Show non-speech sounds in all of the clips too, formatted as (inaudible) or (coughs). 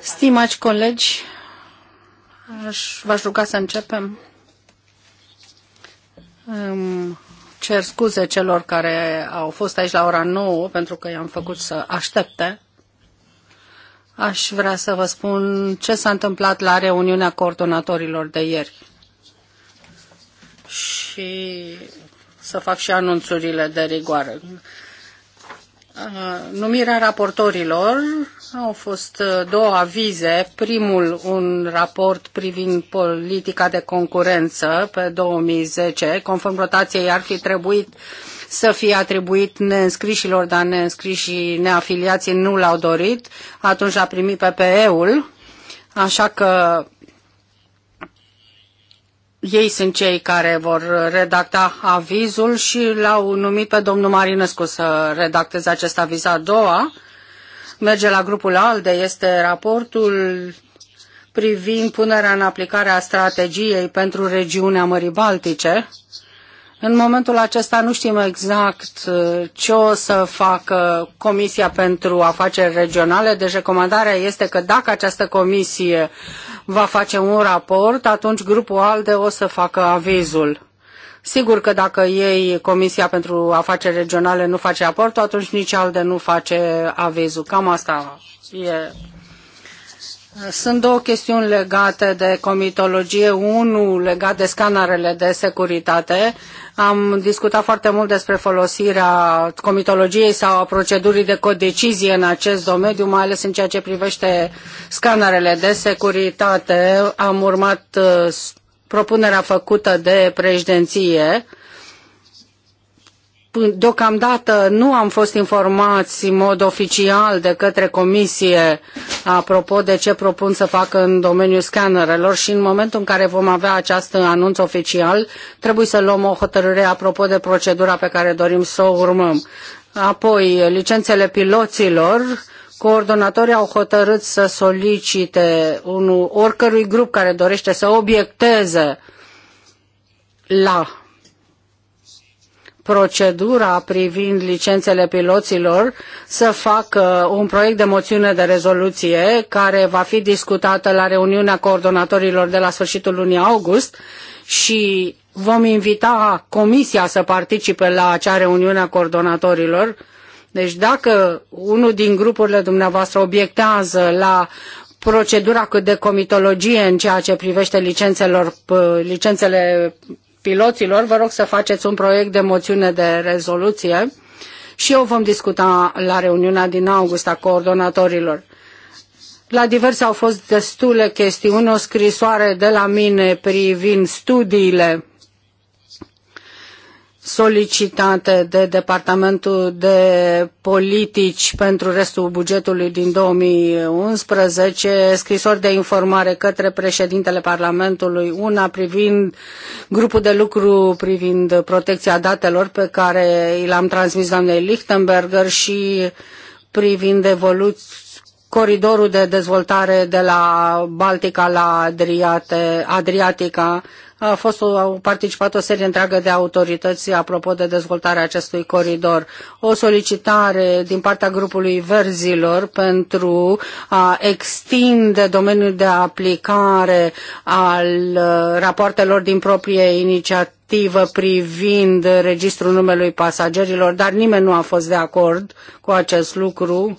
Stimați colegi, v-aș ruga să începem. Îmi cer scuze celor care au fost aici la ora 9 pentru că i-am făcut să aștepte. Aș vrea să vă spun ce s-a întâmplat la reuniunea coordonatorilor de ieri. Și să fac și anunțurile de rigoare. Uh, numirea raportorilor. Au fost uh, două avize. Primul, un raport privind politica de concurență pe 2010. Conform rotației ar fi trebuit să fie atribuit neînscrișilor, dar neînscrișii neafiliații nu l-au dorit. Atunci a primit PPE-ul. Așa că ei sunt cei care vor redacta avizul și l-au numit pe domnul Marinescu să redacteze acest aviz. A doua merge la grupul ALDE, este raportul privind punerea în aplicare a strategiei pentru regiunea Mării Baltice în momentul acesta nu știm exact uh, ce o să facă Comisia pentru Afaceri Regionale, deci recomandarea este că dacă această comisie va face un raport, atunci grupul ALDE o să facă avizul. Sigur că dacă ei, Comisia pentru Afaceri Regionale, nu face raportul, atunci nici ALDE nu face avizul. Cam asta e sunt două chestiuni legate de comitologie. Unul legat de scanarele de securitate. Am discutat foarte mult despre folosirea comitologiei sau a procedurii de codecizie în acest domeniu, mai ales în ceea ce privește scanarele de securitate. Am urmat uh, propunerea făcută de președinție Deocamdată nu am fost informați în mod oficial de către comisie apropo de ce propun să facă în domeniul scanerelor și în momentul în care vom avea acest anunț oficial, trebuie să luăm o hotărâre apropo de procedura pe care dorim să o urmăm. Apoi, licențele piloților, coordonatorii au hotărât să solicite unul, oricărui grup care dorește să obiecteze la procedura privind licențele piloților să facă un proiect de moțiune de rezoluție care va fi discutată la reuniunea coordonatorilor de la sfârșitul lunii august și vom invita comisia să participe la acea reuniune a coordonatorilor. Deci dacă unul din grupurile dumneavoastră obiectează la procedura de comitologie în ceea ce privește licențelor, licențele piloților, vă rog să faceți un proiect de moțiune de rezoluție și eu vom discuta la reuniunea din august a coordonatorilor. La diverse au fost destule chestiuni, o scrisoare de la mine privind studiile solicitate de Departamentul de Politici pentru restul bugetului din 2011, scrisori de informare către președintele Parlamentului, una privind grupul de lucru privind protecția datelor pe care l-am transmis doamnei Lichtenberger și privind evoluția coridorul de dezvoltare de la Baltica la Adriate, Adriatica. A fost, au participat o serie întreagă de autorități apropo de dezvoltarea acestui coridor. O solicitare din partea grupului Verzilor pentru a extinde domeniul de aplicare al uh, rapoartelor din proprie inițiativă privind registrul numelui pasagerilor, dar nimeni nu a fost de acord cu acest lucru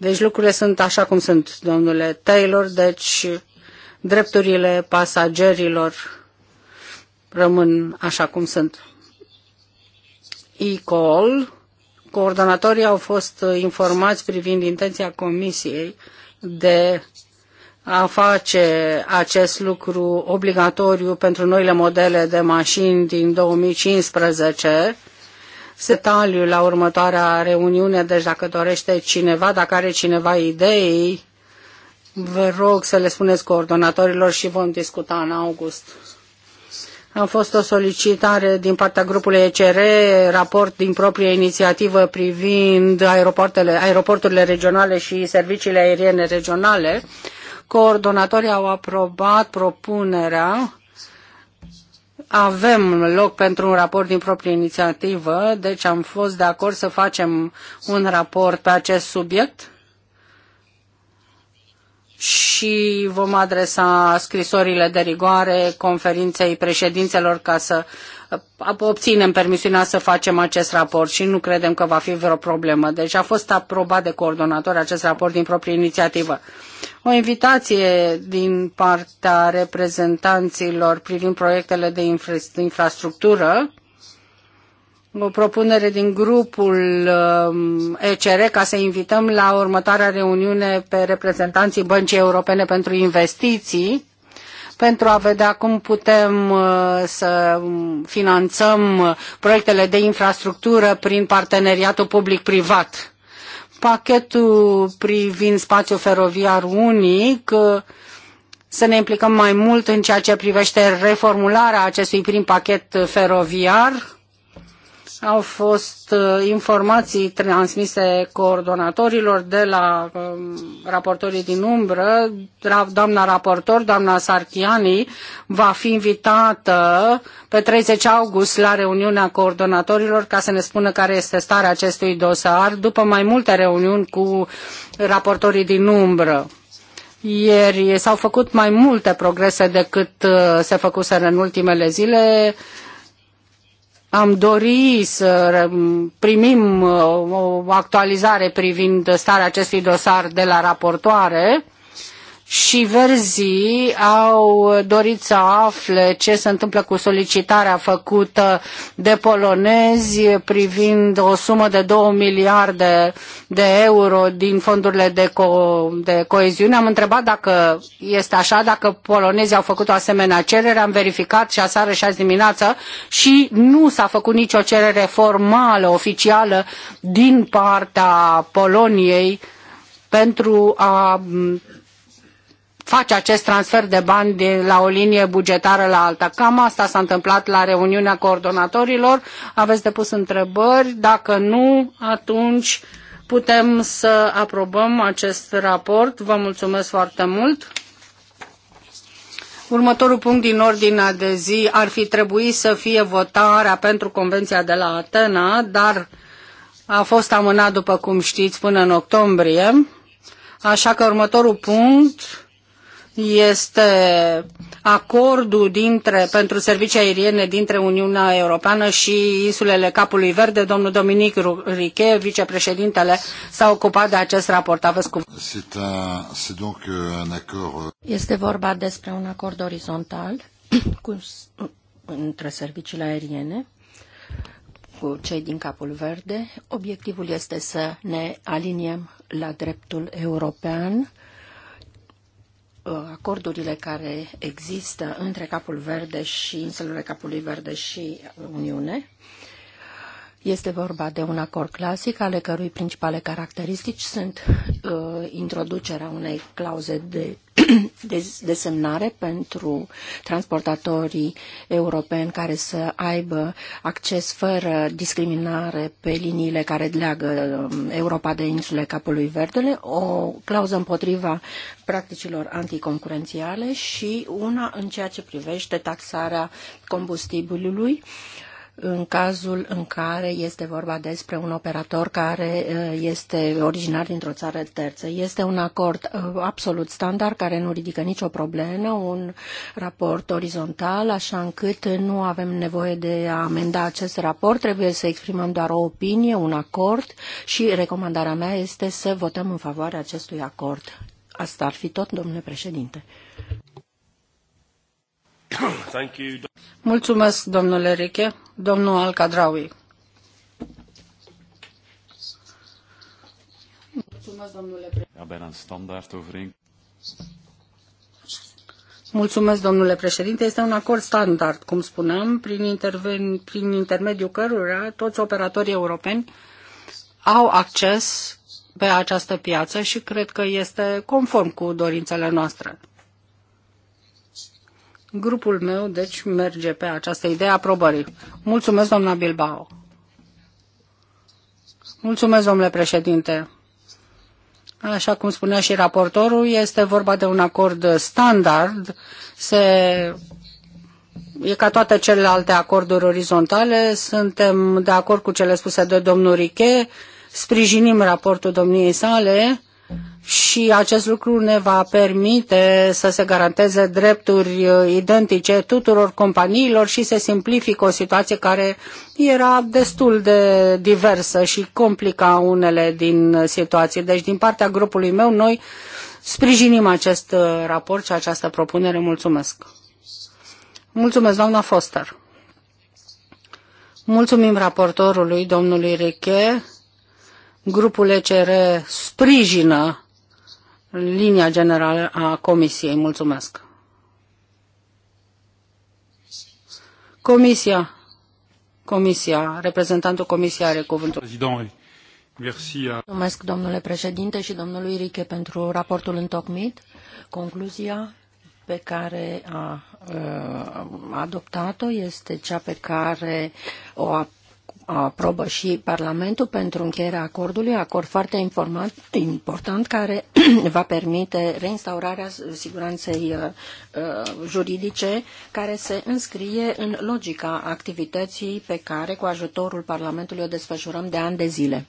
deci lucrurile sunt așa cum sunt, domnule Taylor, deci drepturile pasagerilor rămân așa cum sunt. E-call, coordonatorii au fost informați privind intenția comisiei de a face acest lucru obligatoriu pentru noile modele de mașini din 2015 detaliu la următoarea reuniune, deci dacă dorește cineva, dacă are cineva idei, vă rog să le spuneți coordonatorilor și vom discuta în august. A fost o solicitare din partea grupului ECR, raport din proprie inițiativă privind aeroportele, aeroporturile regionale și serviciile aeriene regionale. Coordonatorii au aprobat propunerea avem loc pentru un raport din proprie inițiativă, deci am fost de acord să facem un raport pe acest subiect și vom adresa scrisorile de rigoare conferinței președințelor ca să obținem permisiunea să facem acest raport și nu credem că va fi vreo problemă. Deci a fost aprobat de coordonator acest raport din proprie inițiativă. O invitație din partea reprezentanților privind proiectele de infrastructură o propunere din grupul um, ECR ca să invităm la următoarea reuniune pe reprezentanții Băncii Europene pentru Investiții pentru a vedea cum putem uh, să finanțăm proiectele de infrastructură prin parteneriatul public-privat. Pachetul privind spațiul feroviar unic uh, să ne implicăm mai mult în ceea ce privește reformularea acestui prim pachet feroviar au fost uh, informații transmise coordonatorilor de la um, raportorii din umbră. Doamna raportor, doamna Sarchiani, va fi invitată pe 30 august la reuniunea coordonatorilor ca să ne spună care este starea acestui dosar, după mai multe reuniuni cu raportorii din umbră. Ieri s-au făcut mai multe progrese decât uh, se făcuseră în ultimele zile. Am dori să primim uh, o actualizare privind starea acestui dosar de la raportoare și verzii au dorit să afle ce se întâmplă cu solicitarea făcută de polonezi privind o sumă de 2 miliarde de euro din fondurile de, co- de coeziune. Am întrebat dacă este așa, dacă polonezii au făcut o asemenea cerere. Am verificat și aseară și azi dimineață și nu s-a făcut nicio cerere formală, oficială din partea Poloniei pentru a face acest transfer de bani de la o linie bugetară la alta. Cam asta s-a întâmplat la reuniunea coordonatorilor. Aveți depus întrebări? Dacă nu, atunci putem să aprobăm acest raport. Vă mulțumesc foarte mult. Următorul punct din ordinea de zi ar fi trebuit să fie votarea pentru Convenția de la Atena, dar a fost amânat, după cum știți, până în octombrie. Așa că următorul punct este acordul dintre, pentru servicii aeriene dintre Uniunea Europeană și insulele Capului Verde. Domnul Dominic Riche, vicepreședintele, s-a ocupat de acest raport. Aveți cum? Euh, euh, este vorba despre un acord orizontal (clears throat) cu, între serviciile aeriene cu cei din Capul Verde. Obiectivul este să ne aliniem la dreptul european Uh, acordurile care există între Capul Verde și insulele Capului Verde și Uniune. Este vorba de un acord clasic, ale cărui principale caracteristici sunt uh, introducerea unei clauze de (clears throat) desemnare pentru transportatorii europeni care să aibă acces fără discriminare pe liniile care leagă um, Europa de insule Capului Verdele, o clauză împotriva practicilor anticoncurențiale și una în ceea ce privește taxarea combustibilului, în cazul în care este vorba despre un operator care uh, este originar dintr-o țară terță. Este un acord uh, absolut standard care nu ridică nicio problemă, un raport orizontal, așa încât nu avem nevoie de a amenda acest raport. Trebuie să exprimăm doar o opinie, un acord și recomandarea mea este să votăm în favoarea acestui acord. Asta ar fi tot, domnule președinte. Mulțumesc, domnule Riche. Domnul Alcadraui. Mulțumesc, domnule președinte. Mulțumesc, domnule președinte. Este un acord standard, cum spuneam, prin, interven- prin intermediul căruia toți operatorii europeni au acces pe această piață și cred că este conform cu dorințele noastre. Grupul meu, deci, merge pe această idee a aprobării. Mulțumesc, doamna Bilbao. Mulțumesc, domnule președinte. Așa cum spunea și raportorul, este vorba de un acord standard. Se... E ca toate celelalte acorduri orizontale. Suntem de acord cu cele spuse de domnul Riche. Sprijinim raportul domniei sale și acest lucru ne va permite să se garanteze drepturi uh, identice tuturor companiilor și se simplifică o situație care era destul de diversă și complica unele din situații. Deci, din partea grupului meu, noi sprijinim acest uh, raport și această propunere. Mulțumesc! Mulțumesc, doamna Foster! Mulțumim raportorului, domnului Reche. Grupul ECR sprijină linia generală a Comisiei. Mulțumesc. Comisia. Comisia. Reprezentantul Comisiei are cuvântul. Mulțumesc, domnule președinte și domnului Riche, pentru raportul întocmit. Concluzia pe care a, a adoptat-o este cea pe care o aprobă și Parlamentul pentru încheierea acordului, acord foarte important care (clears throat) va permite reinstaurarea siguranței uh, uh, juridice care se înscrie în logica activității pe care cu ajutorul Parlamentului o desfășurăm de ani de zile.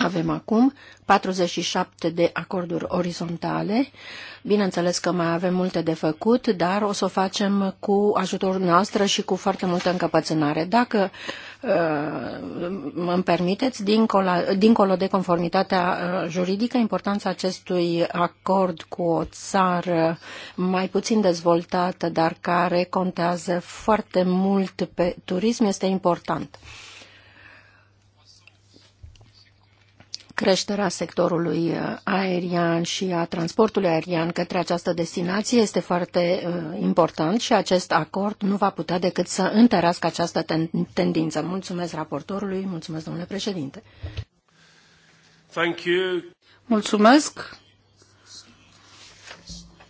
Avem acum 47 de acorduri orizontale. Bineînțeles că mai avem multe de făcut, dar o să o facem cu ajutorul noastră și cu foarte multă încăpățânare. Dacă uh, îmi permiteți, dincolo, dincolo de conformitatea uh, juridică, importanța acestui acord cu o țară mai puțin dezvoltată, dar care contează foarte mult pe turism, este important. creșterea sectorului uh, aerian și a transportului aerian către această destinație este foarte uh, important și acest acord nu va putea decât să întărească această ten- tendință. Mulțumesc raportorului, mulțumesc domnule președinte. Thank you. Mulțumesc.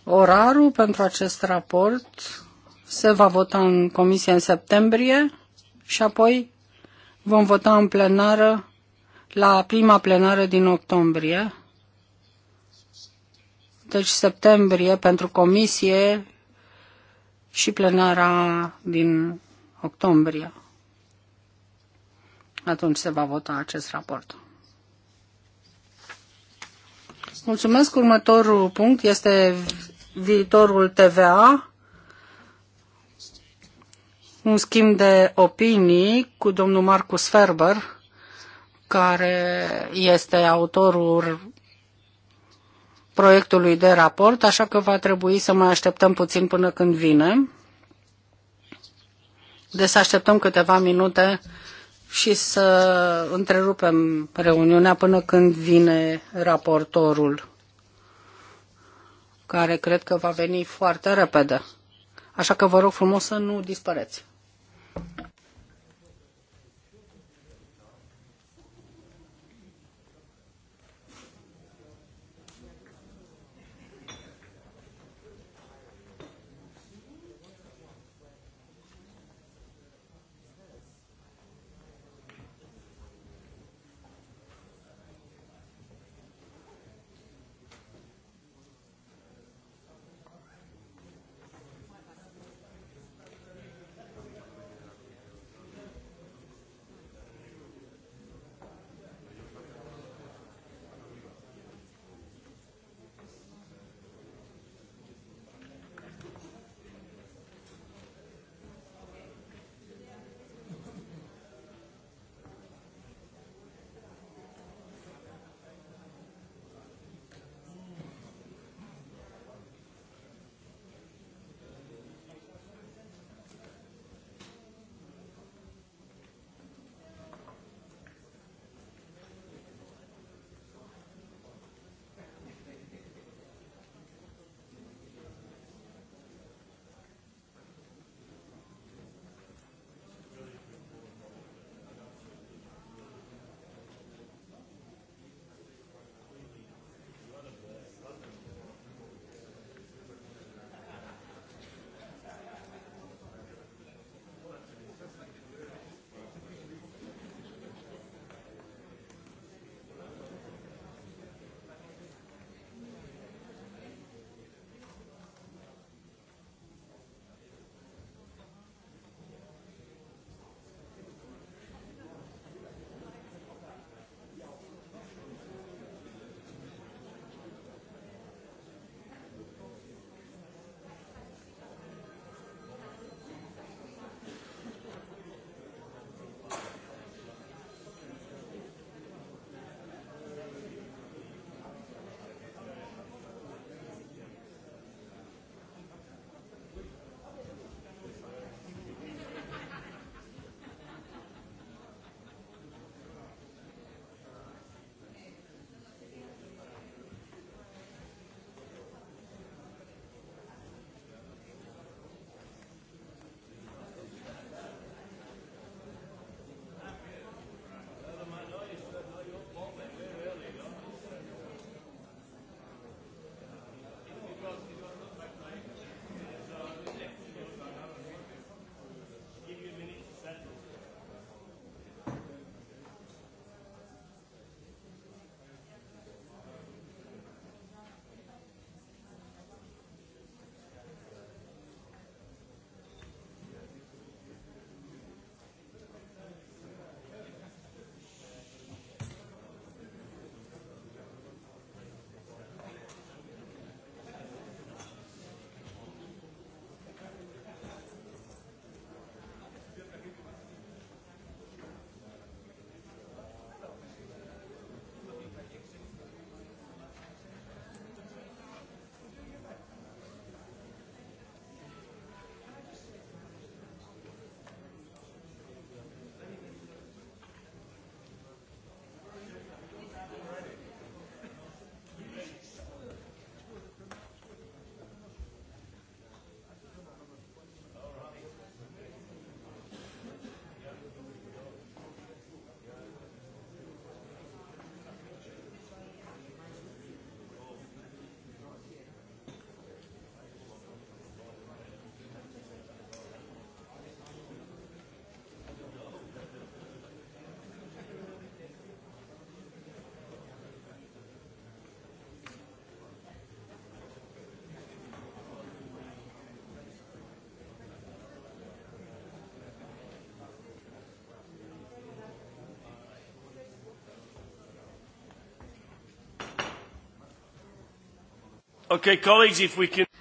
Orarul pentru acest raport se va vota în comisie în septembrie și apoi vom vota în plenară la prima plenară din octombrie, deci septembrie pentru comisie și plenara din octombrie. Atunci se va vota acest raport. Mulțumesc. Următorul punct este viitorul TVA. Un schimb de opinii cu domnul Marcus Ferber care este autorul proiectului de raport, așa că va trebui să mai așteptăm puțin până când vine. Deci să așteptăm câteva minute și să întrerupem reuniunea până când vine raportorul, care cred că va veni foarte repede. Așa că vă rog frumos să nu dispăreți.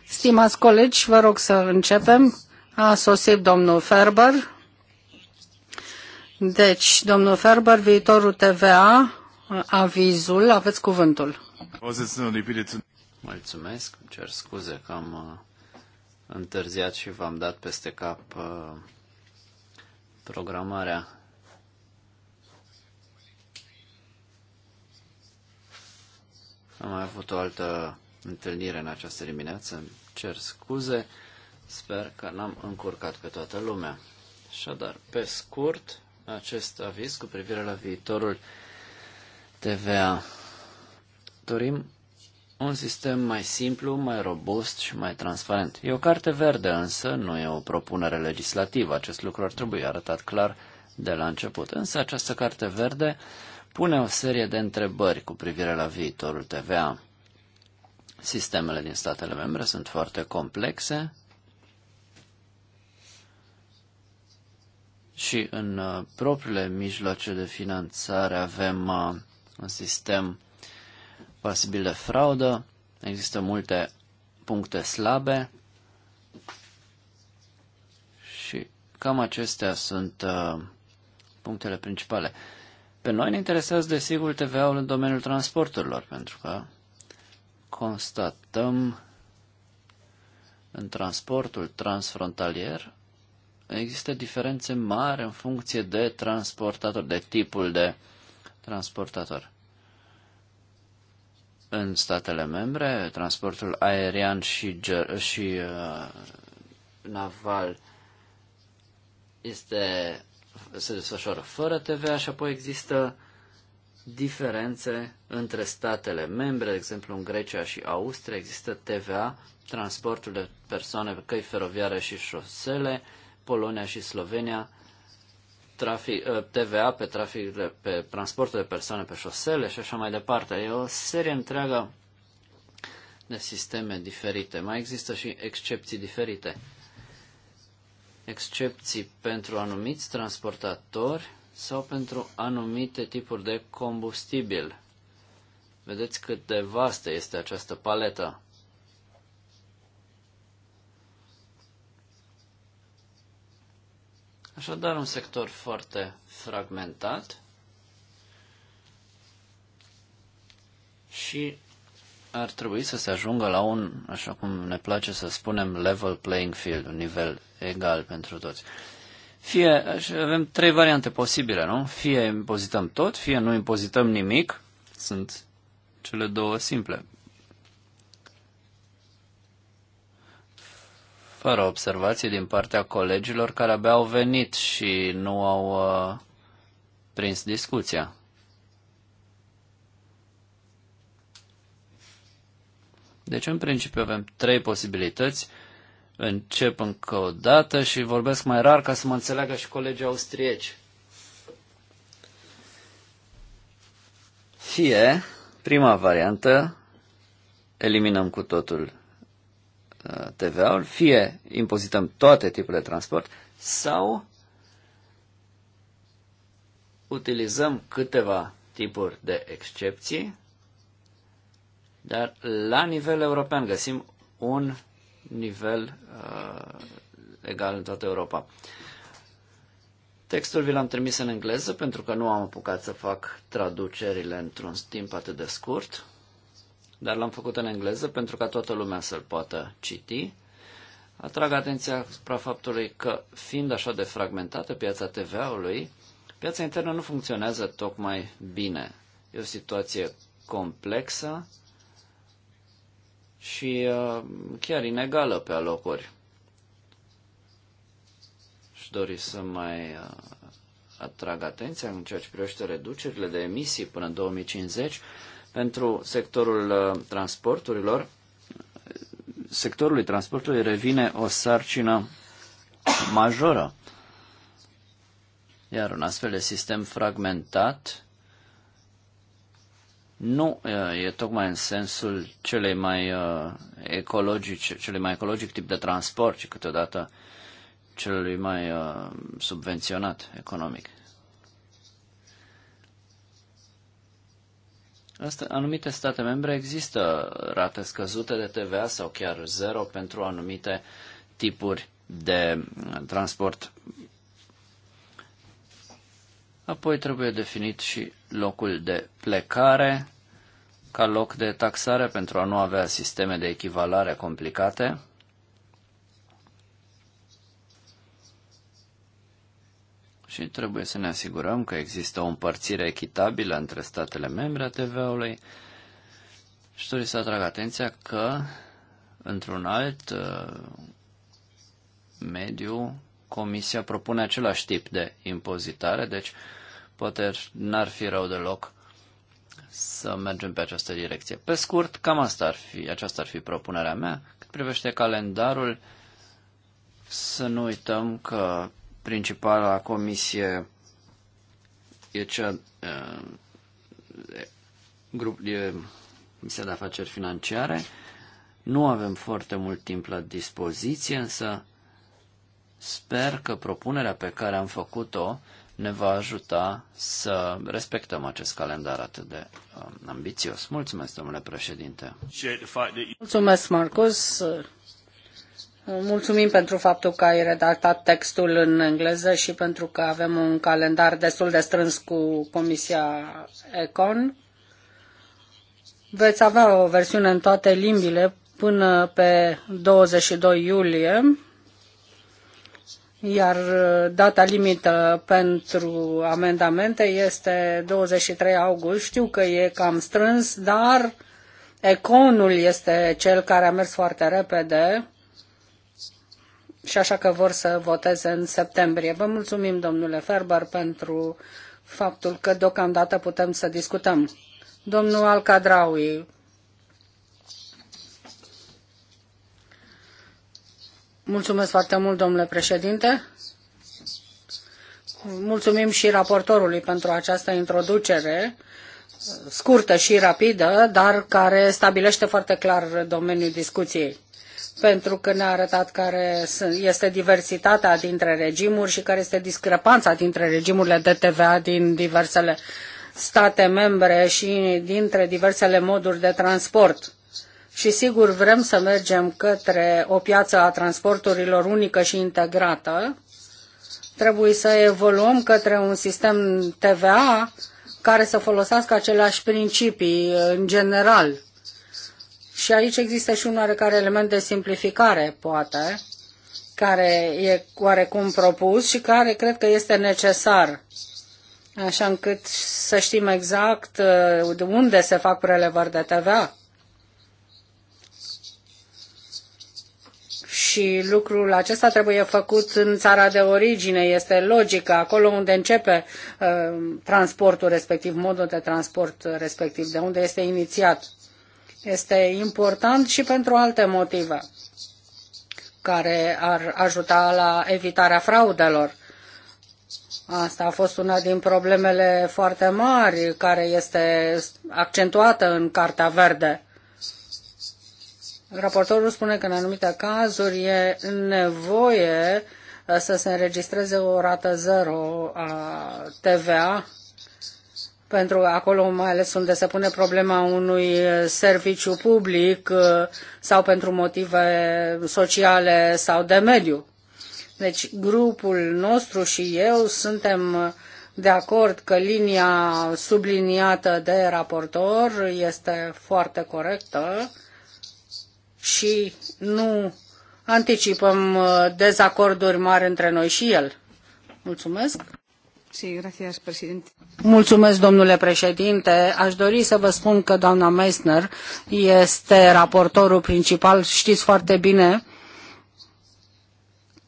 Stimați colegi, vă rog să începem. A sosit domnul Ferber. Deci, domnul Ferber, viitorul TVA, avizul, aveți cuvântul. Mulțumesc, cer scuze că am uh, întârziat și v-am dat peste cap uh, programarea. Am mai avut o altă întâlnire în această dimineață. Îmi cer scuze, sper că n-am încurcat pe toată lumea. Așadar, pe scurt, acest aviz cu privire la viitorul TVA. Dorim un sistem mai simplu, mai robust și mai transparent. E o carte verde, însă nu e o propunere legislativă. Acest lucru ar trebui arătat clar de la început. Însă această carte verde pune o serie de întrebări cu privire la viitorul TVA. Sistemele din statele membre sunt foarte complexe și în uh, propriile mijloace de finanțare avem uh, un sistem pasibil de fraudă, există multe puncte slabe și cam acestea sunt uh, punctele principale. Pe noi ne interesează, desigur, TVA-ul în domeniul transporturilor, pentru că constatăm în transportul transfrontalier există diferențe mari în funcție de transportator, de tipul de transportator. În statele membre, transportul aerian și, și uh, naval este, se desfășoară fără TVA și apoi există diferențe între statele membre, de exemplu în Grecia și Austria există TVA, transportul de persoane pe căi feroviare și șosele, Polonia și Slovenia, trafic, ă, TVA pe, trafic, pe transportul de persoane pe șosele și așa mai departe. E o serie întreagă de sisteme diferite. Mai există și excepții diferite. Excepții pentru anumiți transportatori sau pentru anumite tipuri de combustibil. Vedeți cât de vastă este această paletă. Așadar, un sector foarte fragmentat și ar trebui să se ajungă la un, așa cum ne place să spunem, level playing field, un nivel egal pentru toți. Fie avem trei variante posibile, nu? Fie impozităm tot, fie nu impozităm nimic. Sunt cele două simple. Fără observații din partea colegilor care abia au venit și nu au uh, prins discuția. Deci, în principiu, avem trei posibilități încep încă o dată și vorbesc mai rar ca să mă înțeleagă și colegii austrieci. Fie, prima variantă, eliminăm cu totul uh, TVA-ul, fie impozităm toate tipurile de transport, sau utilizăm câteva tipuri de excepții, dar la nivel european găsim un nivel uh, egal în toată Europa. Textul vi l-am trimis în engleză pentru că nu am apucat să fac traducerile într-un timp atât de scurt, dar l-am făcut în engleză pentru ca toată lumea să-l poată citi. Atrag atenția asupra faptului că, fiind așa de fragmentată piața TVA-ului, piața internă nu funcționează tocmai bine. E o situație complexă, și uh, chiar inegală pe alocuri. Și dori să mai uh, atrag atenția în ceea ce privește reducerile de emisii până în 2050 pentru sectorul uh, transporturilor. Sectorului transportului revine o sarcină majoră. Iar un astfel de sistem fragmentat nu uh, e tocmai în sensul celei mai uh, ecologice, celui mai ecologic tip de transport, ci câteodată celui mai uh, subvenționat economic. Asta, anumite state membre există rate scăzute de TVA sau chiar zero pentru anumite tipuri de transport Apoi trebuie definit și locul de plecare ca loc de taxare pentru a nu avea sisteme de echivalare complicate. Și trebuie să ne asigurăm că există o împărțire echitabilă între statele membre a TVA-ului. Și trebuie să atrag atenția că într-un alt uh, mediu Comisia propune același tip de impozitare, deci poate n-ar fi rău deloc să mergem pe această direcție. Pe scurt, cam asta ar fi, aceasta ar fi propunerea mea. Cât privește calendarul, să nu uităm că principala comisie e cea e, grup, e, Comisia de Afaceri Financiare. Nu avem foarte mult timp la dispoziție, însă Sper că propunerea pe care am făcut-o ne va ajuta să respectăm acest calendar atât de um, ambițios. Mulțumesc, domnule președinte. Mulțumesc, Marcus. Mulțumim pentru faptul că ai redactat textul în engleză și pentru că avem un calendar destul de strâns cu Comisia Econ. Veți avea o versiune în toate limbile până pe 22 iulie iar uh, data limită pentru amendamente este 23 august. Știu că e cam strâns, dar Econul este cel care a mers foarte repede și așa că vor să voteze în septembrie. Vă mulțumim, domnule Ferber, pentru faptul că deocamdată putem să discutăm. Domnul Alcadraui, Mulțumesc foarte mult, domnule președinte. Mulțumim și raportorului pentru această introducere scurtă și rapidă, dar care stabilește foarte clar domeniul discuției pentru că ne-a arătat care este diversitatea dintre regimuri și care este discrepanța dintre regimurile de TVA din diversele state membre și dintre diversele moduri de transport și sigur vrem să mergem către o piață a transporturilor unică și integrată, trebuie să evoluăm către un sistem TVA care să folosească aceleași principii în general. Și aici există și un oarecare element de simplificare, poate, care e oarecum propus și care cred că este necesar, așa încât să știm exact uh, unde se fac prelevări de TVA și lucrul acesta trebuie făcut în țara de origine, este logică, acolo unde începe uh, transportul respectiv, modul de transport respectiv, de unde este inițiat. Este important și pentru alte motive care ar ajuta la evitarea fraudelor. Asta a fost una din problemele foarte mari care este accentuată în Cartea Verde Raportorul spune că în anumite cazuri e nevoie uh, să se înregistreze o rată zero a TVA, pentru acolo mai ales unde se pune problema unui uh, serviciu public uh, sau pentru motive sociale sau de mediu. Deci grupul nostru și eu suntem de acord că linia subliniată de raportor este foarte corectă și nu anticipăm uh, dezacorduri mari între noi și el. Mulțumesc. Sí, gracias, presidente. Mulțumesc, domnule președinte. Aș dori să vă spun că doamna Meissner este raportorul principal. Știți foarte bine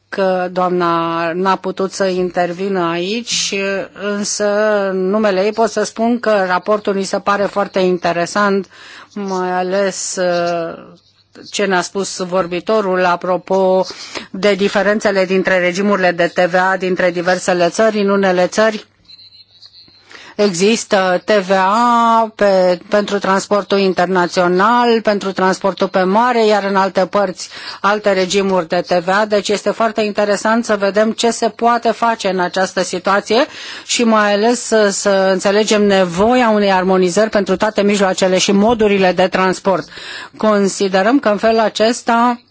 că doamna n-a putut să intervină aici, însă numele ei pot să spun că raportul mi se pare foarte interesant, mai ales uh, ce ne-a spus vorbitorul apropo de diferențele dintre regimurile de TVA dintre diversele țări. În unele țări Există TVA pe, pentru transportul internațional, pentru transportul pe mare, iar în alte părți alte regimuri de TVA. Deci este foarte interesant să vedem ce se poate face în această situație și mai ales să, să înțelegem nevoia unei armonizări pentru toate mijloacele și modurile de transport. Considerăm că în felul acesta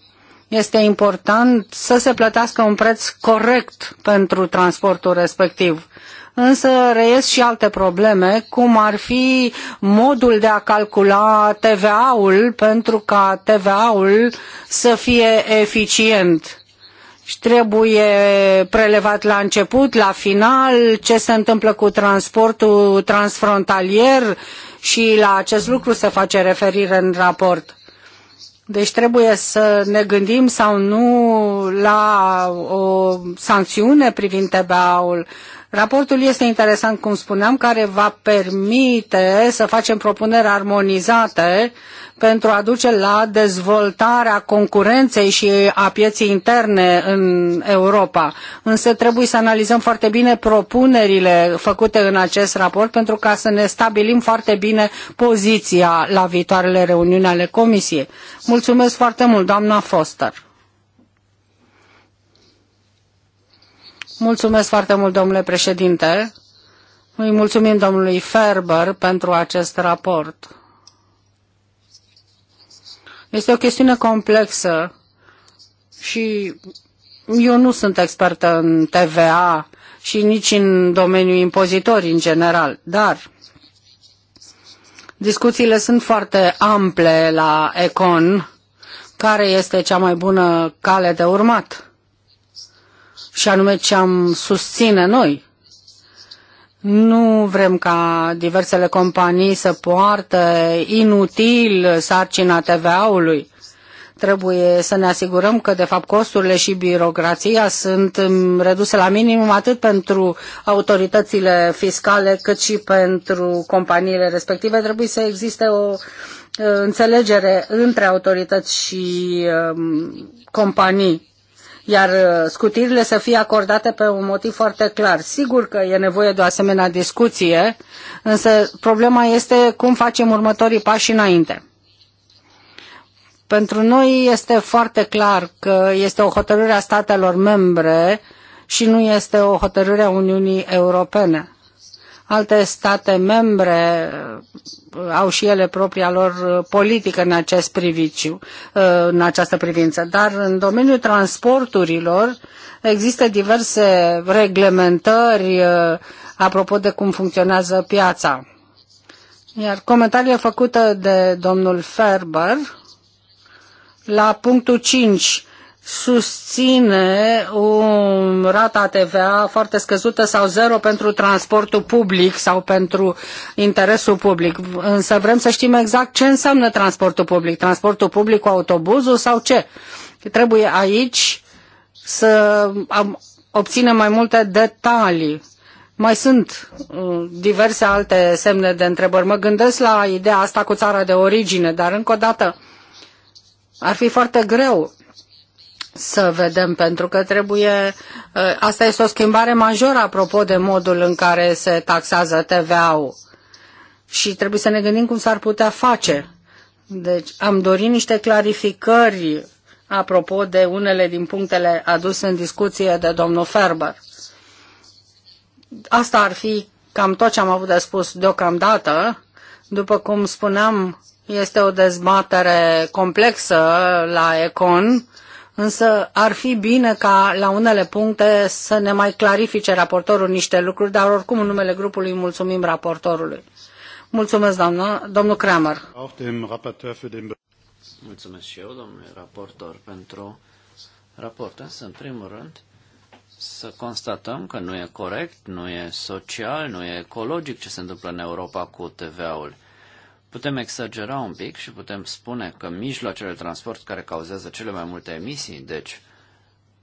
este important să se plătească un preț corect pentru transportul respectiv însă reies și alte probleme, cum ar fi modul de a calcula TVA-ul pentru ca TVA-ul să fie eficient și trebuie prelevat la început, la final, ce se întâmplă cu transportul transfrontalier și la acest lucru se face referire în raport. Deci trebuie să ne gândim sau nu la o sancțiune privind TVA-ul, Raportul este interesant, cum spuneam, care va permite să facem propuneri armonizate pentru a duce la dezvoltarea concurenței și a pieței interne în Europa. Însă trebuie să analizăm foarte bine propunerile făcute în acest raport pentru ca să ne stabilim foarte bine poziția la viitoarele reuniuni ale Comisiei. Mulțumesc foarte mult, doamna Foster. Mulțumesc foarte mult, domnule președinte. Îi mulțumim domnului Ferber pentru acest raport. Este o chestiune complexă și eu nu sunt expertă în TVA și nici în domeniul impozitor în general, dar discuțiile sunt foarte ample la Econ, care este cea mai bună cale de urmat și anume ce am susține noi. Nu vrem ca diversele companii să poartă inutil sarcina TVA-ului. Trebuie să ne asigurăm că, de fapt, costurile și birocrația sunt mm, reduse la minimum atât pentru autoritățile fiscale cât și pentru companiile respective. Trebuie să existe o mm, înțelegere între autorități și mm, companii iar uh, scutirile să fie acordate pe un motiv foarte clar. Sigur că e nevoie de o asemenea discuție, însă problema este cum facem următorii pași înainte. Pentru noi este foarte clar că este o hotărâre a statelor membre și nu este o hotărâre a Uniunii Europene. Alte state membre uh, au și ele propria lor uh, politică în acest priviciu, uh, în această privință. Dar în domeniul transporturilor există diverse reglementări apropo de cum funcționează piața. Iar comentariile făcute de domnul Ferber la punctul 5 susține o rata TVA foarte scăzută sau zero pentru transportul public sau pentru interesul public. Însă vrem să știm exact ce înseamnă transportul public. Transportul public cu autobuzul sau ce? Trebuie aici să obținem mai multe detalii. Mai sunt uh, diverse alte semne de întrebări. Mă gândesc la ideea asta cu țara de origine, dar încă o dată ar fi foarte greu să vedem, pentru că trebuie, uh, asta este o schimbare majoră apropo de modul în care se taxează TVA-ul și trebuie să ne gândim cum s-ar putea face. Deci am dorit niște clarificări apropo de unele din punctele aduse în discuție de domnul Ferber. Asta ar fi cam tot ce am avut de spus deocamdată. După cum spuneam, este o dezbatere complexă la Econ însă ar fi bine ca la unele puncte să ne mai clarifice raportorul niște lucruri, dar oricum în numele grupului mulțumim raportorului. Mulțumesc, doamnă. Domnul Kramer. Mulțumesc și eu, domnule raportor, pentru raport. Însă, în primul rând, să constatăm că nu e corect, nu e social, nu e ecologic ce se întâmplă în Europa cu TVA-ul. Putem exagera un pic și putem spune că mijloacele de transport care cauzează cele mai multe emisii, deci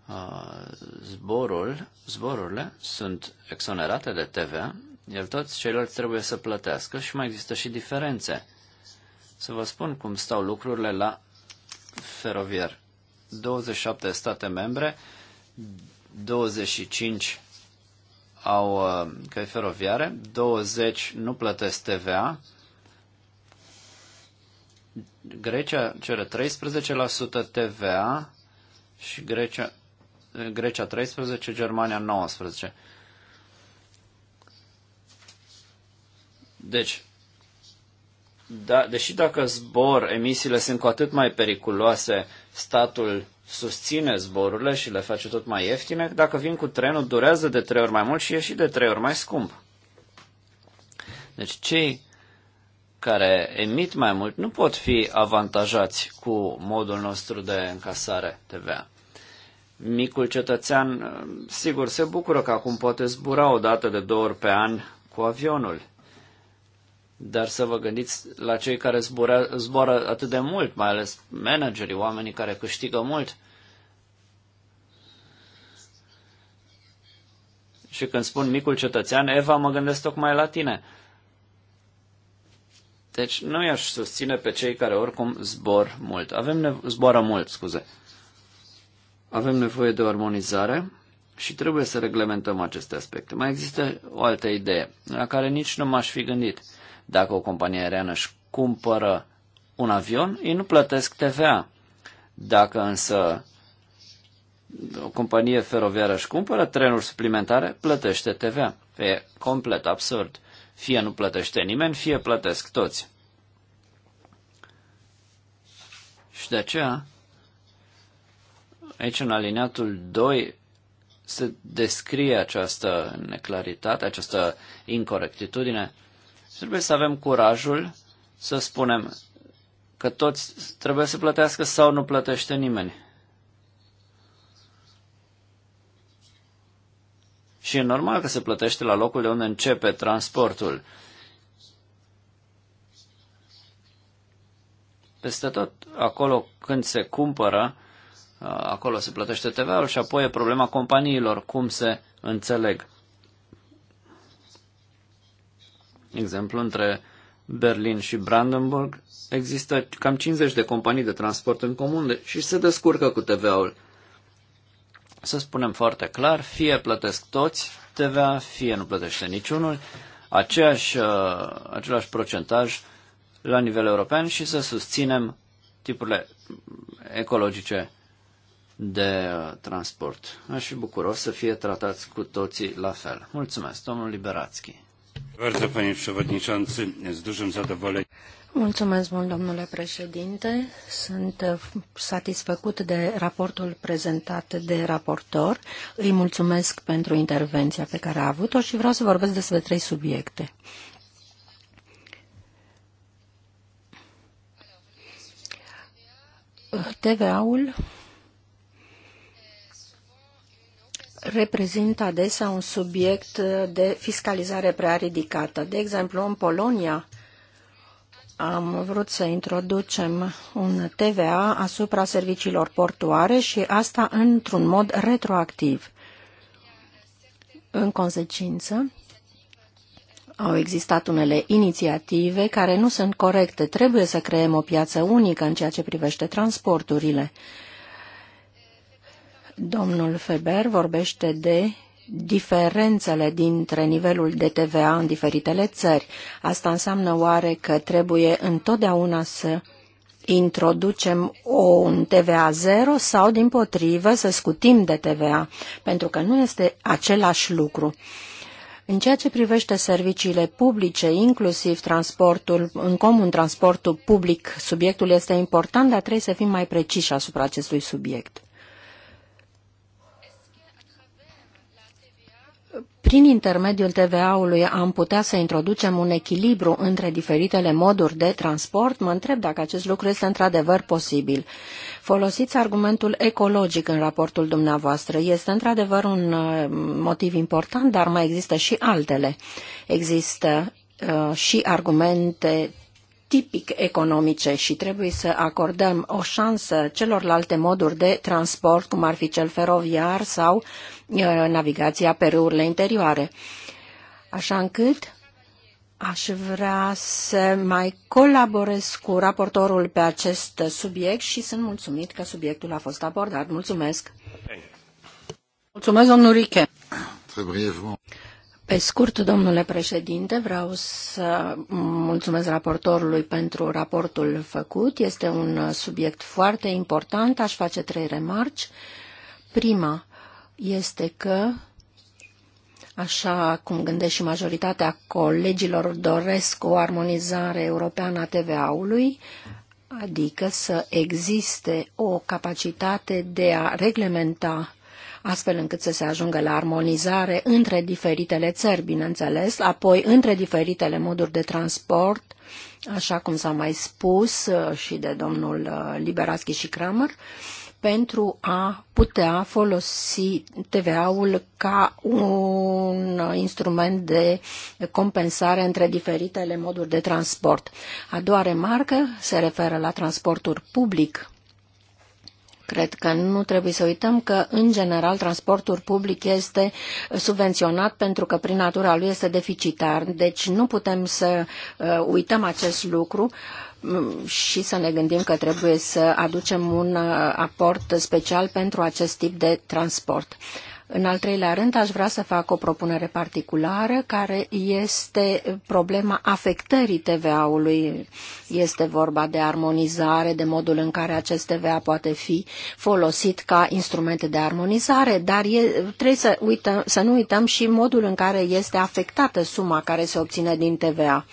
uh, zborul, zborurile sunt exonerate de TVA, iar toți ceilalți trebuie să plătească și mai există și diferențe. Să vă spun cum stau lucrurile la feroviar. 27 state membre, 25 au uh, căi feroviare, 20 nu plătesc TVA, Grecia cere 13% TVA și Grecia, Grecia 13%, Germania 19%. Deci, da, deși dacă zbor, emisiile sunt cu atât mai periculoase, statul susține zborurile și le face tot mai ieftine, dacă vin cu trenul, durează de trei ori mai mult și e și de trei ori mai scump. Deci cei care emit mai mult nu pot fi avantajați cu modul nostru de încasare TVA. Micul cetățean, uh, sigur, se bucură că acum poate zbura o dată de două ori pe an cu avionul. Dar să vă gândiți la cei care zbura, zboară atât de mult, mai ales managerii, oamenii care câștigă mult. Și când spun micul cetățean, Eva, mă gândesc tocmai la tine. Deci nu i-aș susține pe cei care oricum zbor mult. Avem nevo- zboară mult, scuze. Avem nevoie de armonizare și trebuie să reglementăm aceste aspecte. Mai există o altă idee la care nici nu m-aș fi gândit. Dacă o companie aeriană își cumpără un avion, ei nu plătesc TVA. Dacă însă o companie feroviară își cumpără trenuri suplimentare, plătește TVA. E complet absurd. Fie nu plătește nimeni, fie plătesc toți. Și de aceea, aici în aliniatul 2 se descrie această neclaritate, această incorectitudine. Trebuie să avem curajul să spunem că toți trebuie să plătească sau nu plătește nimeni. Și e normal că se plătește la locul de unde începe transportul. Peste tot, acolo când se cumpără, uh, acolo se plătește TVA-ul și apoi e problema companiilor, cum se înțeleg. Exemplu, între Berlin și Brandenburg există cam 50 de companii de transport în comun și se descurcă cu TVA-ul să spunem foarte clar, fie plătesc toți TVA, fie nu plătește niciunul, aceeași, uh, același procentaj la nivel european și să susținem tipurile ecologice de uh, transport. Aș fi bucuros să fie tratați cu toții la fel. Mulțumesc, domnul Liberațchi. Bardzo, panie przewodniczący, z dużym zadowoleniem. Mulțumesc mult, domnule președinte. Sunt uh, satisfăcut de raportul prezentat de raportor. Îi mulțumesc pentru intervenția pe care a avut-o și vreau să vorbesc despre trei subiecte. TVA-ul reprezintă adesea un subiect de fiscalizare prea ridicată. De exemplu, în Polonia, am vrut să introducem un TVA asupra serviciilor portuare și asta într-un mod retroactiv. În consecință, au existat unele inițiative care nu sunt corecte. Trebuie să creăm o piață unică în ceea ce privește transporturile. Domnul Feber vorbește de diferențele dintre nivelul de TVA în diferitele țări. Asta înseamnă oare că trebuie întotdeauna să introducem o, un TVA zero sau, din potrivă, să scutim de TVA, pentru că nu este același lucru. În ceea ce privește serviciile publice, inclusiv transportul, în comun transportul public, subiectul este important, dar trebuie să fim mai preciși asupra acestui subiect. prin intermediul TVA-ului am putea să introducem un echilibru între diferitele moduri de transport, mă întreb dacă acest lucru este într-adevăr posibil. Folosiți argumentul ecologic în raportul dumneavoastră. Este într-adevăr un uh, motiv important, dar mai există și altele. Există uh, și argumente tipic economice și trebuie să acordăm o șansă celorlalte moduri de transport, cum ar fi cel feroviar sau uh, navigația pe râurile interioare. Așa încât Aș vrea să mai colaborez cu raportorul pe acest subiect și sunt mulțumit că subiectul a fost abordat. Mulțumesc! Mulțumesc, domnul Riche! Pe scurt, domnule președinte, vreau să mulțumesc raportorului pentru raportul făcut. Este un subiect foarte important. Aș face trei remarci. Prima este că, așa cum gândesc și majoritatea colegilor, doresc o armonizare europeană a TVA-ului, adică să existe o capacitate de a reglementa astfel încât să se ajungă la armonizare între diferitele țări, bineînțeles, apoi între diferitele moduri de transport, așa cum s-a mai spus uh, și de domnul uh, Liberaschi și Kramer, pentru a putea folosi TVA-ul ca un uh, instrument de compensare între diferitele moduri de transport. A doua remarcă se referă la transportul public Cred că nu trebuie să uităm că, în general, transportul public este subvenționat pentru că, prin natura lui, este deficitar. Deci nu putem să uh, uităm acest lucru mm, și să ne gândim că trebuie să aducem un uh, aport special pentru acest tip de transport. În al treilea rând, aș vrea să fac o propunere particulară care este problema afectării TVA-ului. Este vorba de armonizare, de modul în care acest TVA poate fi folosit ca instrument de armonizare, dar e, trebuie să, uităm, să nu uităm și modul în care este afectată suma care se obține din TVA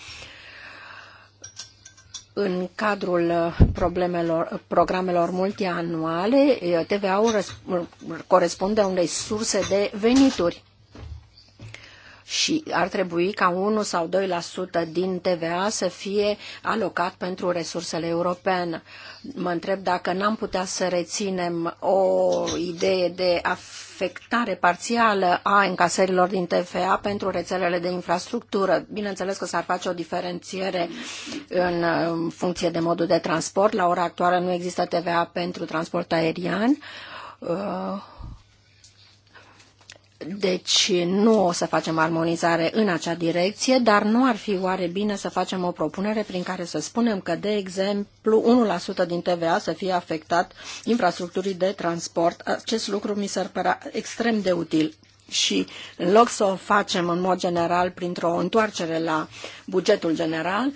în cadrul uh, problemelor, uh, programelor multianuale, uh, TVA-ul corespunde unei surse de venituri și ar trebui ca 1 sau 2% din TVA să fie alocat pentru resursele europene. Mă întreb dacă n-am putea să reținem o idee de afectare parțială a încasărilor din TVA pentru rețelele de infrastructură. Bineînțeles că s-ar face o diferențiere în funcție de modul de transport. La ora actuală nu există TVA pentru transport aerian. Uh, deci nu o să facem armonizare în acea direcție, dar nu ar fi oare bine să facem o propunere prin care să spunem că, de exemplu, 1% din TVA să fie afectat infrastructurii de transport. Acest lucru mi s-ar părea extrem de util și în loc să o facem în mod general printr-o întoarcere la bugetul general,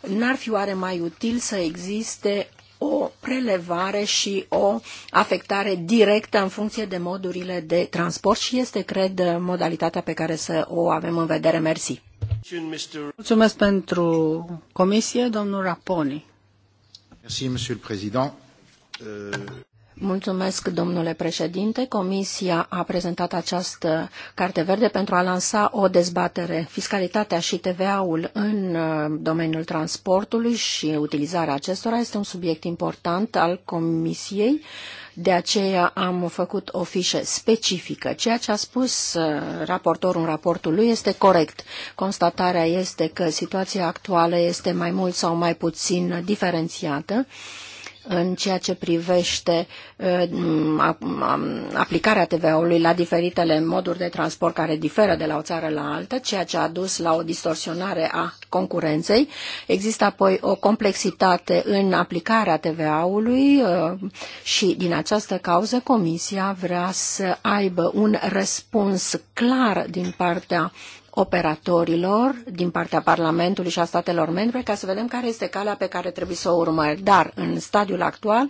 n-ar fi oare mai util să existe o prelevare și o afectare directă în funcție de modurile de transport și este, cred, modalitatea pe care să o avem în vedere. Mersi. Mulțumesc pentru comisie, domnul Raponi. Mulțumesc, monsieur le président. Euh, Mulțumesc, domnule președinte. Comisia a prezentat această carte verde pentru a lansa o dezbatere. Fiscalitatea și TVA-ul în uh, domeniul transportului și utilizarea acestora este un subiect important al Comisiei. De aceea am făcut o fișă specifică. Ceea ce a spus uh, raportorul în raportul lui este corect. Constatarea este că situația actuală este mai mult sau mai puțin diferențiată în ceea ce privește uh, aplicarea TVA-ului la diferitele moduri de transport care diferă de la o țară la alta, ceea ce a dus la o distorsionare a concurenței. Există apoi o complexitate în aplicarea TVA-ului uh, și din această cauză Comisia vrea să aibă un răspuns clar din partea operatorilor din partea Parlamentului și a statelor membre ca să vedem care este calea pe care trebuie să o urmăm. Dar în stadiul actual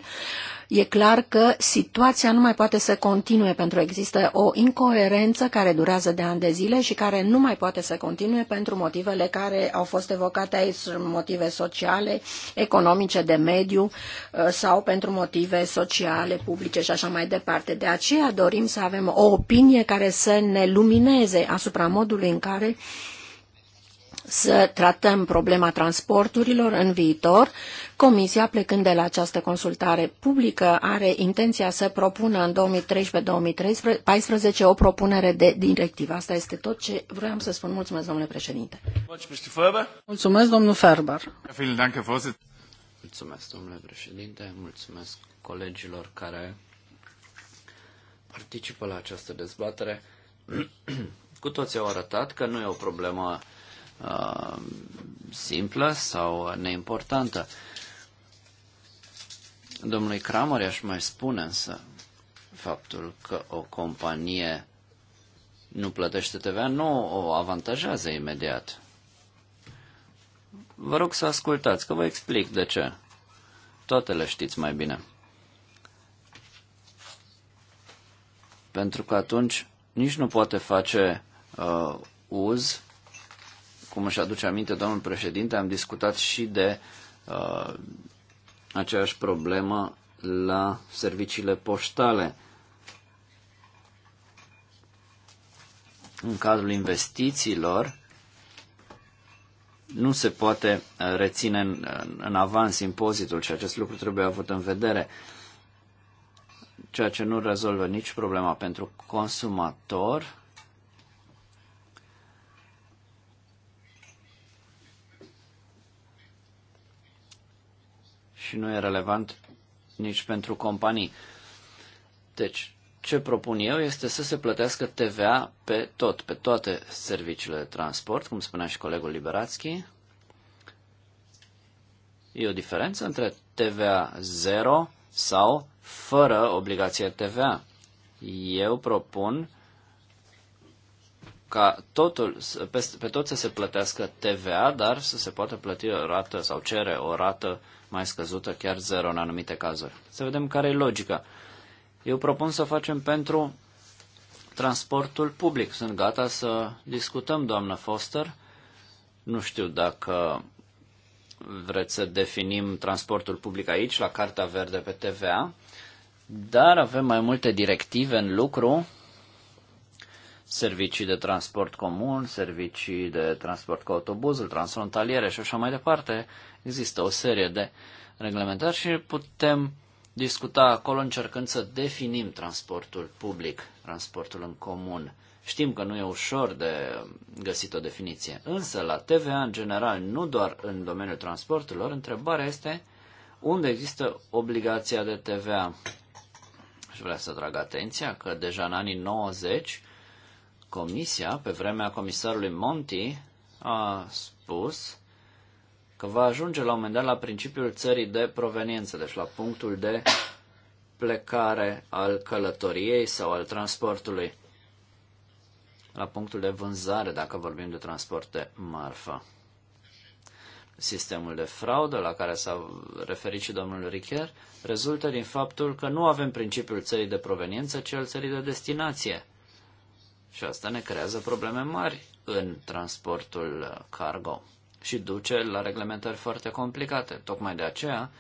E clar că situația nu mai poate să continue pentru că există o incoerență care durează de ani de zile și care nu mai poate să continue pentru motivele care au fost evocate aici, motive sociale, economice, de mediu uh, sau pentru motive sociale, publice și așa mai departe. De aceea dorim să avem o opinie care să ne lumineze asupra modului în care să tratăm problema transporturilor în viitor Comisia, plecând de la această consultare publică, are intenția să propună în 2013-2014 o propunere de directivă. Asta este tot ce vreau să spun. Mulțumesc, domnule președinte. Mulțumesc, domnul Ferber. Mulțumesc, domnule președinte. Mulțumesc colegilor care participă la această dezbatere. (clears throat) Cu toții au arătat că nu e o problemă uh, simplă sau neimportantă. Domnului Cramer aș mai spune însă faptul că o companie nu plătește TVA nu o avantajează imediat. Vă rog să ascultați, că vă explic de ce. Toate le știți mai bine. Pentru că atunci nici nu poate face uh, uz, cum își aduce aminte domnul președinte, am discutat și de uh, aceeași problemă la serviciile poștale. În cazul investițiilor, nu se poate uh, reține în, în avans impozitul și acest lucru trebuie avut în vedere, ceea ce nu rezolvă nici problema pentru consumator, și nu e relevant nici pentru companii. Deci, ce propun eu este să se plătească TVA pe tot, pe toate serviciile de transport, cum spunea și colegul Liberațchi. E o diferență între TVA 0 sau fără obligație TVA. Eu propun ca totul, pe, tot să se plătească TVA, dar să se poată plăti o rată sau cere o rată mai scăzută, chiar zero în anumite cazuri. Să vedem care e logica. Eu propun să facem pentru transportul public. Sunt gata să discutăm, doamnă Foster. Nu știu dacă vreți să definim transportul public aici, la Carta Verde pe TVA, dar avem mai multe directive în lucru, servicii de transport comun, servicii de transport cu autobuzul, transfrontaliere și așa mai departe, Există o serie de reglementări și putem discuta acolo încercând să definim transportul public, transportul în comun. Știm că nu e ușor de găsit o definiție, însă la TVA în general, nu doar în domeniul transporturilor, întrebarea este unde există obligația de TVA. Și vreau să trag atenția că deja în anii 90 Comisia, pe vremea comisarului Monti, a spus că va ajunge la un moment dat la principiul țării de proveniență, deci la punctul de plecare al călătoriei sau al transportului, la punctul de vânzare, dacă vorbim de transport de marfă. Sistemul de fraudă la care s-a referit și domnul Richer rezultă din faptul că nu avem principiul țării de proveniență, ci al țării de destinație. Și asta ne creează probleme mari în transportul uh, cargo și duce la reglementări foarte complicate. Tocmai de aceea,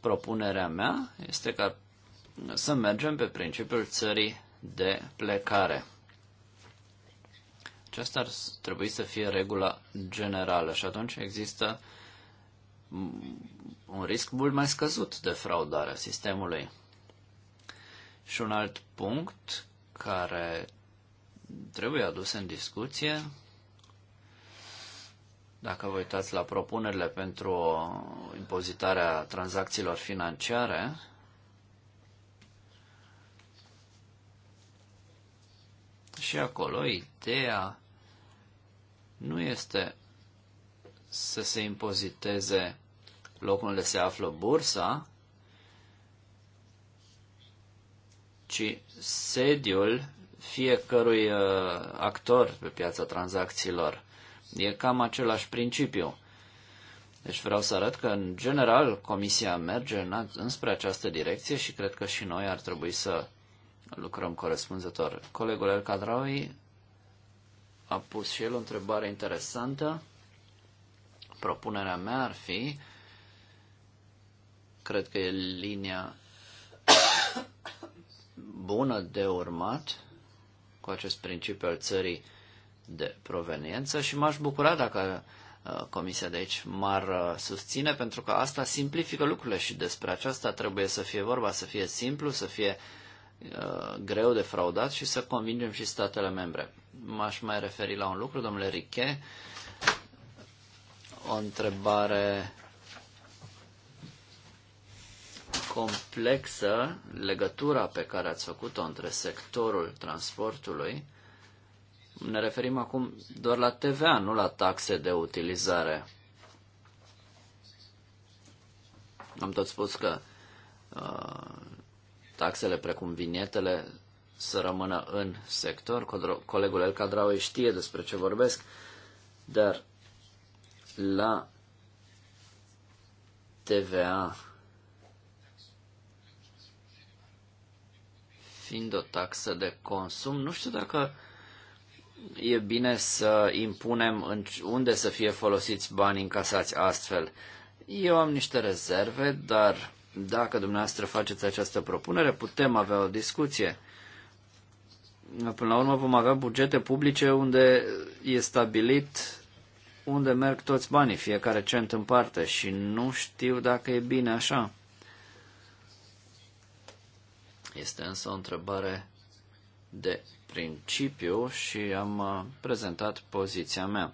propunerea mea este ca să mergem pe principiul țării de plecare. Aceasta ar trebui să fie regula generală și atunci există un risc mult mai scăzut de fraudare a sistemului. Și un alt punct care trebuie adus în discuție dacă vă uitați la propunerile pentru impozitarea tranzacțiilor financiare, și acolo ideea nu este să se impoziteze locul unde se află bursa, ci sediul fiecărui uh, actor pe piața tranzacțiilor. E cam același principiu. Deci vreau să arăt că, în general, Comisia merge înspre această direcție și cred că și noi ar trebui să lucrăm corespunzător. Colegul El Cadraui a pus și el o întrebare interesantă. Propunerea mea ar fi, cred că e linia (coughs) bună de urmat cu acest principiu al țării de proveniență și m-aș bucura dacă uh, comisia de aici m-ar uh, susține, pentru că asta simplifică lucrurile și despre aceasta trebuie să fie vorba, să fie simplu, să fie uh, greu de fraudat și să convingem și statele membre. M-aș mai referi la un lucru, domnule Riche, o întrebare complexă, legătura pe care ați făcut-o între sectorul transportului ne referim acum doar la TVA, nu la taxe de utilizare. Am tot spus că uh, taxele precum vinietele să rămână în sector. Colegul El Cadraue știe despre ce vorbesc, dar la TVA fiind o taxă de consum, nu știu dacă e bine să impunem unde să fie folosiți banii încasați astfel. Eu am niște rezerve, dar dacă dumneavoastră faceți această propunere, putem avea o discuție. Până la urmă vom avea bugete publice unde e stabilit unde merg toți banii, fiecare cent în parte și nu știu dacă e bine așa. Este însă o întrebare de principiu și am uh, prezentat poziția mea.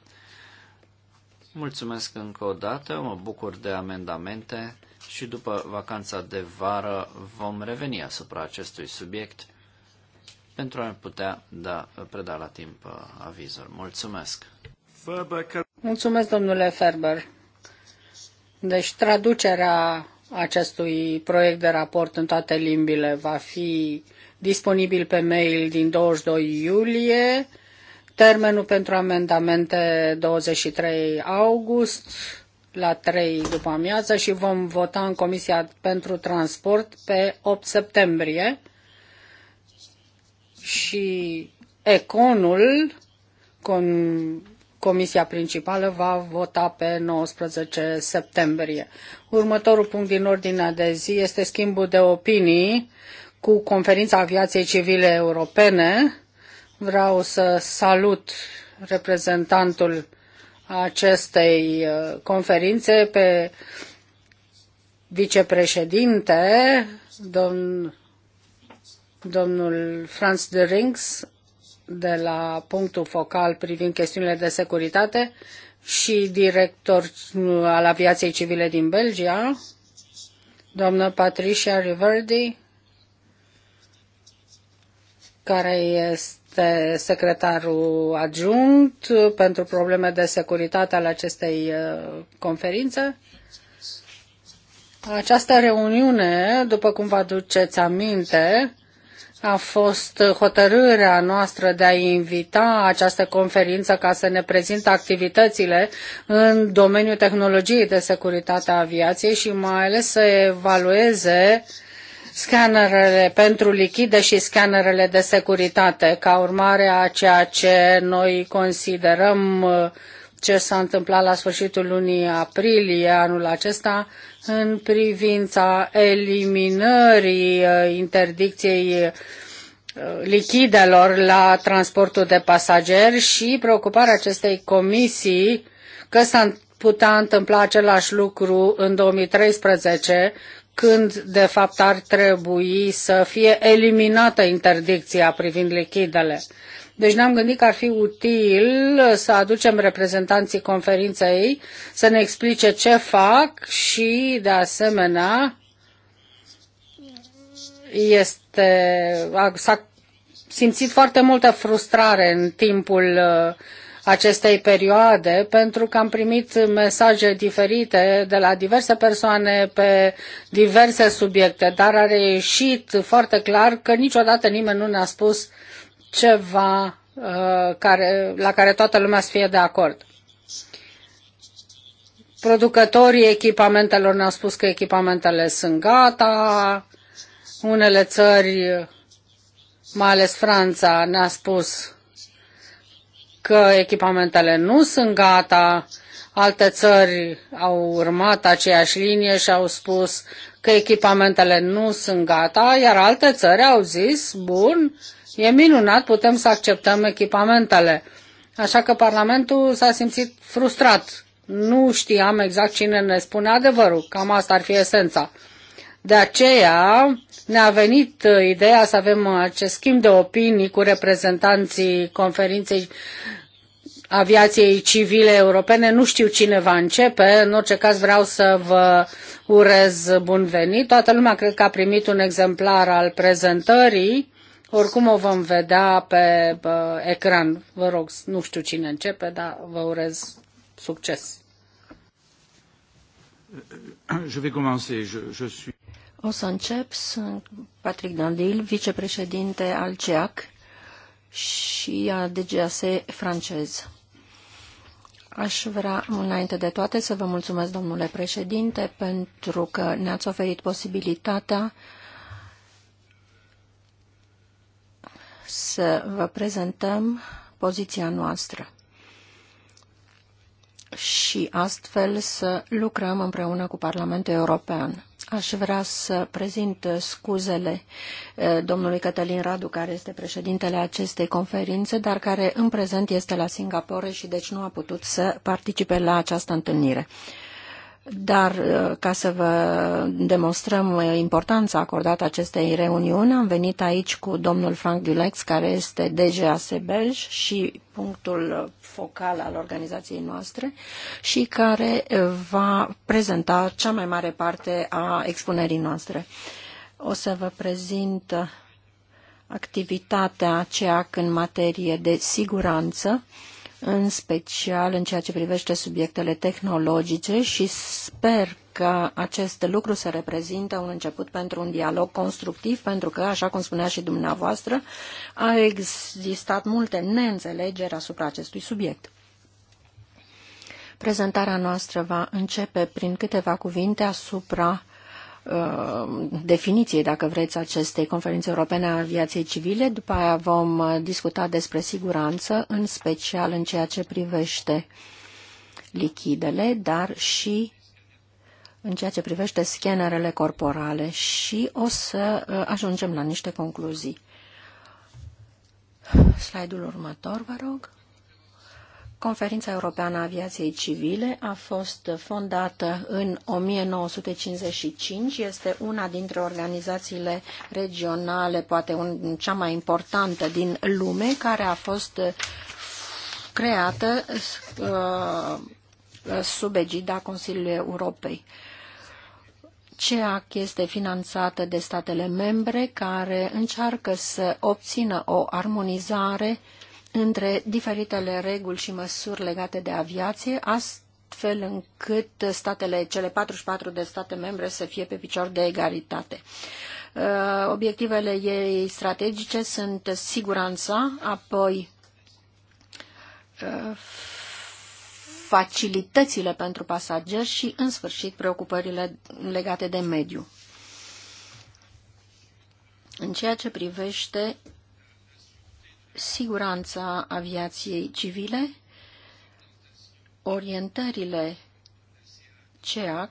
Mulțumesc încă o dată, mă bucur de amendamente și după vacanța de vară vom reveni asupra acestui subiect pentru a putea da, preda la timp uh, avizul. Mulțumesc! Mulțumesc, domnule Ferber! Deci traducerea acestui proiect de raport în toate limbile va fi disponibil pe mail din 22 iulie, termenul pentru amendamente 23 august la 3 după amiază și vom vota în Comisia pentru Transport pe 8 septembrie și Econul, com- comisia principală va vota pe 19 septembrie. Următorul punct din ordinea de zi este schimbul de opinii cu conferința aviației civile europene. Vreau să salut reprezentantul acestei uh, conferințe pe vicepreședinte, domn, domnul Franz de Rings, de la punctul focal privind chestiunile de securitate și director al aviației civile din Belgia, doamnă Patricia Riverdi, care este secretarul adjunct pentru probleme de securitate ale acestei uh, conferințe. Această reuniune, după cum vă aduceți aminte, a fost hotărârea noastră de a invita această conferință ca să ne prezinte activitățile în domeniul tehnologiei de securitate a aviației și mai ales să evalueze scanerele pentru lichide și scanerele de securitate, ca urmare a ceea ce noi considerăm ce s-a întâmplat la sfârșitul lunii aprilie anul acesta în privința eliminării uh, interdicției uh, lichidelor la transportul de pasageri și preocuparea acestei comisii că s-a putea întâmpla același lucru în 2013 când de fapt ar trebui să fie eliminată interdicția privind lichidele. Deci ne-am gândit că ar fi util să aducem reprezentanții conferinței să ne explice ce fac și, de asemenea, este, s-a simțit foarte multă frustrare în timpul uh, acestei perioade, pentru că am primit mesaje diferite de la diverse persoane pe diverse subiecte, dar a reieșit foarte clar că niciodată nimeni nu ne-a spus ceva uh, care, la care toată lumea să fie de acord. Producătorii echipamentelor ne-au spus că echipamentele sunt gata, unele țări, mai ales Franța, ne-a spus că echipamentele nu sunt gata, alte țări au urmat aceeași linie și au spus că echipamentele nu sunt gata, iar alte țări au zis, bun, e minunat, putem să acceptăm echipamentele. Așa că Parlamentul s-a simțit frustrat. Nu știam exact cine ne spune adevărul, cam asta ar fi esența. De aceea ne-a venit uh, ideea să avem uh, acest schimb de opinii cu reprezentanții conferinței aviației civile europene. Nu știu cine va începe, în orice caz vreau să vă urez bun venit. Toată lumea cred că a primit un exemplar al prezentării. Oricum o vom vedea pe uh, ecran. Vă rog, nu știu cine începe, dar vă urez succes. Je vais commencer. Je, je suis... O să încep. Sunt Patrick Dandil, vicepreședinte al CEAC și a DGAS francez. Aș vrea, înainte de toate, să vă mulțumesc, domnule președinte, pentru că ne-ați oferit posibilitatea să vă prezentăm poziția noastră și astfel să lucrăm împreună cu Parlamentul European. Aș vrea să prezint uh, scuzele uh, domnului Cătălin Radu, care este președintele acestei conferințe, dar care în prezent este la Singapore și deci nu a putut să participe la această întâlnire. Dar uh, ca să vă demonstrăm uh, importanța acordată acestei reuniuni, am venit aici cu domnul Frank Dulex, care este DGAS Belj și punctul focal al organizației noastre și care uh, va prezenta cea mai mare parte a expunerii noastre. O să vă prezint activitatea aceea în materie de siguranță în special în ceea ce privește subiectele tehnologice și sper că acest lucru se reprezintă un început pentru un dialog constructiv, pentru că, așa cum spunea și dumneavoastră, a existat multe neînțelegeri asupra acestui subiect. Prezentarea noastră va începe prin câteva cuvinte asupra Uh, definiției, dacă vreți, acestei conferințe europene a aviației civile. După aia vom uh, discuta despre siguranță, în special în ceea ce privește lichidele, dar și în ceea ce privește scanerele corporale și o să uh, ajungem la niște concluzii. Slide-ul următor, vă rog. Conferința Europeană a Aviației Civile a fost fondată în 1955, este una dintre organizațiile regionale, poate un, cea mai importantă din lume, care a fost creată uh, sub egida Consiliului Europei. CEAC este finanțată de statele membre care încearcă să obțină o armonizare uh, între diferitele reguli și măsuri legate de aviație, astfel încât statele, cele 44 de state membre să fie pe picior de egalitate. Uh, obiectivele ei strategice sunt siguranța, apoi uh, facilitățile pentru pasageri și, în sfârșit, preocupările legate de mediu. În ceea ce privește siguranța aviației civile, orientările CEAC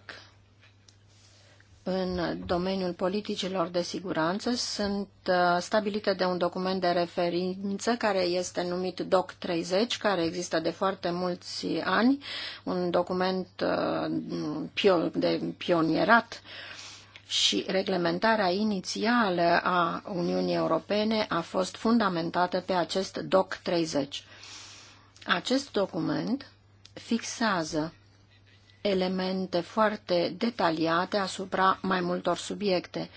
în domeniul politicilor de siguranță sunt uh, stabilite de un document de referință care este numit DOC 30, care există de foarte mulți ani, un document uh, de pionierat și reglementarea inițială a Uniunii Europene a fost fundamentată pe acest DOC 30. Acest document fixează elemente foarte detaliate asupra mai multor subiecte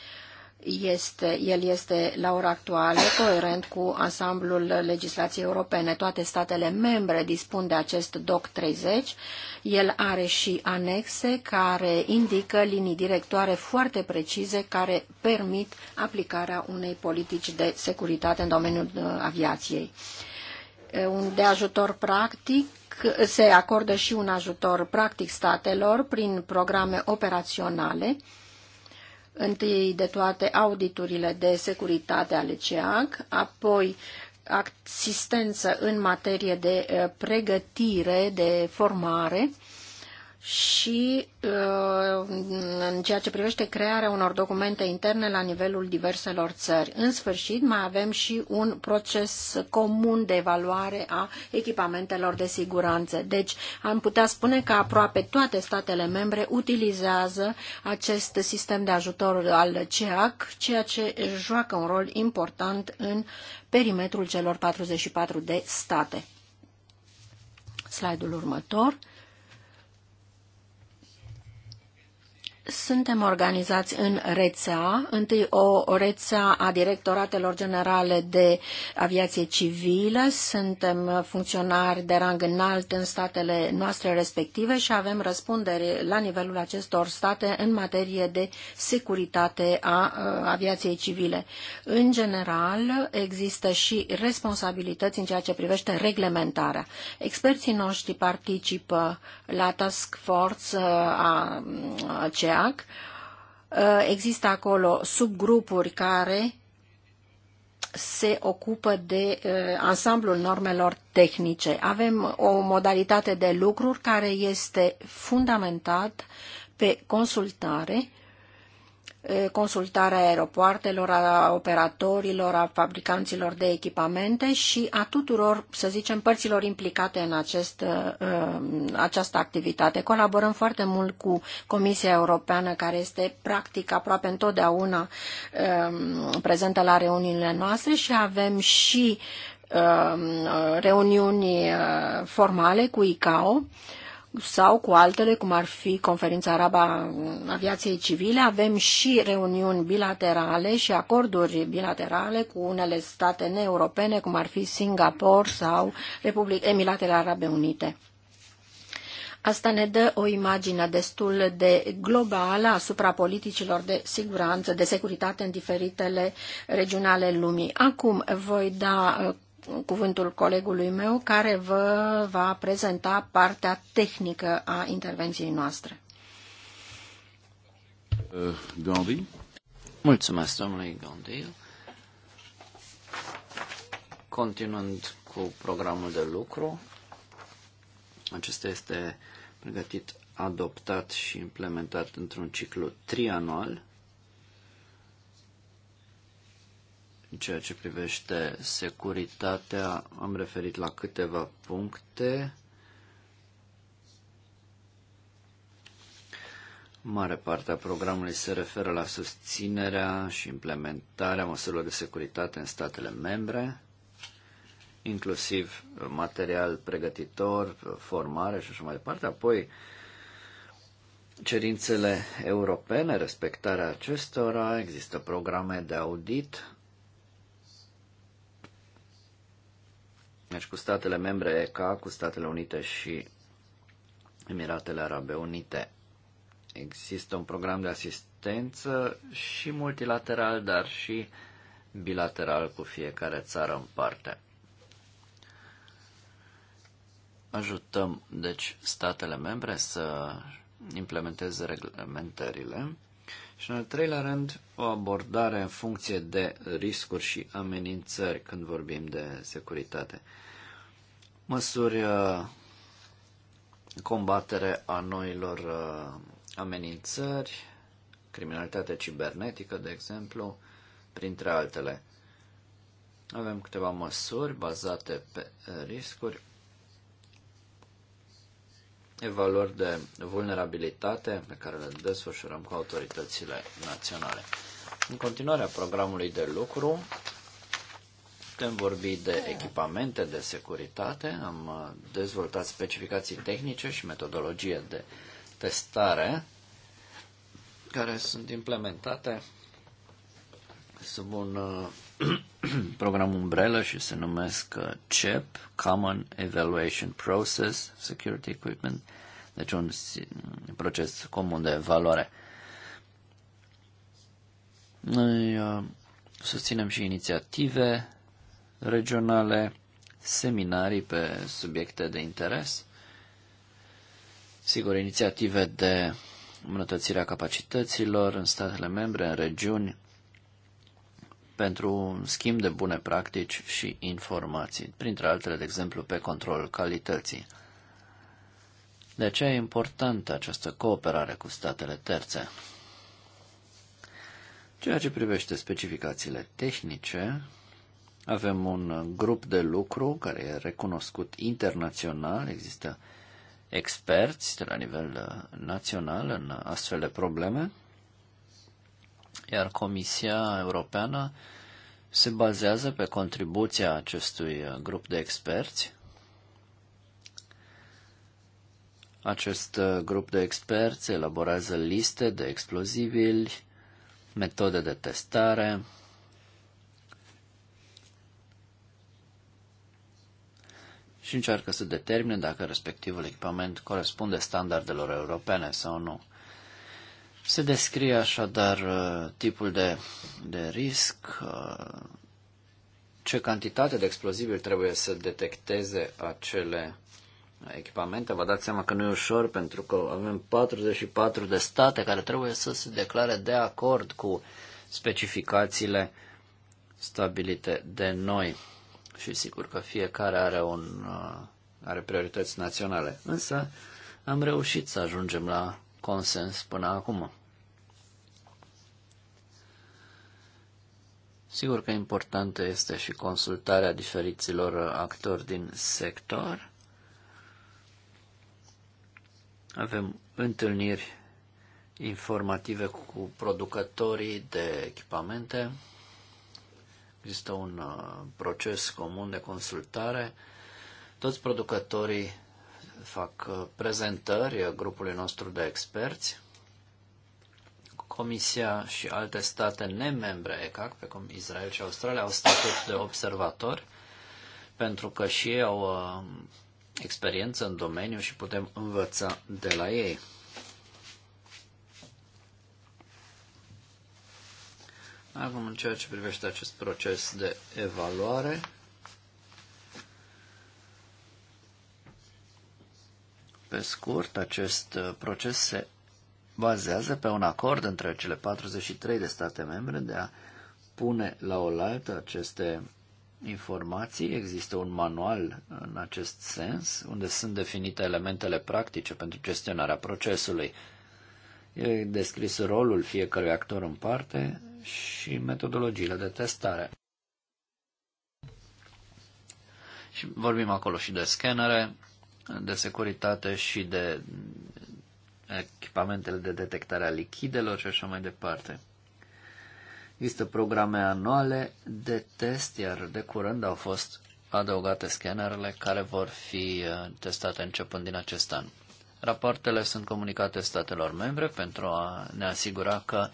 este, el este la ora actuală coerent cu ansamblul legislației europene. Toate statele membre dispun de acest DOC 30. El are și anexe care indică linii directoare foarte precise care permit aplicarea unei politici de securitate în domeniul uh, aviației. Uh, un de ajutor practic se acordă și un ajutor practic statelor prin programe operaționale întâi de toate auditurile de securitate ale CEAC, apoi asistență în materie de eh, pregătire, de formare și uh, în ceea ce privește crearea unor documente interne la nivelul diverselor țări. În sfârșit, mai avem și un proces comun de evaluare a echipamentelor de siguranță. Deci, am putea spune că aproape toate statele membre utilizează acest sistem de ajutor al CEAC, ceea ce joacă un rol important în perimetrul celor 44 de state. Slide-ul următor. suntem organizați în rețea, întâi o, rețea a directoratelor generale de aviație civilă, suntem funcționari de rang înalt în statele noastre respective și avem răspundere la nivelul acestor state în materie de securitate a, aviației civile. În general, există și responsabilități în ceea ce privește reglementarea. Experții noștri participă la task force a, a SEAC. Uh, există acolo subgrupuri care se ocupă de uh, ansamblul normelor tehnice. Avem o modalitate de lucruri care este fundamentat pe consultare consultarea aeropoartelor, a operatorilor, a fabricanților de echipamente și a tuturor, să zicem, părților implicate în acest, uh, uh, această activitate. Colaborăm foarte mult cu Comisia Europeană, care este practic aproape întotdeauna um, prezentă la reuniunile noastre și avem și um, uh, reuniuni formale cu ICAO sau cu altele, cum ar fi conferința araba aviației civile, avem și reuniuni bilaterale și acorduri bilaterale cu unele state neeuropene, cum ar fi Singapore sau Republic Emiratele Arabe Unite. Asta ne dă o imagine destul de globală asupra politicilor de siguranță, de securitate în diferitele regiuni ale lumii. Acum voi da cuvântul colegului meu care vă va prezenta partea tehnică a intervenției noastre. Uh, Gandhi. Mulțumesc, domnului Gandhi. Continuând cu programul de lucru, acesta este pregătit, adoptat și implementat într-un ciclu trianual În ceea ce privește securitatea, am referit la câteva puncte. Mare parte a programului se referă la susținerea și implementarea măsurilor de securitate în statele membre, inclusiv material pregătitor, formare și așa mai departe. Apoi, cerințele europene, respectarea acestora, există programe de audit Deci cu statele membre ECA, cu Statele Unite și Emiratele Arabe Unite. Există un program de asistență și multilateral, dar și bilateral cu fiecare țară în parte. Ajutăm, deci, statele membre să implementeze reglementările și în al treilea rând, o abordare în funcție de riscuri și amenințări când vorbim de securitate. Măsuri uh, combatere a noilor uh, amenințări, criminalitate cibernetică, de exemplu, printre altele. Avem câteva măsuri bazate pe riscuri, evaluări de vulnerabilitate pe care le desfășurăm cu autoritățile naționale. În continuarea programului de lucru, putem vorbi de echipamente de securitate, am uh, dezvoltat specificații tehnice și metodologie de testare care sunt implementate sub un uh, (clears throat) program umbrelă și se numesc uh, CEP, Common Evaluation Process Security Equipment, deci un proces comun de evaluare. Noi uh, susținem și inițiative regionale, seminarii pe subiecte de interes, sigur, inițiative de îmbunătățirea capacităților în statele membre, în regiuni, pentru un schimb de bune practici și informații, printre altele, de exemplu, pe controlul calității. De aceea e importantă această cooperare cu statele terțe. Ceea ce privește specificațiile tehnice, avem un grup de lucru care e recunoscut internațional, există experți de la nivel uh, național în astfel de probleme, iar Comisia Europeană se bazează pe contribuția acestui grup de experți. Acest grup de experți elaborează liste de explozibili, metode de testare, și încearcă să determine dacă respectivul echipament corespunde standardelor europene sau nu. Se descrie așadar uh, tipul de, de risc, uh, ce cantitate de explozibil trebuie să detecteze acele echipamente. Vă dați seama că nu e ușor pentru că avem 44 de state care trebuie să se declare de acord cu specificațiile stabilite de noi. Și sigur că fiecare are, un, uh, are priorități naționale. Însă am reușit să ajungem la consens până acum. Sigur că importantă este și consultarea diferiților actori din sector. Avem întâlniri informative cu producătorii de echipamente. Există un uh, proces comun de consultare. Toți producătorii fac uh, prezentări uh, grupului nostru de experți Comisia și alte state nemembre ECAC, cum Israel și Australia, au statut de observatori pentru că și ei au uh, experiență în domeniu și putem învăța de la ei. Acum, în ceea ce privește acest proces de evaluare, pe scurt, acest uh, proces se bazează pe un acord între cele 43 de state membre de a pune la oaltă aceste informații. Există un manual în acest sens, unde sunt definite elementele practice pentru gestionarea procesului. E descris rolul fiecărui actor în parte și metodologiile de testare. Și vorbim acolo și de scanere, de securitate și de echipamentele de detectare a lichidelor și așa mai departe. Există programe anuale de test, iar de curând au fost adăugate scanerele care vor fi uh, testate începând din acest an. Rapoartele sunt comunicate statelor membre pentru a ne asigura că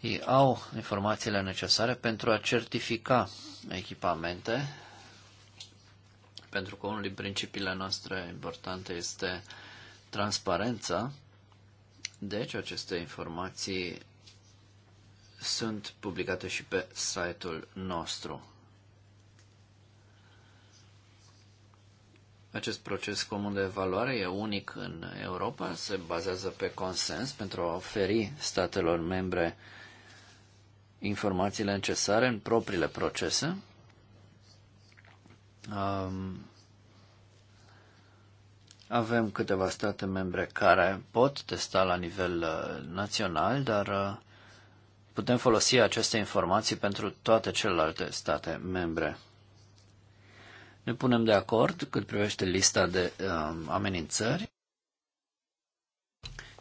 ei au informațiile necesare pentru a certifica echipamente, pentru că unul din principiile noastre importante este uh, transparența. Deci, aceste informații sunt publicate și pe site-ul nostru. Acest proces comun de evaluare e unic în Europa, se bazează pe consens pentru a oferi statelor membre informațiile necesare în propriile procese. Um, avem câteva state membre care pot testa la nivel uh, național, dar uh, putem folosi aceste informații pentru toate celelalte state membre. Ne punem de acord cât privește lista de uh, amenințări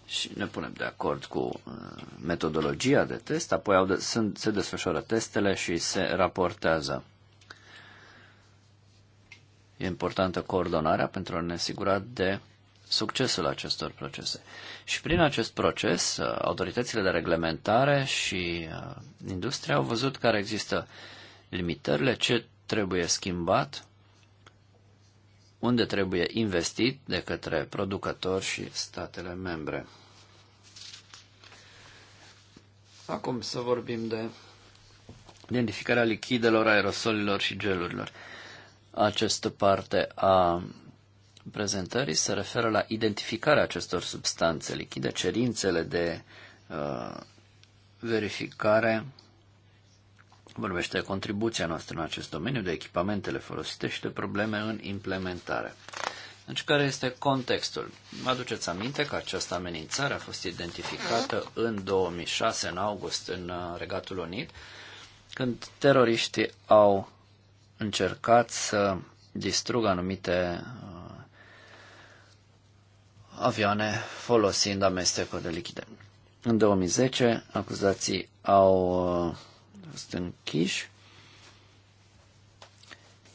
și ne punem de acord cu uh, metodologia de test, apoi au de, sunt, se desfășoară testele și se raportează. E importantă coordonarea pentru a ne asigura de succesul acestor procese. Și prin acest proces, uh, autoritățile de reglementare și uh, industria au văzut care există limitările, ce trebuie schimbat, unde trebuie investit de către producători și statele membre. Acum să vorbim de identificarea lichidelor, aerosolilor și gelurilor. Această parte a prezentării se referă la identificarea acestor substanțe lichide, cerințele de uh, verificare vorbește de contribuția noastră în acest domeniu, de echipamentele folosite și de probleme în implementare. Deci, care este contextul? Vă aduceți aminte că această amenințare a fost identificată în 2006, în august, în uh, Regatul Unit, când teroriștii au încercat să distrugă anumite uh, avioane folosind amestecul de lichide. În 2010, acuzații au uh, fost închiși,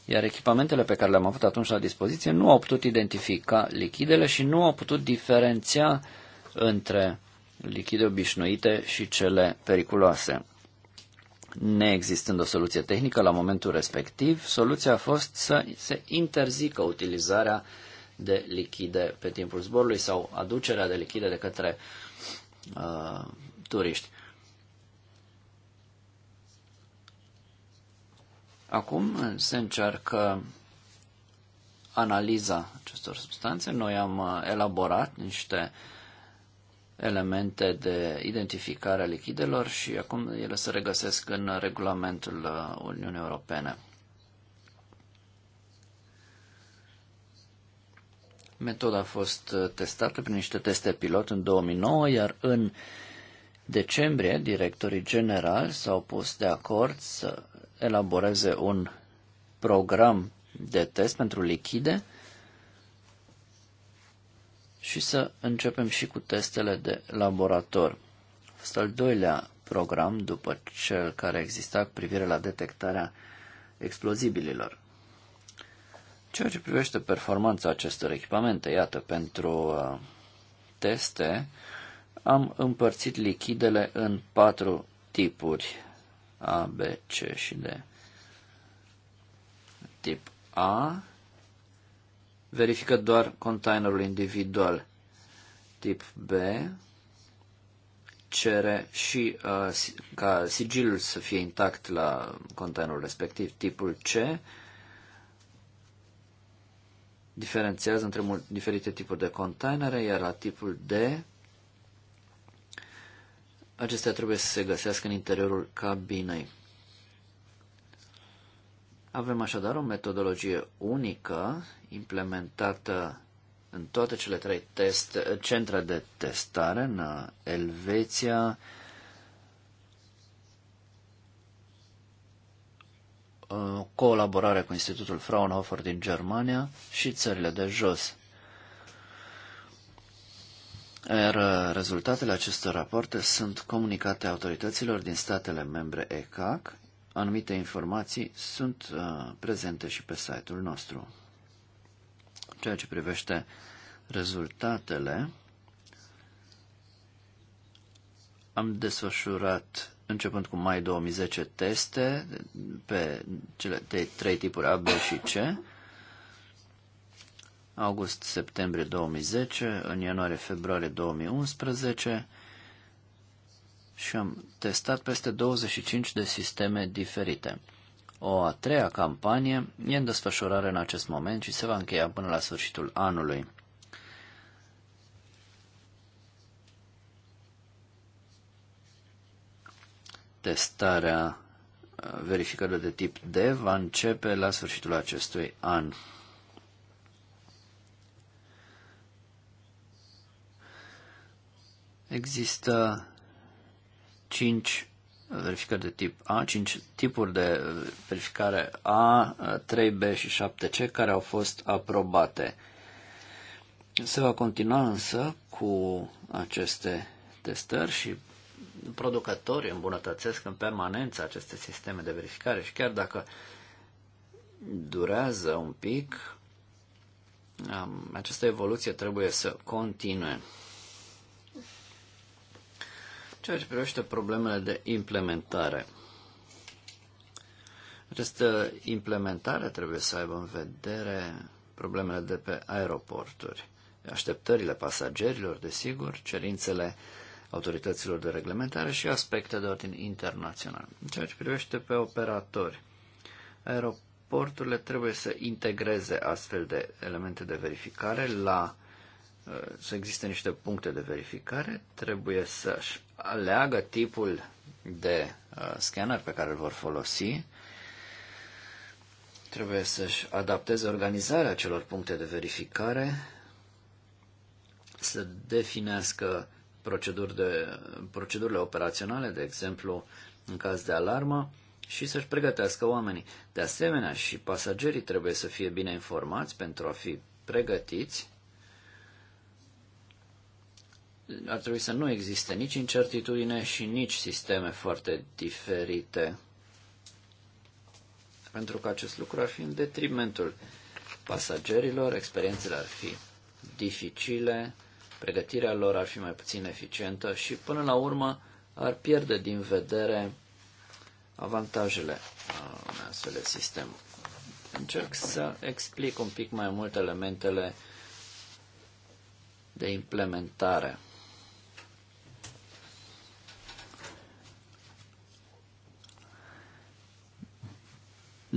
iar echipamentele pe care le-am avut atunci la dispoziție nu au putut identifica lichidele și nu au putut diferenția între lichide obișnuite și cele periculoase neexistând o soluție tehnică la momentul respectiv, soluția a fost să se interzică utilizarea de lichide pe timpul zborului sau aducerea de lichide de către uh, turiști. Acum se încearcă analiza acestor substanțe. Noi am uh, elaborat niște uh, elemente de identificare a lichidelor și acum ele se regăsesc în regulamentul uh, Uniunii Europene. Metoda a fost uh, testată prin niște teste pilot în 2009, iar în decembrie directorii generali s-au pus de acord să elaboreze un program de test pentru lichide și să începem și cu testele de laborator. Asta al doilea program după cel care exista cu privire la detectarea explozibililor. Ceea ce privește performanța acestor echipamente, iată, pentru uh, teste am împărțit lichidele în patru tipuri, A, B, C și D. Tip A verifică doar containerul individual. Tip B cere și uh, ca sigilul să fie intact la containerul respectiv. Tipul C diferențiază între mult, diferite tipuri de containere, iar la tipul D acestea trebuie să se găsească în interiorul cabinei. Avem așadar o metodologie unică implementată în toate cele trei test, centre de testare în uh, Elveția, uh, colaborare cu Institutul Fraunhofer din Germania și țările de jos. Iar uh, rezultatele acestor rapoarte sunt comunicate autorităților din statele membre ECAC, anumite informații sunt uh, prezente și pe site-ul nostru. Ceea ce privește rezultatele, am desfășurat începând cu mai 2010 teste pe cele de trei tipuri A, B și C. August-septembrie 2010, în ianuarie-februarie 2011 și am testat peste 25 de sisteme diferite. O a treia campanie e în desfășurare în acest moment și se va încheia până la sfârșitul anului. Testarea uh, verificărilor de tip D va începe la sfârșitul acestui an. Există 5 verificări de tip A, 5 tipuri de verificare A, 3B și 7C care au fost aprobate. Se va continua însă cu aceste testări și producătorii îmbunătățesc în permanență aceste sisteme de verificare și chiar dacă durează un pic, această evoluție trebuie să continue ceea ce privește problemele de implementare. Această implementare trebuie să aibă în vedere problemele de pe aeroporturi, așteptările pasagerilor, desigur, cerințele autorităților de reglementare și aspecte de ordin internațional. ceea ce privește pe operatori, aeroporturile trebuie să integreze astfel de elemente de verificare la să existe niște puncte de verificare, trebuie să-și aleagă tipul de uh, scanner pe care îl vor folosi, trebuie să-și adapteze organizarea celor puncte de verificare, să definească proceduri de, procedurile operaționale, de exemplu, în caz de alarmă, și să-și pregătească oamenii. De asemenea, și pasagerii trebuie să fie bine informați pentru a fi pregătiți ar trebui să nu existe nici incertitudine și nici sisteme foarte diferite. Pentru că acest lucru ar fi în detrimentul pasagerilor, experiențele ar fi dificile, pregătirea lor ar fi mai puțin eficientă și până la urmă ar pierde din vedere avantajele uh, unui astfel de sistem. Încerc să explic un pic mai mult elementele de implementare.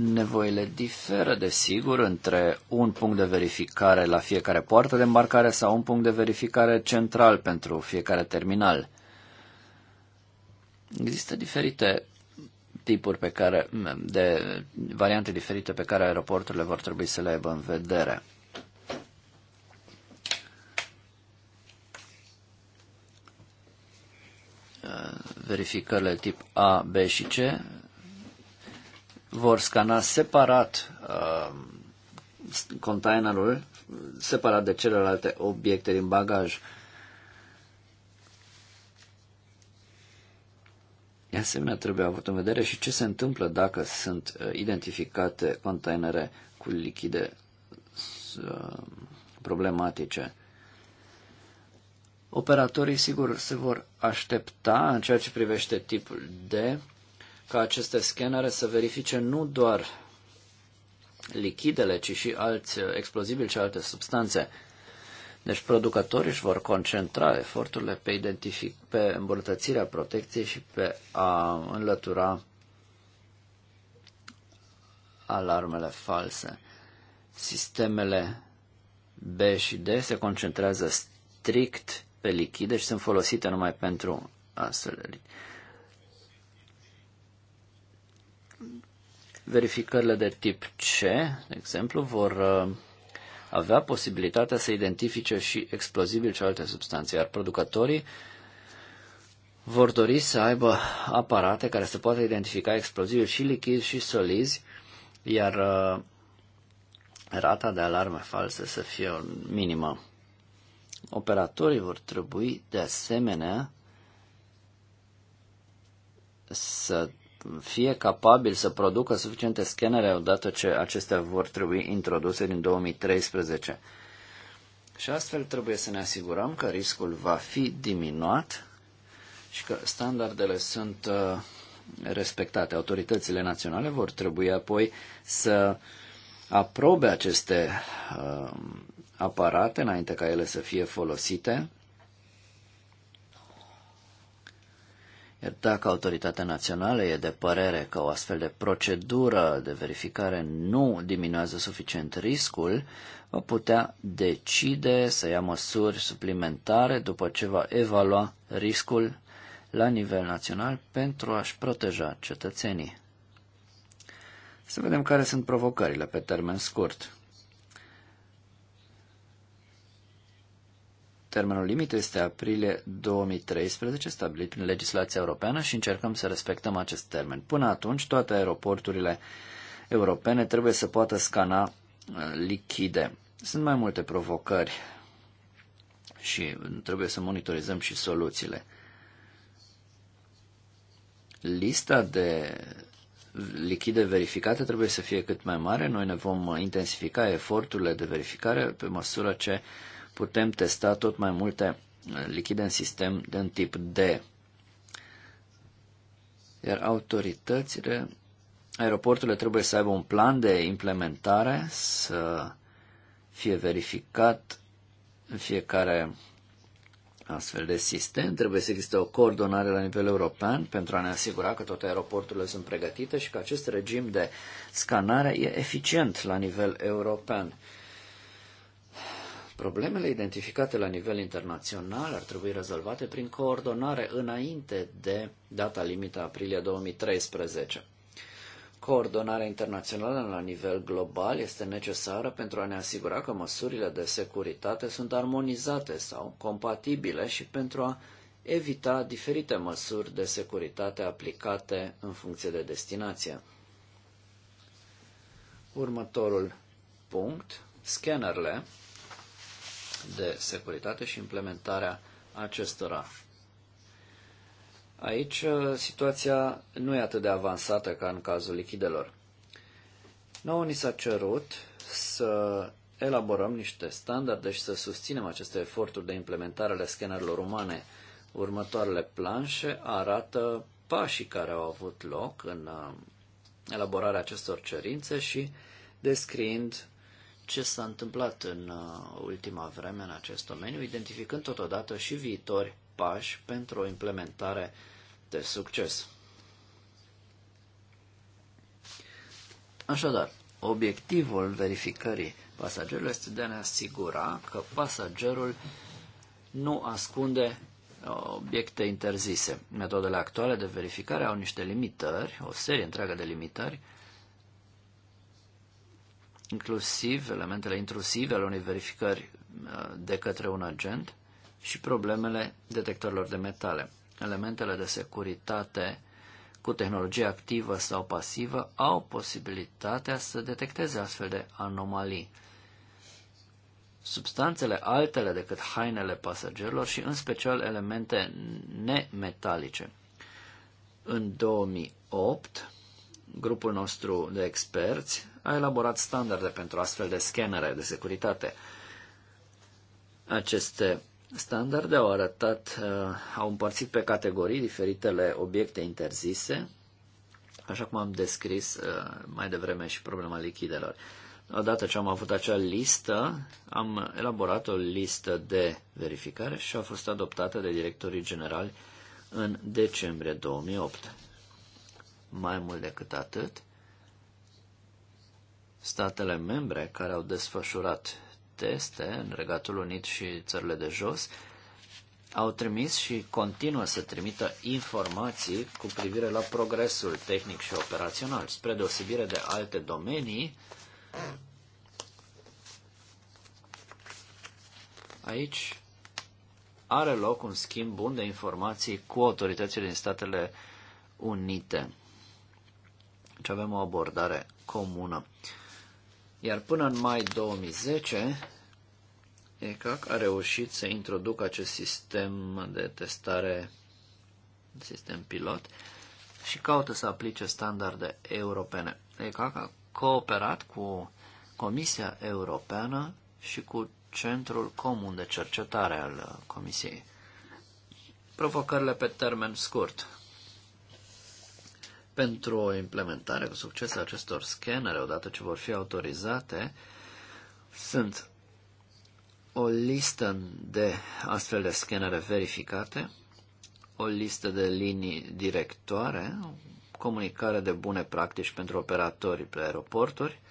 Nevoile diferă, desigur, între un punct de verificare la fiecare poartă de îmbarcare sau un punct de verificare central pentru fiecare terminal. Există diferite tipuri pe care, de variante diferite pe care aeroporturile vor trebui să le aibă în vedere. Verificările tip A, B și C vor scana separat uh, containerul, separat de celelalte obiecte din bagaj. De asemenea, trebuie avut în vedere și ce se întâmplă dacă sunt uh, identificate containere cu lichide uh, problematice. Operatorii, sigur, se vor aștepta în ceea ce privește tipul de ca aceste scanere să verifice nu doar lichidele, ci și alți uh, explozibili și alte substanțe. Deci producătorii își vor concentra eforturile pe, identific, pe îmbunătățirea protecției și pe a înlătura alarmele false. Sistemele B și D se concentrează strict pe lichide și sunt folosite numai pentru astfel de lichide. Verificările de tip C, de exemplu, vor uh, avea posibilitatea să identifice și explozibil și alte substanțe, iar producătorii vor dori să aibă aparate care să poată identifica explozibil și lichizi și solizi, iar uh, rata de alarme false să fie minimă. Operatorii vor trebui de asemenea să fie capabil să producă suficiente scanere odată ce acestea vor trebui introduse din 2013. Și astfel trebuie să ne asigurăm că riscul va fi diminuat și că standardele sunt uh, respectate. Autoritățile naționale vor trebui apoi să aprobe aceste uh, aparate înainte ca ele să fie folosite Iar dacă autoritatea națională e de părere că o astfel de procedură de verificare nu diminuează suficient riscul, va putea decide să ia măsuri suplimentare după ce va evalua riscul la nivel național pentru a-și proteja cetățenii. Să vedem care sunt provocările pe termen scurt. Termenul limit este aprilie 2013, stabilit prin legislația europeană și încercăm să respectăm acest termen. Până atunci, toate aeroporturile europene trebuie să poată scana uh, lichide. Sunt mai multe provocări și trebuie să monitorizăm și soluțiile. Lista de lichide verificate trebuie să fie cât mai mare. Noi ne vom intensifica eforturile de verificare pe măsură ce uh, putem testa tot mai multe uh, lichide în sistem de tip D. Iar autoritățile, aeroporturile trebuie să aibă un plan de implementare, să fie verificat în fiecare astfel de sistem. Trebuie să existe o coordonare la nivel european pentru a ne asigura că toate aeroporturile sunt pregătite și că acest regim de scanare e eficient la nivel european. Problemele identificate la nivel internațional ar trebui rezolvate prin coordonare înainte de data limită aprilie 2013. Coordonarea internațională la nivel global este necesară pentru a ne asigura că măsurile de securitate sunt armonizate sau compatibile și pentru a evita diferite măsuri de securitate aplicate în funcție de destinație. Următorul punct, scannerele de securitate și implementarea acestora. Aici uh, situația nu e atât de avansată ca în cazul lichidelor. Nouă ni s-a cerut să elaborăm niște standarde și să susținem aceste eforturi de implementare ale scanerelor umane. Următoarele planșe arată pașii care au avut loc în uh, elaborarea acestor cerințe și descriind ce s-a întâmplat în uh, ultima vreme în acest domeniu, identificând totodată și viitori pași pentru o implementare de succes. Așadar, obiectivul verificării pasagerilor este de a ne asigura că pasagerul nu ascunde uh, obiecte interzise. Metodele actuale de verificare au niște limitări, o serie întreagă de limitări, inclusiv elementele intrusive ale unei verificări uh, de către un agent și problemele detectorilor de metale. Elementele de securitate cu tehnologie activă sau pasivă au posibilitatea să detecteze astfel de anomalii. Substanțele altele decât hainele pasagerilor și în special elemente nemetalice. În 2008, grupul nostru de experți a elaborat standarde pentru astfel de scanere de securitate. Aceste standarde au arătat, uh, au împărțit pe categorii diferitele obiecte interzise, așa cum am descris uh, mai devreme și problema lichidelor. Odată ce am avut acea listă, am elaborat o listă de verificare și a fost adoptată de directorii generali în decembrie 2008. Mai mult decât atât, statele membre care au desfășurat teste în Regatul Unit și țările de jos au trimis și continuă să trimită informații cu privire la progresul tehnic și operațional, spre deosebire de alte domenii. Aici are loc un schimb bun de informații cu autoritățile din Statele Unite. Deci avem o abordare comună. Iar până în mai 2010, ECAC a reușit să introducă acest sistem de testare, sistem pilot, și caută să aplice standarde europene. ECAC a cooperat cu Comisia Europeană și cu Centrul Comun de Cercetare al Comisiei. Provocările pe termen scurt. Pentru o implementare cu succes a acestor scanere, odată ce vor fi autorizate, sunt o listă de astfel de scanere verificate, o listă de linii directoare, comunicare de bune practici pentru operatorii pe aeroporturi,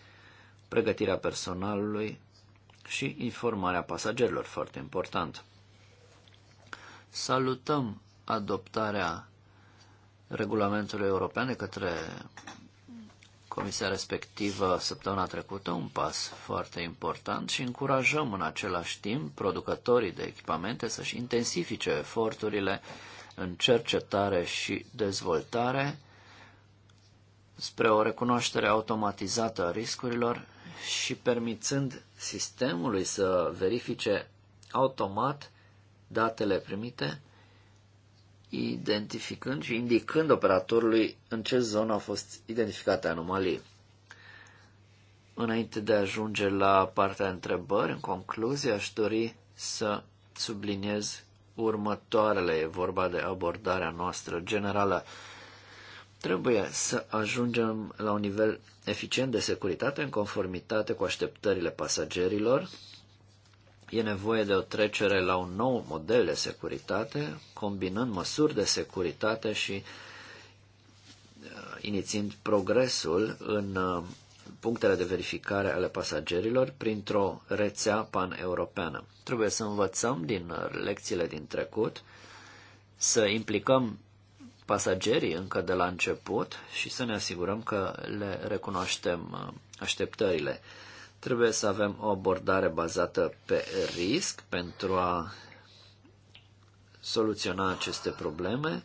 pregătirea personalului și informarea pasagerilor, foarte important. Salutăm adoptarea regulamentului european de către comisia respectivă săptămâna trecută, un pas foarte important și încurajăm în același timp producătorii de echipamente să-și intensifice eforturile în cercetare și dezvoltare spre o recunoaștere automatizată a riscurilor și permițând sistemului să verifice automat datele primite identificând și indicând operatorului în ce zonă au fost identificate anomalii. Înainte de a ajunge la partea întrebări, în concluzie, aș dori să subliniez următoarele. E vorba de abordarea noastră generală. Trebuie să ajungem la un nivel eficient de securitate în conformitate cu așteptările pasagerilor, E nevoie de o trecere la un nou model de securitate, combinând măsuri de securitate și uh, inițiind progresul în uh, punctele de verificare ale pasagerilor printr-o rețea paneuropeană. Trebuie să învățăm din uh, lecțiile din trecut, să implicăm pasagerii încă de la început și să ne asigurăm că le recunoaștem așteptările. Trebuie să avem o abordare bazată pe risc pentru a soluționa aceste probleme.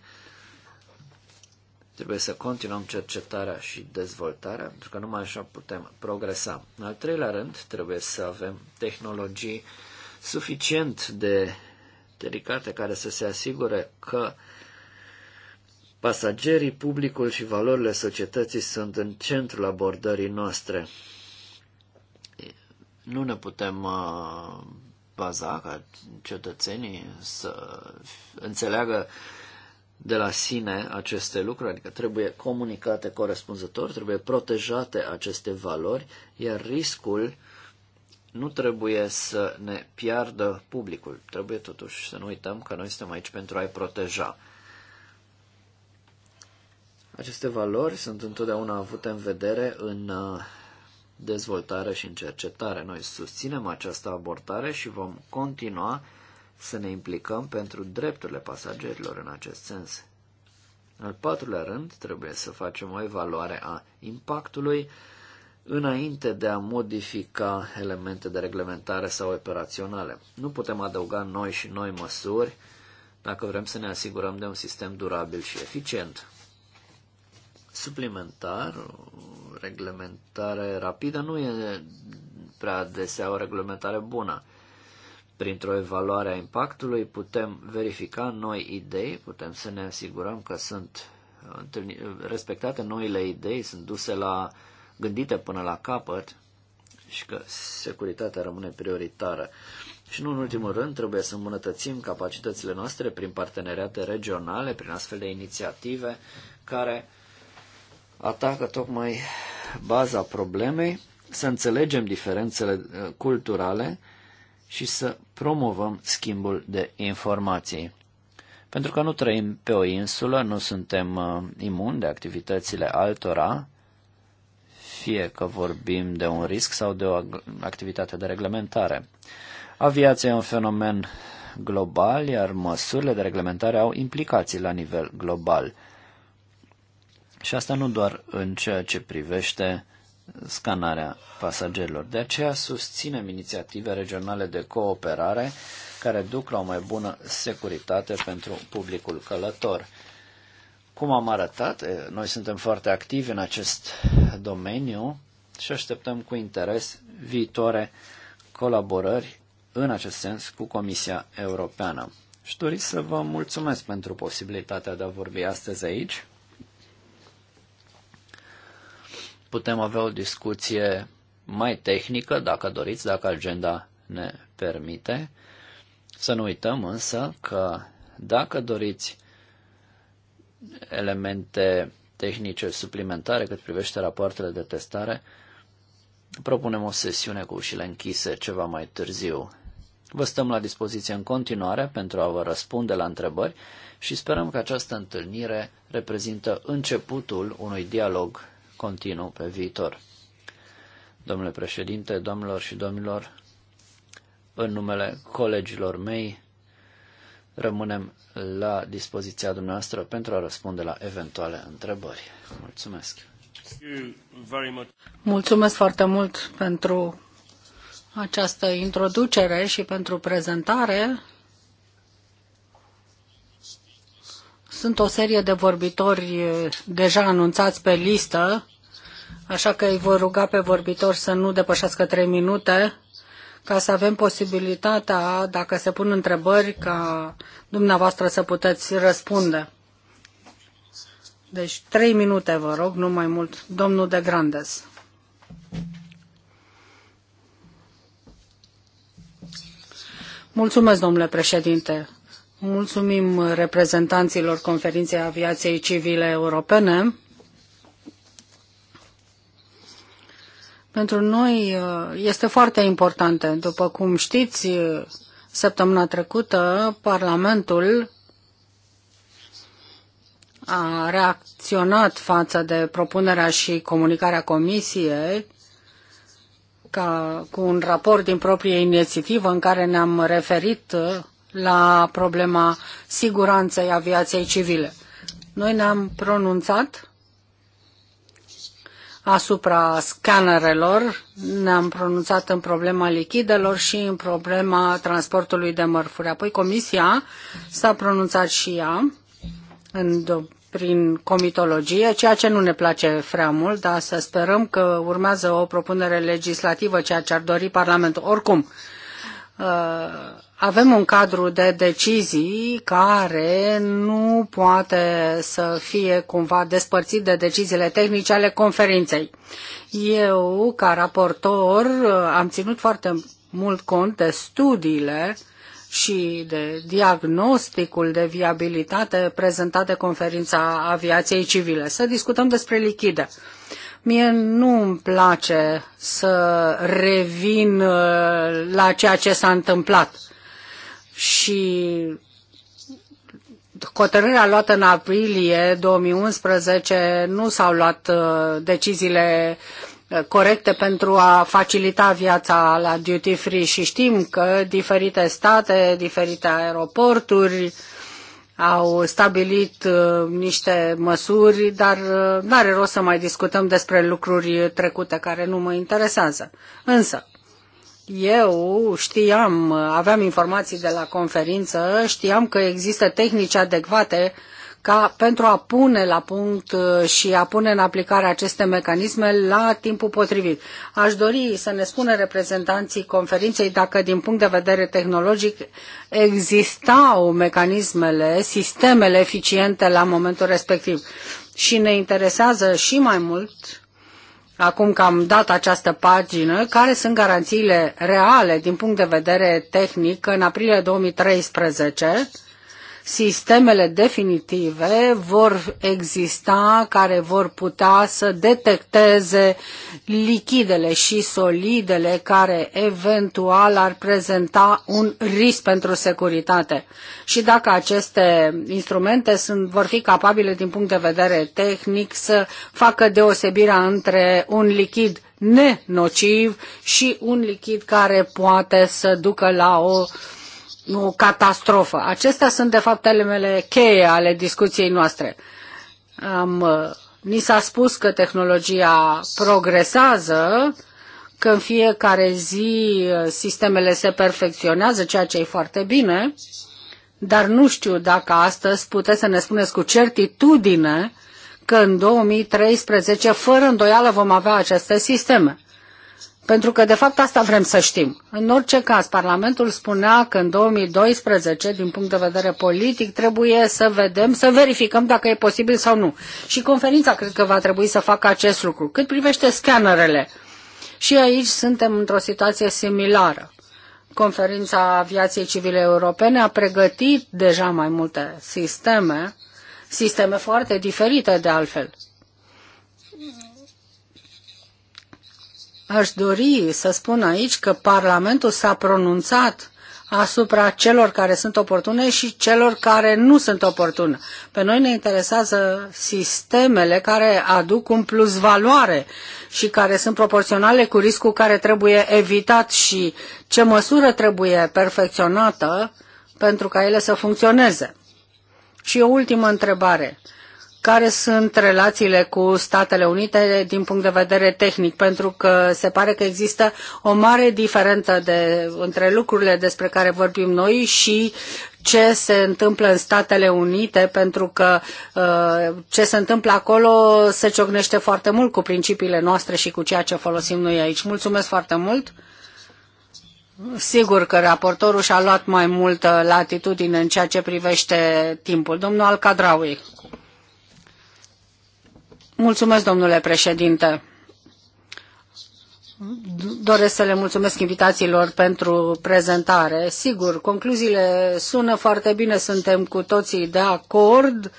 Trebuie să continuăm cercetarea și dezvoltarea, pentru că numai așa putem progresa. În al treilea rând, trebuie să avem tehnologii suficient de delicate care să se asigure că pasagerii, publicul și valorile societății sunt în centrul abordării noastre. Nu ne putem uh, baza ca cetățenii să înțeleagă de la sine aceste lucruri, adică trebuie comunicate corespunzător, trebuie protejate aceste valori, iar riscul nu trebuie să ne piardă publicul. Trebuie totuși să nu uităm că noi suntem aici pentru a-i proteja. Aceste valori sunt întotdeauna avute în vedere în uh, dezvoltare și în cercetare. Noi susținem această abordare și vom continua să ne implicăm pentru drepturile pasagerilor în acest sens. În al patrulea rând, trebuie să facem o evaluare a impactului înainte de a modifica elemente de reglementare sau operaționale. Nu putem adăuga noi și noi măsuri dacă vrem să ne asigurăm de un sistem durabil și eficient suplimentar, o reglementare rapidă nu e prea adesea o reglementare bună. Printr-o evaluare a impactului putem verifica noi idei, putem să ne asigurăm că sunt respectate noile idei, sunt duse la gândite până la capăt și că securitatea rămâne prioritară. Și nu în ultimul rând, trebuie să îmbunătățim capacitățile noastre prin parteneriate regionale, prin astfel de inițiative care uh, atacă tocmai baza problemei, să înțelegem diferențele uh, culturale și să promovăm schimbul de informații. Pentru că nu trăim pe o insulă, nu suntem uh, imuni de activitățile altora, fie că vorbim de un risc sau de o activitate de reglementare. Aviația e un fenomen global, iar măsurile de reglementare au implicații la nivel global. Și asta nu doar în ceea ce privește scanarea pasagerilor. De aceea susținem inițiative regionale de cooperare care duc la o mai bună securitate pentru publicul călător. Cum am arătat, noi suntem foarte activi în acest domeniu și așteptăm cu interes viitoare colaborări în acest sens cu Comisia Europeană. Și doriți să vă mulțumesc pentru posibilitatea de a vorbi astăzi aici. putem avea o discuție mai tehnică, dacă doriți, dacă agenda ne permite. Să nu uităm însă că dacă doriți elemente tehnice suplimentare cât privește rapoartele de testare, propunem o sesiune cu ușile închise ceva mai târziu. Vă stăm la dispoziție în continuare pentru a vă răspunde la întrebări și sperăm că această întâlnire reprezintă începutul unui dialog continuu pe viitor. Domnule președinte, domnilor și domnilor, în numele colegilor mei, rămânem la dispoziția dumneavoastră pentru a răspunde la eventuale întrebări. Mulțumesc! Mulțumesc foarte mult pentru această introducere și pentru prezentare. Sunt o serie de vorbitori deja anunțați pe listă așa că îi voi ruga pe vorbitor să nu depășească trei minute ca să avem posibilitatea, dacă se pun întrebări, ca dumneavoastră să puteți răspunde. Deci trei minute, vă rog, nu mai mult. Domnul de Grandes. Mulțumesc, domnule președinte. Mulțumim reprezentanților Conferinței Aviației Civile Europene pentru noi uh, este foarte importantă. După cum știți, uh, săptămâna trecută Parlamentul a reacționat față de propunerea și comunicarea Comisiei ca, cu un raport din proprie inițiativă în care ne-am referit uh, la problema siguranței aviației civile. Noi ne-am pronunțat asupra scanerelor, ne-am pronunțat în problema lichidelor și în problema transportului de mărfuri. Apoi Comisia s-a pronunțat și ea în, prin comitologie, ceea ce nu ne place prea mult, dar să sperăm că urmează o propunere legislativă, ceea ce ar dori Parlamentul. Oricum, uh, avem un cadru de decizii care nu poate să fie cumva despărțit de deciziile tehnice ale conferinței. Eu, ca raportor, am ținut foarte mult cont de studiile și de diagnosticul de viabilitate prezentat de conferința aviației civile. Să discutăm despre lichide. Mie nu îmi place să revin uh, la ceea ce s-a întâmplat și hotărârea luată în aprilie 2011 nu s-au luat uh, deciziile uh, corecte pentru a facilita viața la duty free și știm că diferite state, diferite aeroporturi au stabilit uh, niște măsuri, dar nu are rost să mai discutăm despre lucruri trecute care nu mă interesează. Însă, eu știam, aveam informații de la conferință, știam că există tehnici adecvate ca pentru a pune la punct uh, și a pune în aplicare aceste mecanisme la timpul potrivit. Aș dori să ne spună reprezentanții conferinței dacă din punct de vedere tehnologic existau mecanismele, sistemele eficiente la momentul respectiv. Și ne interesează și mai mult acum că am dat această pagină, care sunt garanțiile reale din punct de vedere tehnic în aprilie 2013 sistemele definitive vor exista care vor putea să detecteze lichidele și solidele care eventual ar prezenta un risc pentru securitate. Și dacă aceste instrumente sunt, vor fi capabile din punct de vedere tehnic să facă deosebirea între un lichid nenociv și un lichid care poate să ducă la o uh, o catastrofă. Acestea sunt, de fapt, elemele cheie ale discuției noastre. Am, uh, ni s-a spus că tehnologia progresează, că în fiecare zi uh, sistemele se perfecționează, ceea ce e foarte bine, dar nu știu dacă astăzi puteți să ne spuneți cu certitudine că în 2013, fără îndoială, vom avea aceste sisteme. Pentru că, de fapt, asta vrem să știm. În orice caz, Parlamentul spunea că în 2012, din punct de vedere politic, trebuie să vedem, să verificăm dacă e posibil sau nu. Și conferința cred că va trebui să facă acest lucru. Cât privește scanerele, și aici suntem într-o situație similară. Conferința Aviației Civile Europene a pregătit deja mai multe sisteme, sisteme foarte diferite de altfel. Aș dori să spun aici că Parlamentul s-a pronunțat asupra celor care sunt oportune și celor care nu sunt oportune. Pe noi ne interesează sistemele care aduc un plus valoare și care sunt proporționale cu riscul care trebuie evitat și ce măsură trebuie perfecționată pentru ca ele să funcționeze. Și o ultimă întrebare care sunt relațiile cu Statele Unite din punct de vedere tehnic, pentru că se pare că există o mare diferență de, între lucrurile despre care vorbim noi și ce se întâmplă în Statele Unite, pentru că uh, ce se întâmplă acolo se ciocnește foarte mult cu principiile noastre și cu ceea ce folosim noi aici. Mulțumesc foarte mult! Sigur că raportorul și-a luat mai multă latitudine în ceea ce privește timpul. Domnul Alcadraui. Mulțumesc, domnule președinte. Doresc să le mulțumesc invitațiilor pentru prezentare. Sigur, concluziile sună foarte bine, suntem cu toții de acord.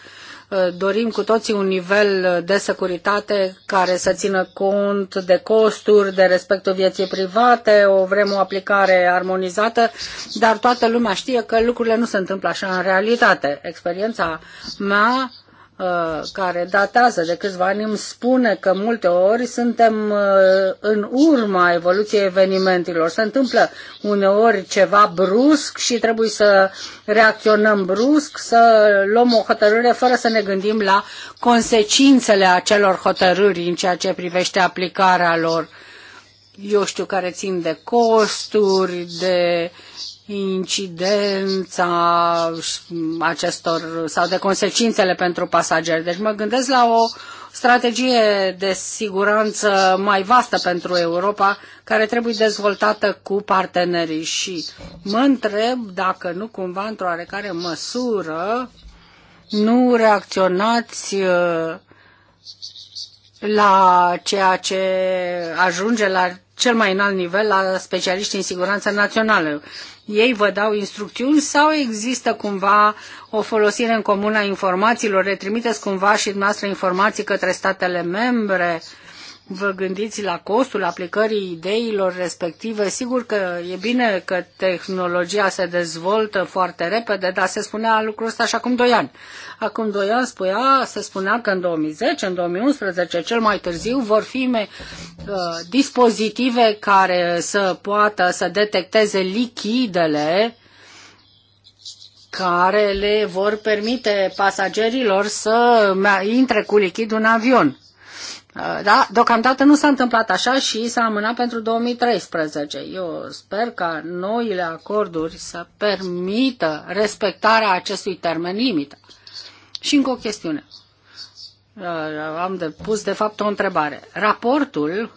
Dorim cu toții un nivel de securitate care să țină cont de costuri, de respectul vieții private, o vrem o aplicare armonizată, dar toată lumea știe că lucrurile nu se întâmplă așa în realitate. Experiența mea Uh, care datează de câțiva ani îmi spune că multe ori suntem uh, în urma evoluției evenimentelor. Se întâmplă uneori ceva brusc și trebuie să reacționăm brusc, să luăm o hotărâre fără să ne gândim la consecințele acelor hotărâri în ceea ce privește aplicarea lor eu știu, care țin de costuri, de incidența acestor sau de consecințele pentru pasageri. Deci mă gândesc la o strategie de siguranță mai vastă pentru Europa, care trebuie dezvoltată cu partenerii și mă întreb dacă nu cumva într-o oarecare măsură nu reacționați uh, la ceea ce ajunge la cel mai înalt nivel la specialiștii în siguranță națională ei vă dau instrucțiuni sau există cumva o folosire în comună a informațiilor, retrimiteți cumva și dumneavoastră informații către statele membre, uh, vă gândiți la costul aplicării ideilor respective. Sigur că e bine că tehnologia se dezvoltă foarte repede, dar se spunea lucrul ăsta și acum doi ani. Acum doi ani spunea, se spunea că în 2010, în 2011, cel mai târziu, vor fi uh, dispozitive care să poată să detecteze lichidele care le vor permite pasagerilor să intre cu lichid un avion. Uh, da, deocamdată nu s-a întâmplat așa și s-a amânat pentru 2013. Eu sper ca noile acorduri să permită respectarea acestui termen limită. Și încă o chestiune. Uh, am depus, de fapt, o întrebare. Raportul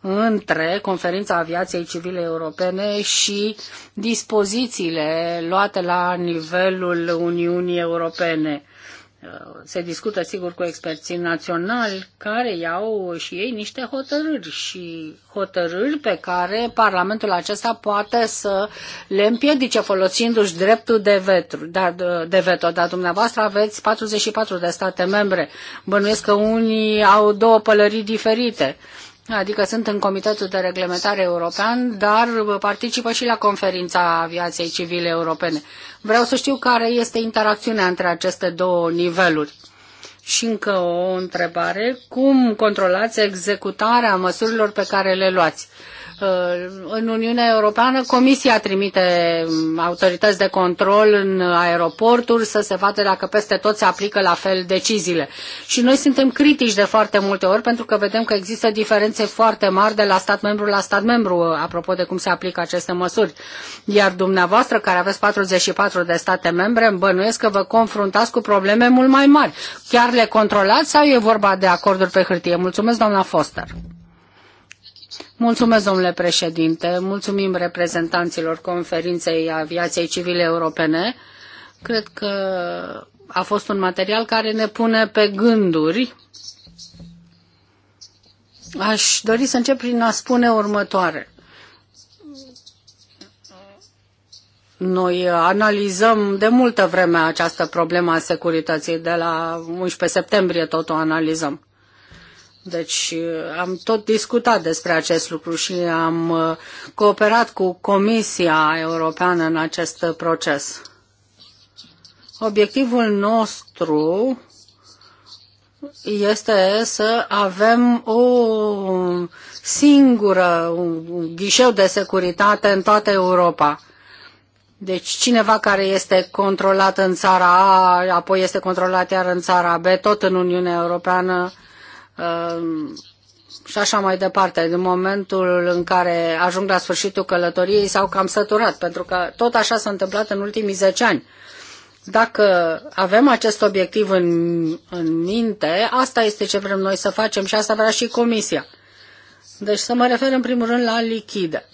între Conferința Aviației Civile Europene și dispozițiile luate la nivelul Uniunii Europene Uh, se discută sigur cu experții naționali care iau și ei niște hotărâri și hotărâri pe care Parlamentul acesta poate să le împiedice folosindu-și dreptul de, vetru, Dar de veto. Dar dumneavoastră aveți 44 de state membre. Bănuiesc că unii au două pălării diferite. Uh, adică sunt în Comitetul de Reglementare European, dar participă și la conferința aviației civile europene. Vreau să știu care este interacțiunea între aceste două niveluri. Și încă o întrebare, cum controlați executarea măsurilor pe care le luați? Uh, în Uniunea Europeană, Comisia trimite um, autorități de control în aeroporturi să se vadă dacă peste tot se aplică la fel deciziile. Și noi suntem critici de foarte multe ori pentru că vedem că există diferențe foarte mari de la stat membru la stat membru, uh, apropo de cum se aplică aceste măsuri. Iar dumneavoastră, care aveți 44 de state membre, îmi bănuiesc că vă confruntați cu probleme mult mai mari. Chiar le controlați sau e vorba de acorduri pe hârtie? Mulțumesc, doamna Foster. Mulțumesc, domnule președinte. Mulțumim reprezentanților Conferinței Aviației Civile Europene. Cred că a fost un material care ne pune pe gânduri. Aș dori să încep prin a spune următoare. Noi analizăm de multă vreme această problemă a securității, de la 11 septembrie tot o analizăm. Deci uh, am tot discutat despre acest lucru și am uh, cooperat cu Comisia Europeană în acest proces. Obiectivul nostru este să avem o singură ghișeu de securitate în toată Europa. Deci cineva care este controlat în țara A, apoi este controlat iar în țara B, tot în Uniunea Europeană, Ehm, și așa mai departe, din momentul în care ajung la sfârșitul călătoriei s-au cam săturat, pentru că tot așa s-a întâmplat în ultimii 10 ani. Dacă avem acest obiectiv în, în minte, asta este ce vrem noi să facem și asta vrea și Comisia. Deci să mă refer în primul rând la lichide.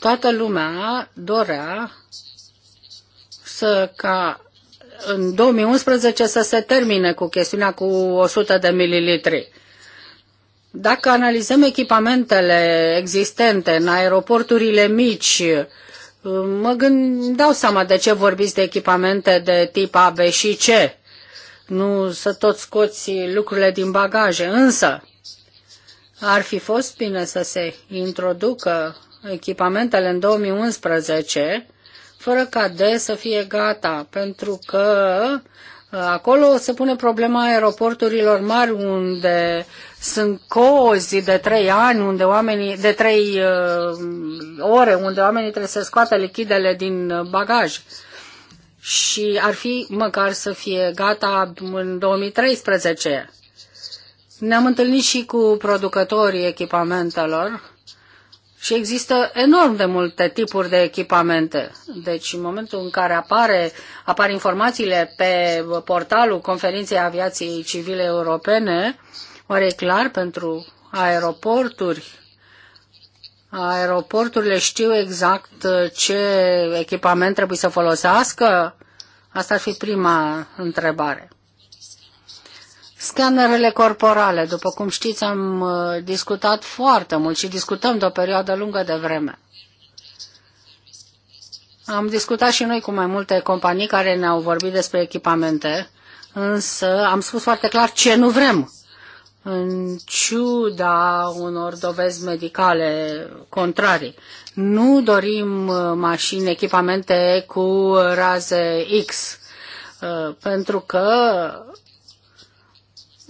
Toată lumea dorea să ca în 2011 să se termine cu chestiunea cu 100 de mililitri. Dacă analizăm echipamentele existente în aeroporturile mici, mă gând, dau seama de ce vorbiți de echipamente de tip A, B și C. Nu să tot scoți lucrurile din bagaje, însă ar fi fost bine să se introducă echipamentele în 2011 fără ca D să fie gata, pentru că uh, acolo se pune problema aeroporturilor mari unde sunt cozi de trei ani, unde oamenii, de trei uh, ore, unde oamenii trebuie să scoată lichidele din bagaj. Și ar fi măcar să fie gata în 2013. Ne-am întâlnit și cu producătorii echipamentelor și există enorm de multe tipuri de echipamente. Deci în momentul în care apare, apar informațiile pe portalul Conferinței Aviației Civile Europene, oare e clar pentru aeroporturi? Aeroporturile știu exact ce echipament trebuie să folosească? Asta ar fi prima întrebare. Scanerele corporale, după cum știți, am uh, discutat foarte mult și discutăm de o perioadă lungă de vreme. Am discutat și noi cu mai multe companii care ne-au vorbit despre echipamente, însă am spus foarte clar ce nu vrem. În ciuda unor dovezi medicale contrarii, nu dorim uh, mașini, echipamente cu raze X, uh, pentru că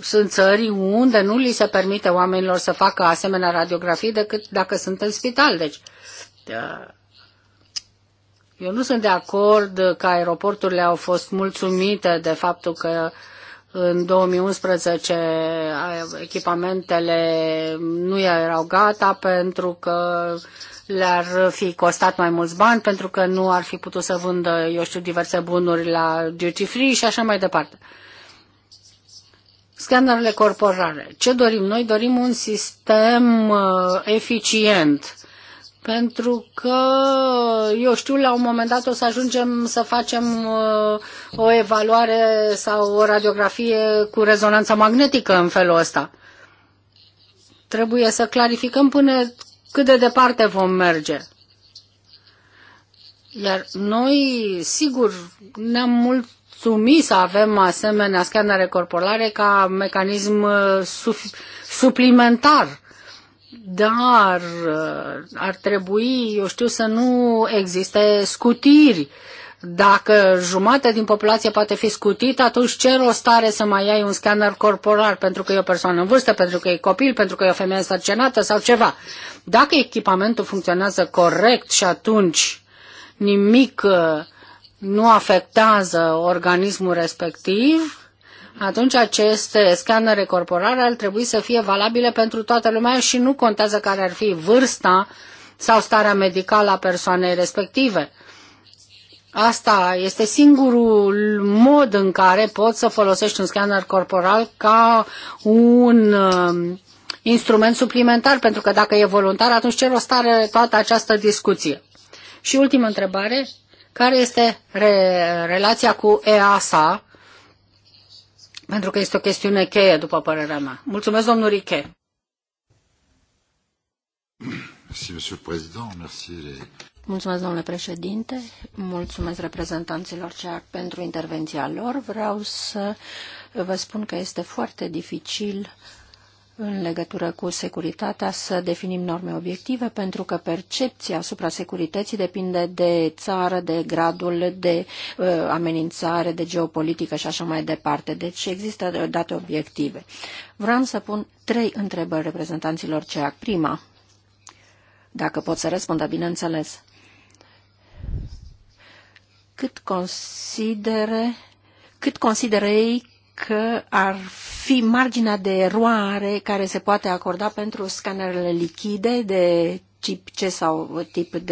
sunt țări unde nu li se permite oamenilor să facă asemenea radiografii decât dacă sunt în spital. Deci, da. eu nu sunt de acord că aeroporturile au fost mulțumite de faptul că în 2011 echipamentele nu erau gata pentru că le-ar fi costat mai mulți bani, pentru că nu ar fi putut să vândă, eu știu, diverse bunuri la duty free și așa mai departe. Uh, scanerele corporale. Ce dorim noi? Dorim un sistem uh, eficient. Pentru că, eu știu, la un moment dat o să ajungem să facem uh, o evaluare sau o radiografie cu rezonanță magnetică în felul ăsta. Trebuie să clarificăm până cât de departe vom merge. Iar noi, sigur, ne-am mult mulțumi să avem asemenea scanere corporale ca mecanism uh, suplimentar dar uh, ar trebui, eu știu, să nu existe scutiri. Dacă jumătate din populație poate fi scutită, atunci ce rost are să mai ai un scanner corporal pentru că e o persoană în vârstă, pentru că e copil, pentru că e o femeie însărcinată sau ceva. Dacă echipamentul funcționează corect și atunci nimic uh, nu afectează organismul respectiv, atunci aceste scanere corporale ar trebui să fie valabile pentru toată lumea și nu contează care ar fi vârsta sau starea medicală a persoanei respective. Asta este singurul mod în care poți să folosești un scanner corporal ca un um, instrument suplimentar, pentru că dacă e voluntar, atunci ce rost are toată această discuție? Și ultima întrebare, care este re- relația cu EASA, pentru că este o chestiune cheie, după părerea mea. Mulțumesc, domnul Riche. Mulțumesc, domnule președinte, mulțumesc reprezentanților CEAC pentru intervenția lor. Vreau să vă spun că este foarte dificil în legătură cu securitatea să definim norme obiective, pentru că percepția asupra securității depinde de țară, de gradul de uh, amenințare, de geopolitică și așa mai departe. Deci există date obiective. Vreau să pun trei întrebări reprezentanților CEAC. Prima, dacă pot să răspundă, bineînțeles. Cât considere cât consideră ei că ar fi marginea de eroare care se poate acorda pentru scanerele lichide de tip C sau tip D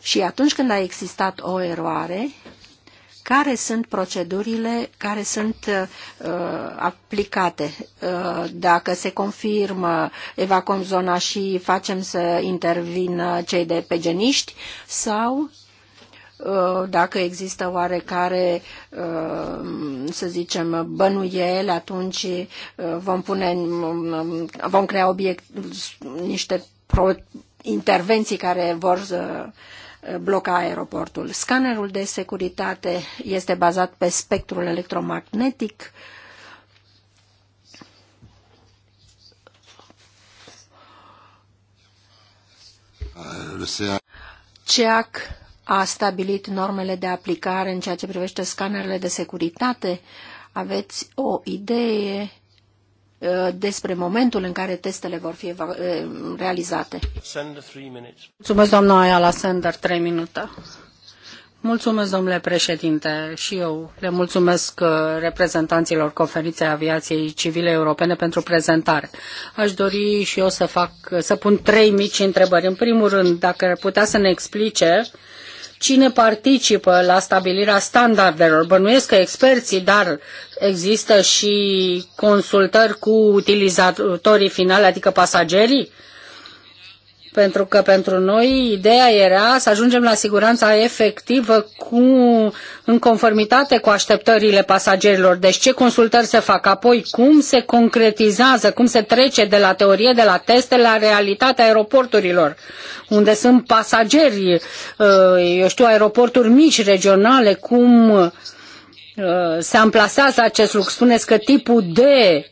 și atunci când a existat o eroare, care sunt procedurile care sunt uh, aplicate. Uh, dacă se confirmă, evacuăm zona și facem să intervină cei de pe geniști sau Uh, dacă există oarecare, uh, să zicem, bănuieli, atunci uh, vom, pune, vom crea obiect, niște pro, intervenții care vor bloca aeroportul. Scannerul de securitate este bazat pe spectrul electromagnetic, CEAC a stabilit normele de aplicare în ceea ce privește scanerele de securitate? Aveți o idee uh, despre momentul în care testele vor fi uh, realizate? Mulțumesc, doamna Ayala Sender, trei minute. Mulțumesc, domnule președinte, și eu le mulțumesc uh, reprezentanților Conferinței Aviației Civile Europene pentru prezentare. Aș dori și eu să fac, să pun trei mici întrebări. În primul rând, dacă putea să ne explice uh, cine participă la stabilirea standardelor. Bănuiesc că experții, dar există și consultări cu utilizatorii finali, adică pasagerii? Uh, pentru că pentru noi ideea era să ajungem la siguranța efectivă cu, în conformitate cu așteptările pasagerilor. Deci ce consultări se fac apoi, cum se concretizează, cum se trece de la teorie, de la teste, la realitatea aeroporturilor, unde sunt pasageri, eh, eu știu, aeroporturi mici, regionale, cum eh, se amplasează acest lucru. Spuneți că tipul de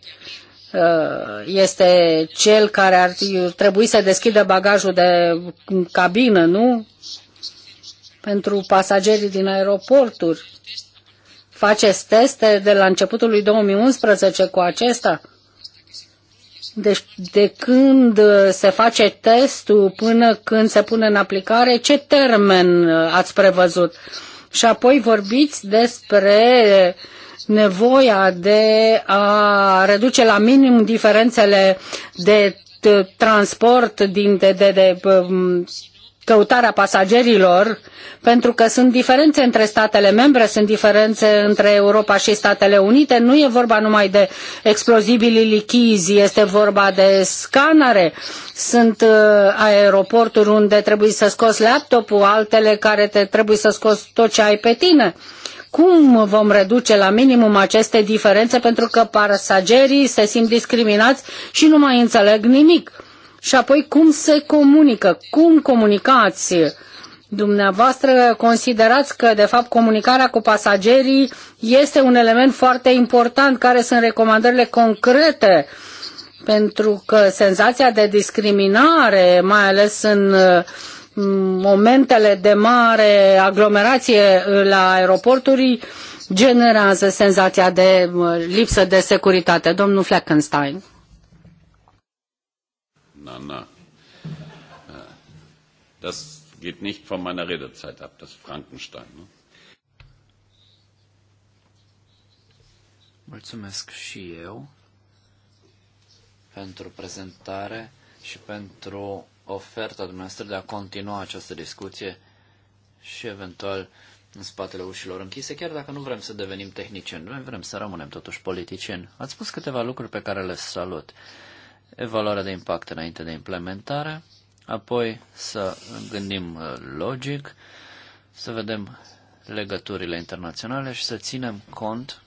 Uh, este cel care ar trebui să deschidă bagajul de cabină, nu? Pentru pasagerii din aeroporturi. Faceți teste de la începutul lui 2011 cu acesta? Deci de când se face testul până când se pune în aplicare, ce termen uh, ați prevăzut? Și apoi vorbiți despre uh, nevoia de a reduce la minim diferențele de transport, din, de, de, de um, căutarea pasagerilor, pentru că sunt diferențe între statele membre, sunt diferențe între Europa și Statele Unite. Nu e vorba numai de explozibili lichizi, este vorba de scanare. Sunt uh, aeroporturi unde trebuie să scoți laptopul, altele care te trebuie să scoți tot ce ai pe tine. Uh, cum vom reduce la minimum aceste diferențe pentru că pasagerii se simt discriminați și nu mai înțeleg nimic. Și apoi cum se comunică, cum comunicați Dumneavoastră considerați că, de fapt, comunicarea cu pasagerii este un element foarte important, care sunt recomandările concrete, pentru că senzația de discriminare, mai ales în uh, momentele de mare aglomerație la aeroporturi generează senzația de uh, lipsă de securitate. Domnul Fleckenstein. Na, na. Äh, das geht nicht von meiner Redezeit ab, das Frankenstein. Ne? Mulțumesc și eu pentru prezentare și pentru oferta dumneavoastră de a continua această discuție și eventual în spatele ușilor închise, chiar dacă nu vrem să devenim tehnicieni, noi vrem să rămânem totuși politicieni. Ați spus câteva lucruri pe care le salut. Evaluarea de impact înainte de implementare, apoi să gândim uh, logic, să vedem legăturile internaționale și să ținem cont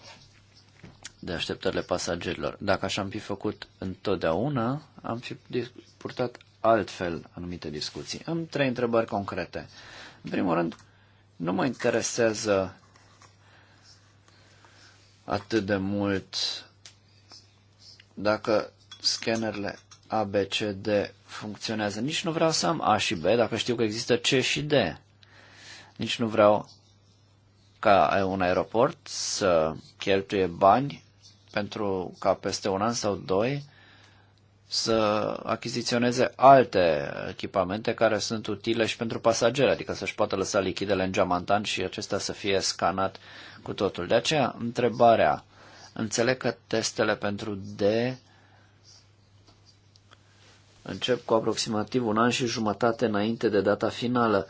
de așteptările pasagerilor. Dacă așa am fi făcut întotdeauna, am fi purtat altfel anumite discuții. Am trei întrebări concrete. În primul rând, nu mă interesează atât de mult dacă scannerele ABCD funcționează. Nici nu vreau să am A și B dacă știu că există C și D. Nici nu vreau ca un aeroport să cheltuie bani pentru ca peste un an sau doi să achiziționeze alte echipamente care sunt utile și pentru pasageri, adică să-și poată lăsa lichidele în geamantan și acesta să fie scanat cu totul. De aceea, întrebarea, înțeleg că testele pentru D încep cu aproximativ un an și jumătate înainte de data finală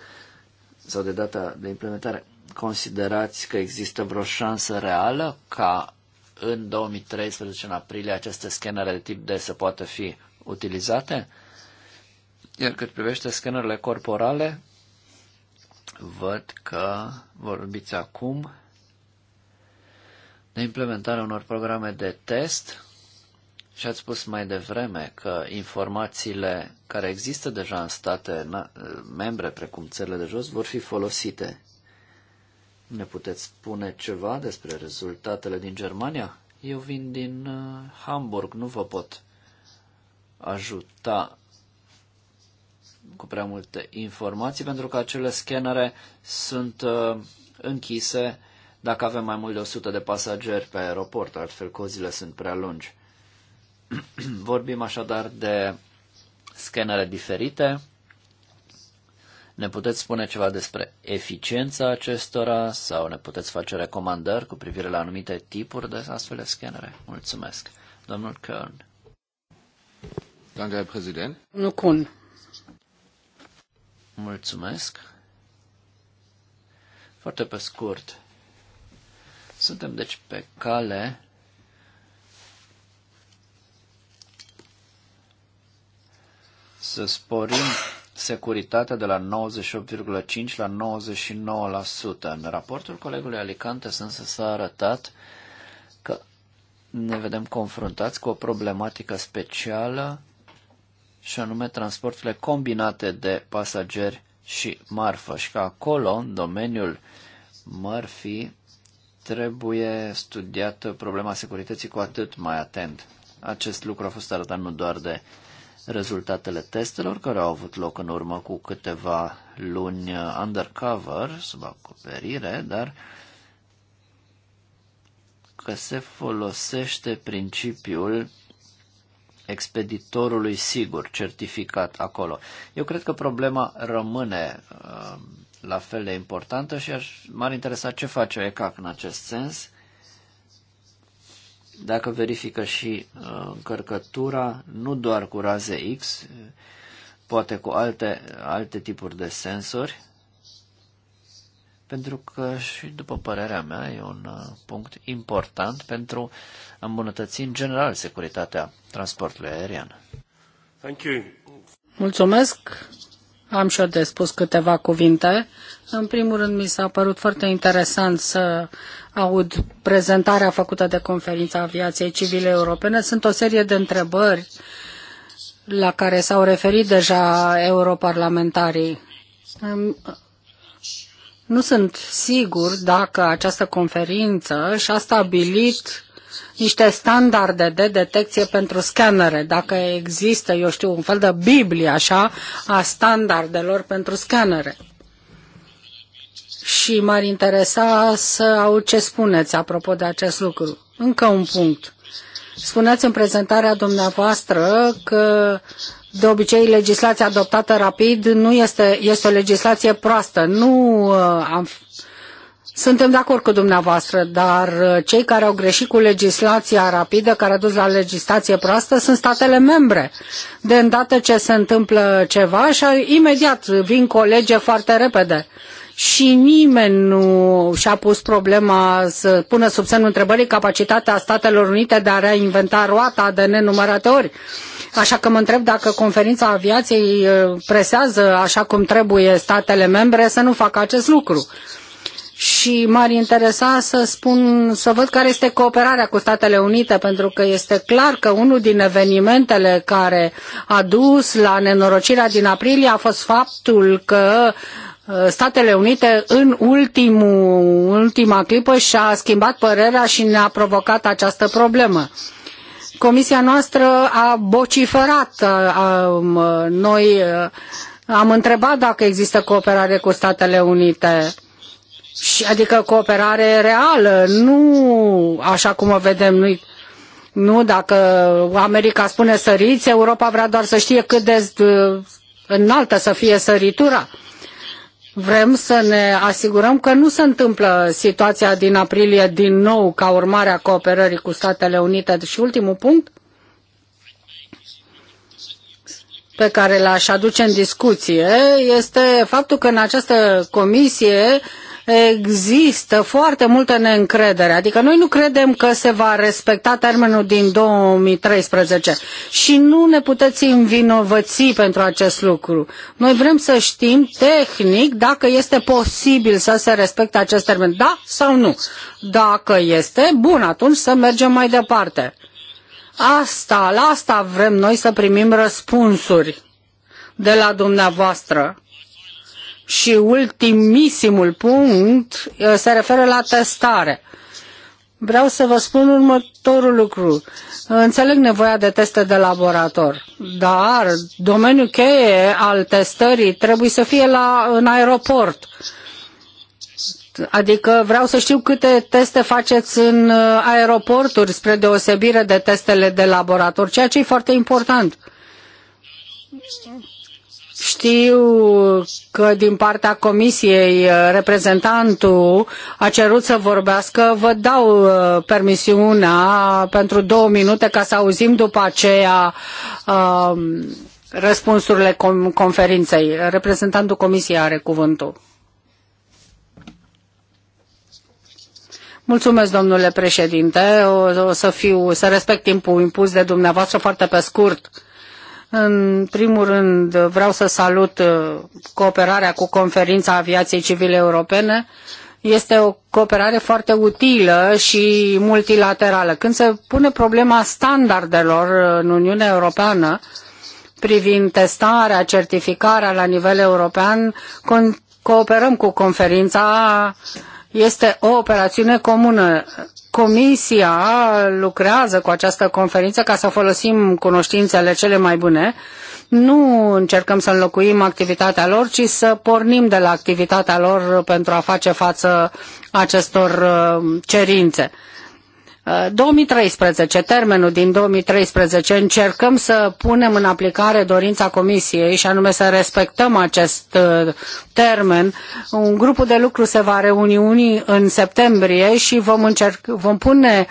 sau de data de implementare. Considerați că există vreo șansă reală ca în 2013, în aprilie, aceste scanere de tip D să poată fi utilizate. Iar cât privește scanerele corporale, văd că vorbiți acum de implementarea unor programe de test și ați spus mai devreme că informațiile care există deja în state membre, precum țările de jos, vor fi folosite. Ne puteți spune ceva despre rezultatele din Germania? Eu vin din uh, Hamburg, nu vă pot ajuta cu prea multe informații, pentru că acele scanere sunt uh, închise dacă avem mai mult de 100 de pasageri pe aeroport, altfel cozile sunt prea lungi. (clears throat) Vorbim așadar de scanere diferite, ne puteți spune ceva despre eficiența acestora sau ne puteți face recomandări cu privire la anumite tipuri de astfel de scanere? Mulțumesc. Domnul Kern. Domnule președinte. Nu cun. Mulțumesc. Foarte pe scurt. Suntem deci pe cale să sporim securitatea de la 98,5 la 99%. În raportul colegului Alicante însă s-a arătat că ne vedem confruntați cu o problematică specială și anume transporturile combinate de pasageri și marfă și că acolo, în domeniul mărfii, trebuie studiată problema securității cu atât mai atent. Acest lucru a fost arătat nu doar de rezultatele testelor care au avut loc în urmă cu câteva luni uh, undercover, sub acoperire, dar că se folosește principiul expeditorului sigur, certificat acolo. Eu cred că problema rămâne uh, la fel de importantă și aș, m-ar interesa ce face ECAC în acest sens dacă verifică și uh, încărcătura, nu doar cu raze X, uh, poate cu alte, alte tipuri de sensori, pentru că și după părerea mea e un uh, punct important pentru a îmbunătăți în general securitatea transportului aerian. Thank you. Mulțumesc. Am și eu de spus câteva cuvinte. În primul rând, mi s-a părut foarte interesant să aud prezentarea făcută de Conferința Aviației Civile Europene. Sunt o serie de întrebări la care s-au referit deja europarlamentarii. Nu sunt sigur dacă această conferință și-a stabilit niște standarde de detecție pentru scanere, dacă există, eu știu, un fel de Biblie așa a standardelor pentru scanere. Și m-ar interesa să au ce spuneți apropo de acest lucru. Încă un punct. Spuneți în prezentarea dumneavoastră că de obicei legislația adoptată rapid nu este, este o legislație proastă. Nu uh, am suntem de acord cu dumneavoastră, dar uh, cei care au greșit cu legislația rapidă, care a dus la legislație proastă, sunt statele membre. De îndată ce se întâmplă ceva și uh, imediat vin cu o lege foarte repede. Și nimeni nu și-a pus problema să pună sub semnul întrebării capacitatea Statelor Unite de a reinventa roata de nenumărate ori. Așa că mă întreb dacă conferința aviației uh, presează așa cum trebuie statele membre să nu facă acest lucru și m-ar interesa să spun, să văd care este cooperarea cu Statele Unite, pentru că este clar că unul din evenimentele care a dus la nenorocirea din aprilie a fost faptul că uh, Statele Unite în ultimul, ultima clipă și-a schimbat părerea și ne-a provocat această problemă. Comisia noastră a vociferat, uh, um, uh, noi am întrebat dacă există cooperare cu Statele Unite și adică cooperare reală, nu așa cum o vedem noi. Nu, dacă America spune săriți, Europa vrea doar să știe cât de uh, înaltă să fie săritura. Vrem să ne asigurăm că nu se întâmplă situația din aprilie din nou ca urmare a cooperării cu Statele Unite. Și ultimul punct pe care l-aș aduce în discuție este faptul că în această comisie există foarte multă neîncredere. Adică noi nu credem că se va respecta termenul din 2013 și nu ne puteți învinovăți pentru acest lucru. Noi vrem să știm tehnic dacă este posibil să se respecte acest termen, da sau nu. Dacă este, bun, atunci să mergem mai departe. Asta, la asta vrem noi să primim răspunsuri de la dumneavoastră și ultimisimul punct uh, se referă la testare. Vreau să vă spun următorul lucru. Înțeleg nevoia de teste de laborator, dar domeniul cheie al testării trebuie să fie la, în aeroport. Adică vreau să știu câte teste faceți în uh, aeroporturi, spre deosebire de testele de laborator, ceea ce e foarte important. Știu că din partea comisiei uh, reprezentantul a cerut să vorbească. Vă dau uh, permisiunea pentru două minute ca să auzim după aceea um, răspunsurile com conferinței. Reprezentantul comisiei are cuvântul. Mulțumesc, domnule președinte. O, o să, fiu, să respect timpul impus de dumneavoastră foarte pe scurt. În primul rând, vreau să salut uh, cooperarea cu Conferința Aviației Civile Europene. Este o cooperare foarte utilă și multilaterală. Când se pune problema standardelor uh, în Uniunea Europeană privind testarea, certificarea la nivel european, cooperăm cu Conferința uh, este o operațiune comună. Comisia lucrează cu această conferință ca să folosim cunoștințele cele mai bune. Nu încercăm să înlocuim activitatea lor, ci să pornim de la activitatea lor pentru a face față acestor uh, cerințe. 2013, uh, termenul din 2013, încercăm să punem în aplicare dorința Comisiei și anume să respectăm acest uh, termen. Un grup de lucru se va unii în septembrie și vom, încerc, vom pune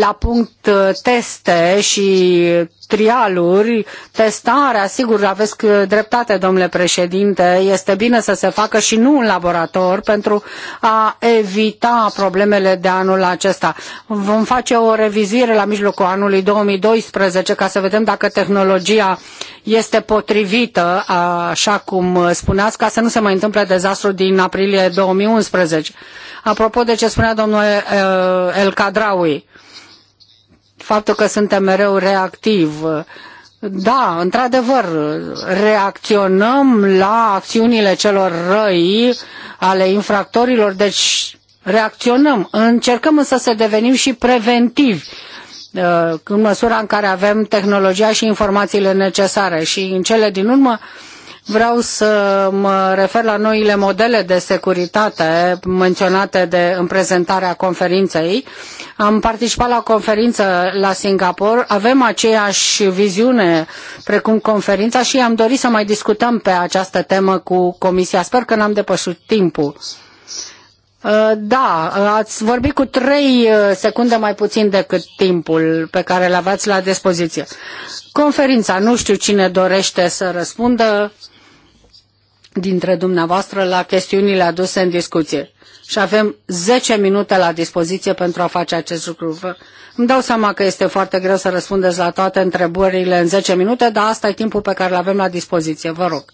la punct uh, teste și trialuri, testarea, sigur, aveți dreptate, domnule președinte, este bine să se facă și nu în laborator pentru a evita problemele de anul acesta. Vom Vom face o revizuire la mijlocul anului 2012 ca să vedem dacă tehnologia este potrivită, așa cum spuneați, ca să nu se mai întâmple dezastru din aprilie 2011. Apropo de ce spunea domnul eh, El Cadraui, faptul că suntem mereu reactiv. Da, într-adevăr, reacționăm la acțiunile celor răi ale infractorilor, deci reacționăm. Încercăm însă să devenim și preventivi uh, în măsura în care avem tehnologia și informațiile necesare. Și în cele din urmă vreau să mă refer la noile modele de securitate menționate de, în prezentarea conferinței. Am participat la conferință la Singapore, avem aceeași viziune precum conferința și am dorit să mai discutăm pe această temă cu Comisia. Sper că n-am depășit timpul. Uh, da, uh, ați vorbit cu trei uh, secunde mai puțin decât timpul pe care îl aveați la dispoziție. Conferința, nu știu cine dorește să răspundă dintre dumneavoastră la chestiunile aduse în discuție. Și avem 10 minute la dispoziție pentru a face acest lucru. Îmi dau seama că este foarte greu să răspundeți la toate întrebările în 10 minute, dar asta e timpul pe care îl avem la dispoziție. Vă rog.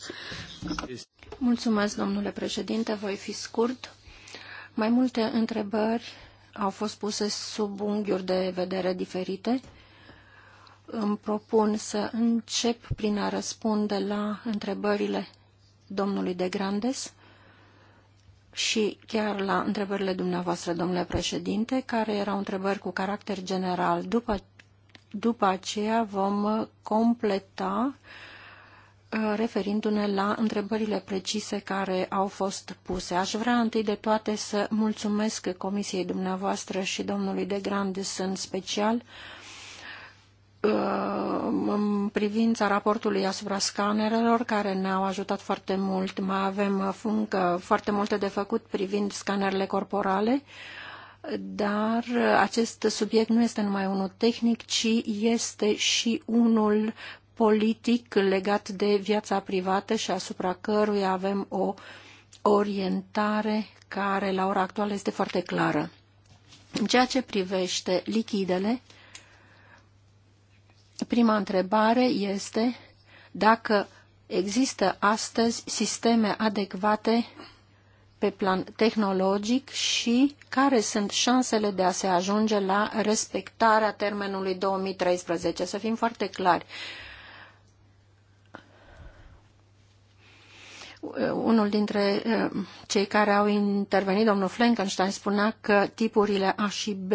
Mulțumesc, domnule președinte. Voi fi scurt. Mai multe întrebări au fost puse sub unghiuri de vedere diferite. Îmi propun să încep prin a răspunde la întrebările domnului de Grandes și chiar la întrebările dumneavoastră, domnule președinte, care erau întrebări cu caracter general. După, după aceea vom completa uh, Uh, referindu-ne la întrebările precise care au fost puse. Aș vrea întâi de toate să mulțumesc Comisiei dumneavoastră și domnului de Grandes în special uh, în privința raportului asupra scanerelor, care ne-au ajutat foarte mult. Mai avem funcă foarte multe de făcut privind scanerele corporale, dar acest subiect nu este numai unul tehnic, ci este și unul politic legat de viața privată și asupra căruia avem o orientare care la ora actuală este foarte clară. În ceea ce privește lichidele, prima întrebare este dacă există astăzi sisteme adecvate pe plan tehnologic și care sunt șansele de a se ajunge la respectarea termenului 2013. Să fim foarte clari, Unul dintre eh, cei care au intervenit, domnul Flankenstein, spunea că tipurile A și B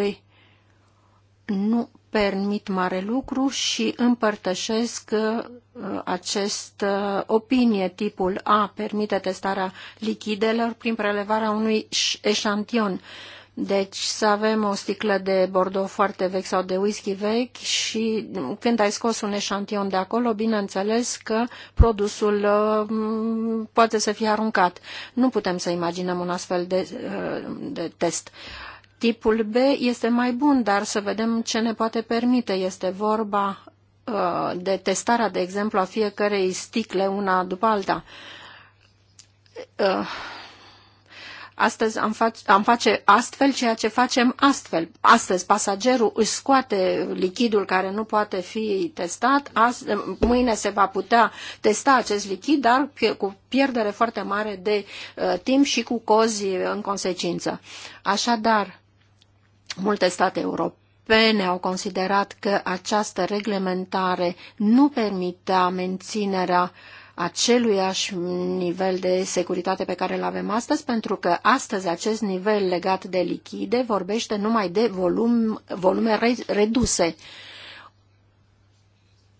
nu permit mare lucru și împărtășesc eh, această eh, opinie. Tipul A permite testarea lichidelor prin prelevarea unui eșantion. Uh, deci să avem o sticlă de bordeaux foarte vechi sau de whisky vechi și când ai scos un eșantion de acolo, bineînțeles că produsul uh, poate să fie aruncat. Nu putem să imaginăm un astfel de, uh, de test. Tipul B este mai bun, dar să vedem ce ne poate permite. Este vorba uh, de testarea, de exemplu, a fiecarei sticle una după alta Astăzi am, fac, am face astfel ceea ce facem astfel. Astăzi pasagerul își scoate lichidul care nu poate fi testat, azi, mâine se va putea testa acest lichid, dar cu pierdere foarte mare de uh, timp și cu cozi în consecință. Așadar, multe state europene au considerat că această reglementare nu permitea menținerea aceluiași nivel de securitate pe care îl avem astăzi, pentru că astăzi acest nivel legat de lichide vorbește numai de volum, volume reduse.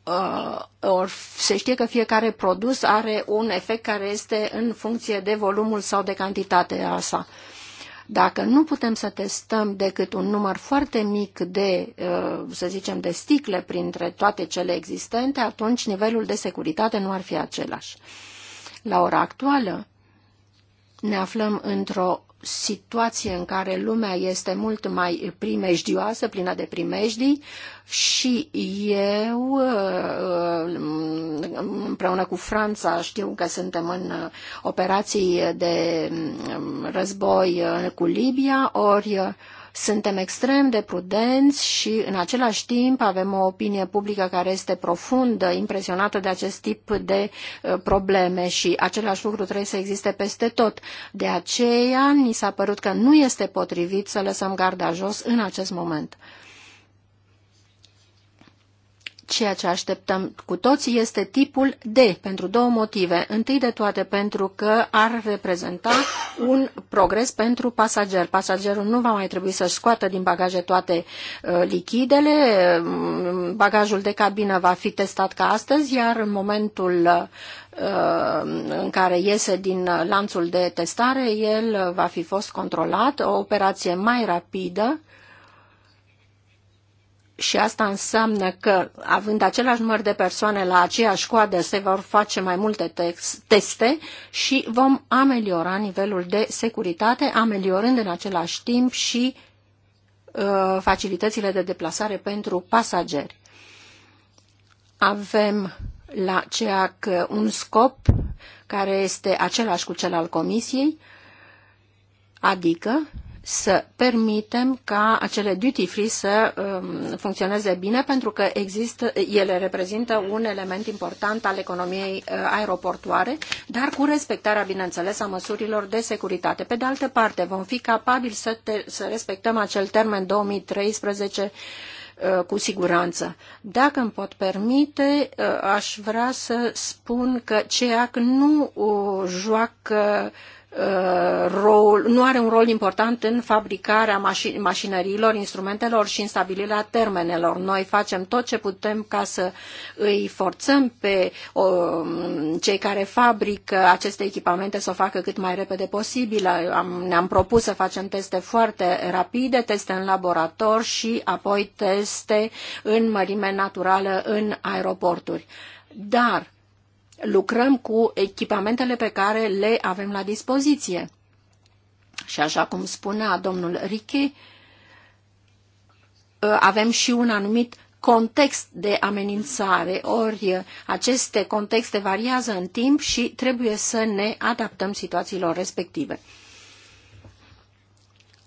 Uh, or, se știe că fiecare produs are un efect care este în funcție de volumul sau de cantitatea sa. Dacă nu putem să testăm decât un număr foarte mic de, uh, să zicem, de sticle printre toate cele existente, atunci nivelul de securitate nu ar fi același. La ora actuală ne aflăm într-o situație în care lumea este mult mai primejdioasă, plină de primejdii și eu uh, împreună cu Franța știu că suntem în operații de um, război uh, cu Libia, ori suntem extrem de prudenți și în același timp avem o opinie publică care este profundă, impresionată de acest tip de uh, probleme și același lucru trebuie să existe peste tot. De aceea ni s-a părut că nu este potrivit să lăsăm garda jos în acest moment. Ceea ce așteptăm cu toții este tipul D, pentru două motive. Întâi de toate pentru că ar reprezenta un progres pentru pasager. Pasagerul nu va mai trebui să-și scoată din bagaje toate uh, lichidele, uh, bagajul de cabină va fi testat ca astăzi, iar în momentul uh, uh în care iese din uh, lanțul de testare, el va fi fost controlat, o operație mai rapidă și asta înseamnă că, având același număr de persoane la aceeași coadă, se vor face mai multe teste și vom ameliora nivelul de securitate, ameliorând în același timp și uh, facilitățile de deplasare pentru pasageri. Avem la CEAC un scop care este același cu cel al Comisiei, adică să permitem ca acele duty free să um, funcționeze bine pentru că există, ele reprezintă un element important al economiei uh, aeroportoare, dar cu respectarea, bineînțeles, a măsurilor de securitate. Pe de altă parte, vom fi capabili să, te, să respectăm acel termen 2013 uh, cu siguranță. Dacă îmi pot permite, uh, aș vrea să spun că CEAC nu uh, joacă uh, Uh, rol, nu are un rol important în fabricarea mașin, mașinăriilor, instrumentelor și în stabilirea termenelor. Noi facem tot ce putem ca să îi forțăm pe o, cei care fabrică aceste echipamente să o facă cât mai repede posibil. Am, ne-am propus să facem teste foarte rapide, teste în laborator și apoi teste în mărime naturală în aeroporturi. Dar lucrăm cu echipamentele pe care le avem la dispoziție. Și așa cum spunea domnul Riche, ă, avem și un anumit context de amenințare, ori ă, aceste contexte variază în timp și trebuie să ne adaptăm situațiilor respective.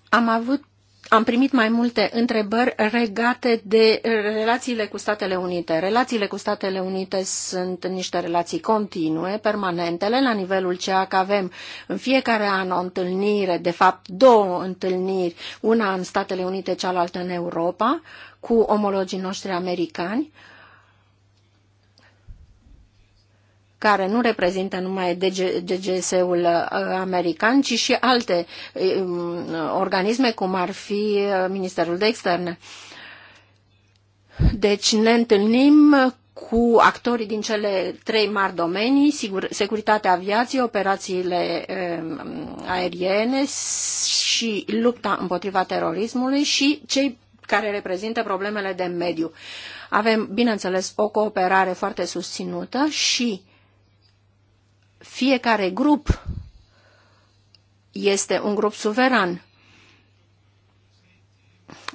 Am avut am primit mai multe întrebări regate de relațiile cu Statele Unite. Relațiile cu Statele Unite sunt niște relații continue, permanentele, la nivelul ceea că avem în fiecare an o întâlnire, de fapt două întâlniri, una în Statele Unite, cealaltă în Europa, cu omologii noștri americani care nu reprezintă numai DGS-ul uh, american, ci și alte um, organisme, cum ar fi uh, Ministerul de Externe. Deci ne întâlnim cu actorii din cele trei mari domenii, sigur, securitatea aviației, operațiile um, aeriene și lupta împotriva terorismului și cei care reprezintă problemele de mediu. Avem, bineînțeles, o cooperare foarte susținută și fiecare grup este un grup suveran.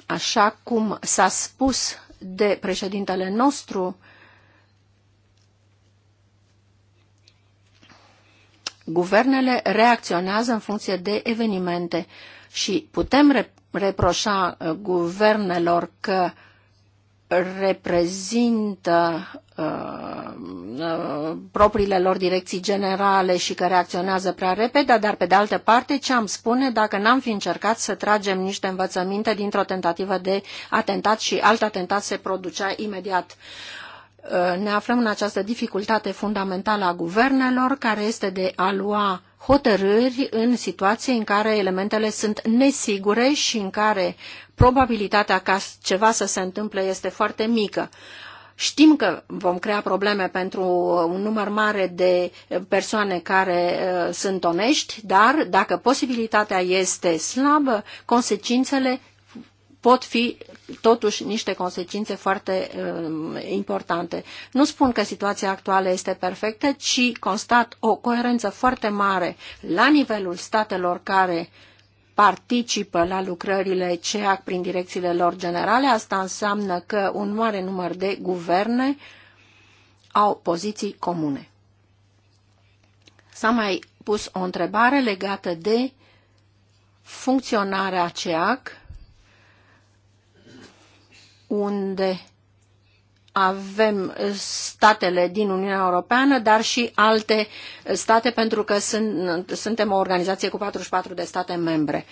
Așa cum s-a spus de președintele nostru, guvernele reacționează în funcție de evenimente și putem reproșa uh, guvernelor că uh, reprezintă uh, uh, propriile lor direcții generale și că reacționează prea repede, dar pe de altă parte ce am spune dacă n-am fi încercat să tragem niște învățăminte dintr-o tentativă de atentat și alt atentat se producea imediat. Uh, ne aflăm în această dificultate fundamentală a guvernelor, care este de a lua hotărâri în situații în care elementele sunt nesigure și în care probabilitatea ca ceva să se întâmple este foarte mică. Știm că vom crea probleme pentru un număr mare de persoane care uh, sunt onești, dar dacă posibilitatea este slabă, consecințele pot fi totuși niște consecințe foarte uh, importante. Nu spun că situația actuală este perfectă, ci constat o coerență foarte mare la nivelul statelor care participă la lucrările CEAC prin direcțiile lor generale. Asta înseamnă că un mare număr de guverne au poziții comune. S-a mai pus o întrebare legată de funcționarea CEAC unde avem statele din Uniunea Europeană, dar și alte state, pentru că sunt, suntem o organizație cu 44 de state membre.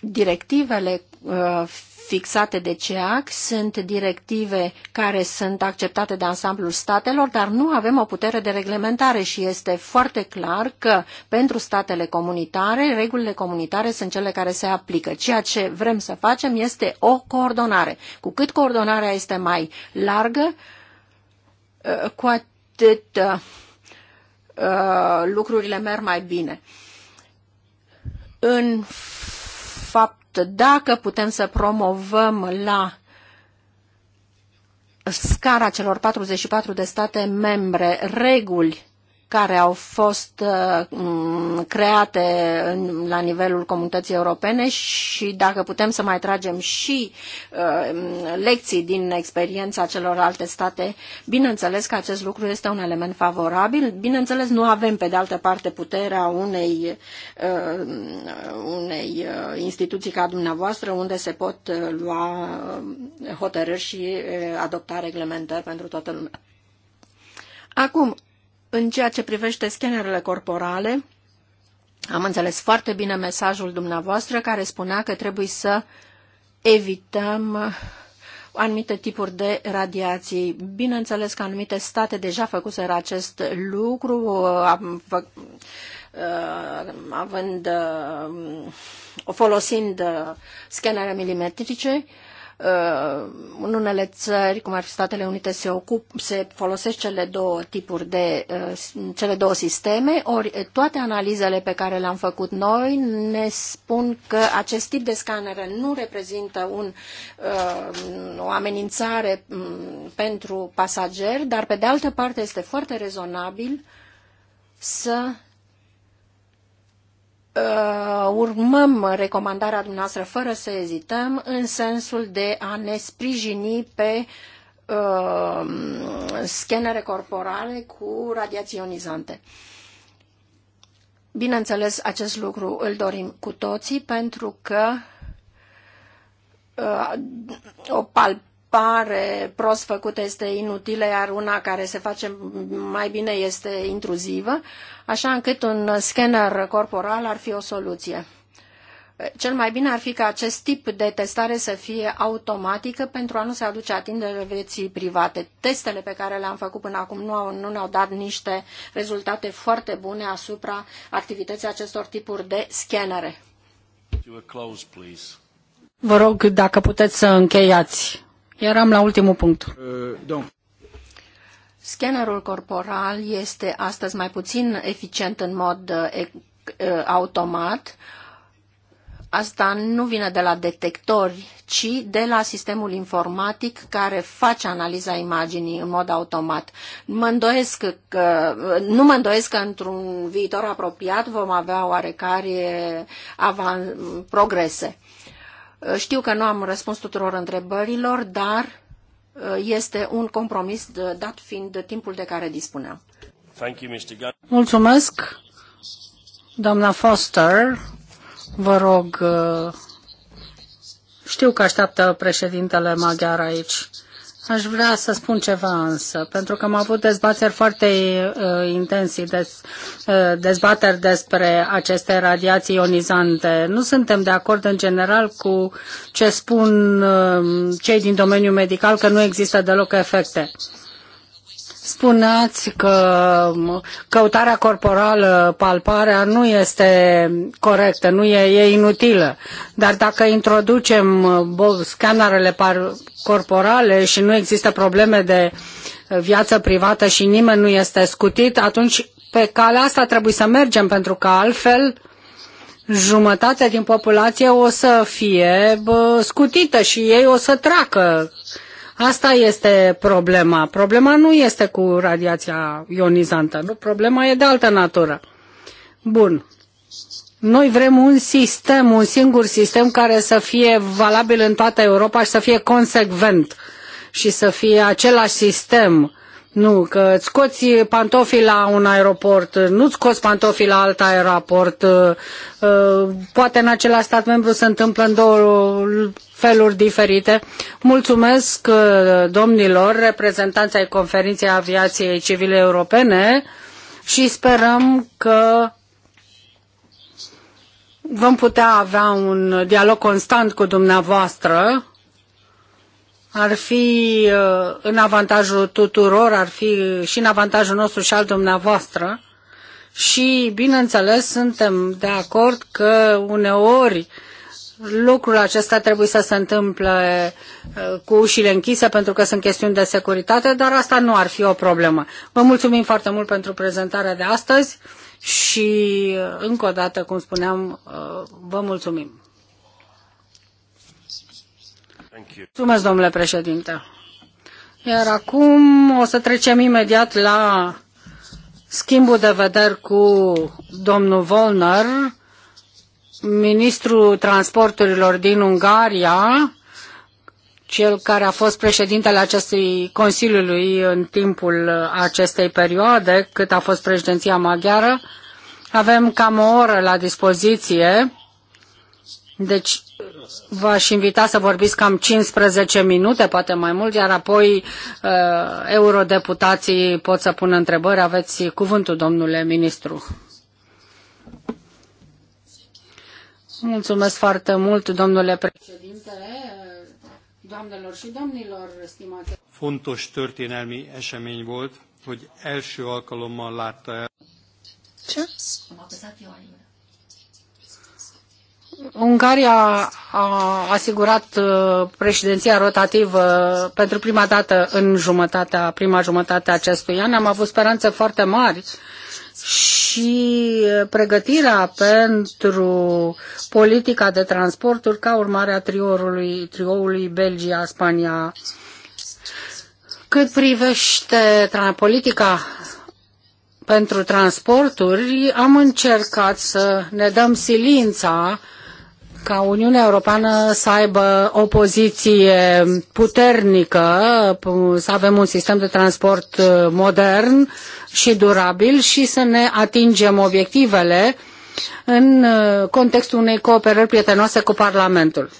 Directivele uh, fixate de CEAC sunt directive care sunt acceptate de ansamblul statelor, dar nu avem o putere de reglementare și este foarte clar că pentru statele comunitare, regulile comunitare sunt cele care se aplică. Ceea ce vrem să facem este o coordonare. Cu cât coordonarea este mai largă, uh, cu atât uh, uh, lucrurile merg mai bine. În dacă putem să promovăm la scara celor 44 de state membre reguli care au fost uh, create la nivelul comunității europene și dacă putem să mai tragem și uh, lecții din experiența celor alte state, bineînțeles că acest lucru este un element favorabil. Bineînțeles, nu avem pe de altă parte puterea unei, uh, unei instituții ca dumneavoastră unde se pot lua hotărâri și adopta reglementări pentru toată lumea. Acum, în ceea ce privește scanerele corporale, am înțeles foarte bine mesajul dumneavoastră care spunea că trebuie să evităm anumite tipuri de radiații. Bineînțeles că anumite state deja făcuseră acest lucru, uh, având, uh, folosind uh, scanere milimetrice, Uh, în unele țări, cum ar fi Statele Unite, se, ocup, se folosesc cele două tipuri de, uh, cele două sisteme, ori toate analizele pe care le-am făcut noi ne spun că acest tip de scanere nu reprezintă un, uh, o amenințare um, pentru pasageri, dar pe de altă parte este foarte rezonabil să uh, urmăm recomandarea dumneavoastră fără să ezităm în sensul de a ne sprijini pe uh, scanere corporale cu radiații ionizante. Bineînțeles, acest lucru îl dorim cu toții pentru că uh, o palpare pare prost făcută este inutilă, iar una care se face mai bine este intruzivă, așa încât un scanner corporal ar fi o soluție. Cel mai bine ar fi ca acest tip de testare să fie automatică pentru a nu se aduce atingere vieții private. Testele pe care le-am făcut până acum nu, au, nu ne-au dat niște rezultate foarte bune asupra activității acestor tipuri de scanere. Vă rog, dacă puteți să încheiați. Eram la ultimul punct. Uh, Scannerul corporal este astăzi mai puțin eficient în mod uh, uh, automat. Asta nu vine de la detectori, ci de la sistemul informatic care face analiza imaginii în mod automat. Mă îndoiesc că, nu mă îndoiesc că într-un viitor apropiat vom avea oarecare avan, progrese. Uh, știu că nu am răspuns tuturor întrebărilor, dar uh, este un compromis uh, dat fiind timpul de care dispuneam. Mulțumesc, doamna Foster. Vă rog, știu că așteaptă președintele maghiar aici. Aș vrea să spun ceva însă, pentru că am avut dezbateri foarte uh, intensii, des, uh, dezbateri despre aceste radiații ionizante. Nu suntem de acord în general cu ce spun uh, cei din domeniul medical, că nu există deloc efecte. Uh, Spuneați că căutarea corporală, palparea, nu este corectă, nu e, e inutilă. Dar dacă introducem scanarele corporale și nu există probleme de viață privată și nimeni nu este scutit, atunci pe calea asta trebuie să mergem, pentru că altfel jumătate din populație o să fie scutită și ei o să treacă Asta este problema. Problema nu este cu radiația ionizantă, nu? problema e de altă natură. Bun. Noi vrem un sistem, un singur sistem care să fie valabil în toată Europa și să fie consecvent și să fie același sistem nu, că îți scoți pantofii la un aeroport, nu-ți scoți pantofii la alt aeroport. Uh, uh, poate în același stat membru se întâmplă în două feluri diferite. Mulțumesc uh, domnilor, reprezentanții ai Conferinței Aviației Civile Europene și sperăm că vom putea avea un dialog constant cu dumneavoastră ar fi uh, în avantajul tuturor, ar fi și în avantajul nostru și al dumneavoastră. Și, bineînțeles, suntem de acord că uneori lucrul acesta trebuie să se întâmple uh, cu ușile închise pentru că sunt chestiuni de securitate, dar asta nu ar fi o problemă. Vă mulțumim foarte mult pentru prezentarea de astăzi și, uh, încă o dată, cum spuneam, vă mulțumim. Mulțumesc, domnule președinte. Iar acum o să trecem imediat la schimbul de vederi cu domnul Volner, ministrul transporturilor din Ungaria, cel care a fost președintele acestui Consiliului în timpul acestei perioade, cât a fost președinția maghiară. Avem cam o oră la dispoziție, deci V-aș invita să vorbiți cam 15 minute, poate mai mult, iar apoi uh, eurodeputații pot să pună întrebări. Aveți cuvântul, domnule ministru. Mulțumesc foarte mult, domnule președinte, uh, doamnelor și domnilor, stimate. Fontos történelmi esemény volt, hogy első alkalommal látta el. Ce? Ungaria a asigurat uh, președinția rotativă pentru prima dată în jumătatea, prima jumătate a acestui an. Am avut speranțe foarte mari și pregătirea pentru politica de transporturi ca urmare a triorului, trioului Belgia, Spania. Cât privește politica pentru transporturi, am încercat să ne dăm silința ca Uniunea Europeană să aibă o poziție puternică, să avem un sistem de transport uh, modern și durabil și să ne atingem obiectivele în uh, contextul unei cooperări prietenoase cu Parlamentul.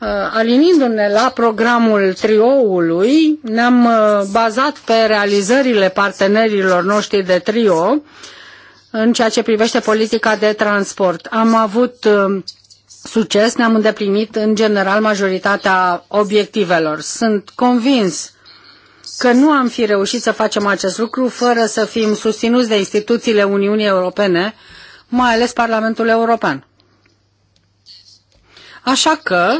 Uh, alinindu-ne la programul trioului, ne-am bazat pe realizările partenerilor noștri de trio în ceea ce privește politica de transport. Am avut succes, ne-am îndeplinit în general majoritatea obiectivelor. Sunt convins că nu am fi reușit să facem acest lucru fără să fim susținuți de instituțiile Uniunii Europene, mai ales Parlamentul European. Așa că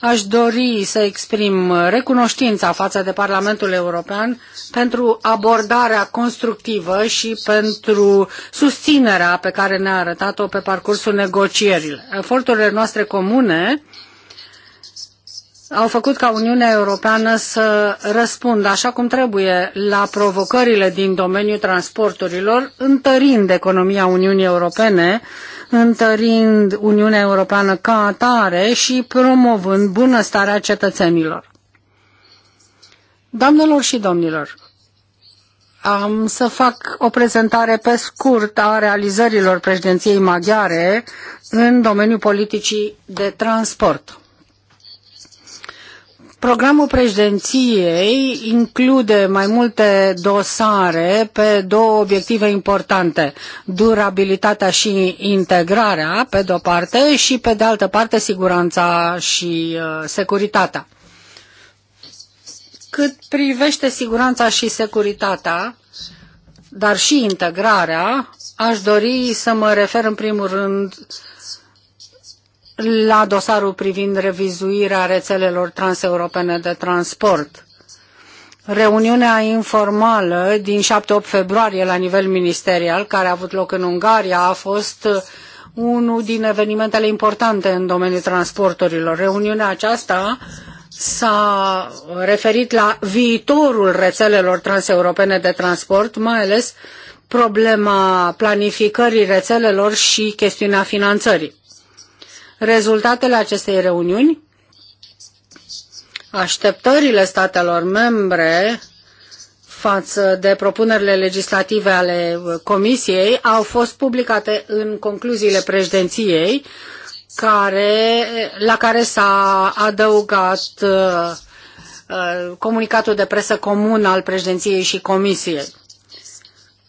aș dori să exprim recunoștința față de Parlamentul European pentru abordarea constructivă și pentru susținerea pe care ne-a arătat-o pe parcursul negocierilor. Eforturile noastre comune au făcut ca Uniunea Europeană să răspundă așa cum trebuie la provocările din domeniul transporturilor, întărind economia Uniunii Europene întărind Uniunea Europeană ca atare și promovând bunăstarea cetățenilor. Doamnelor și domnilor, am să fac o prezentare pe scurt a realizărilor președinției maghiare în domeniul politicii de transport. Programul președinției include mai multe dosare pe două obiective importante, durabilitatea și integrarea, pe de-o parte, și pe de altă parte, siguranța și uh, securitatea. Cât privește siguranța și securitatea, dar și integrarea, aș dori să mă refer în primul rând uh, la dosarul privind revizuirea rețelelor transeuropene de transport. Reuniunea informală din 7-8 februarie la nivel ministerial, care a avut loc în Ungaria, a fost unul din evenimentele importante în domeniul transporturilor. Reuniunea aceasta s-a referit la viitorul rețelelor transeuropene de transport, mai ales problema planificării rețelelor și chestiunea finanțării rezultatele acestei reuniuni, așteptările statelor membre față de propunerile legislative ale Comisiei au fost publicate în concluziile președinției, care, la care s-a adăugat uh, uh comunicatul de presă comun al președinției și Comisiei.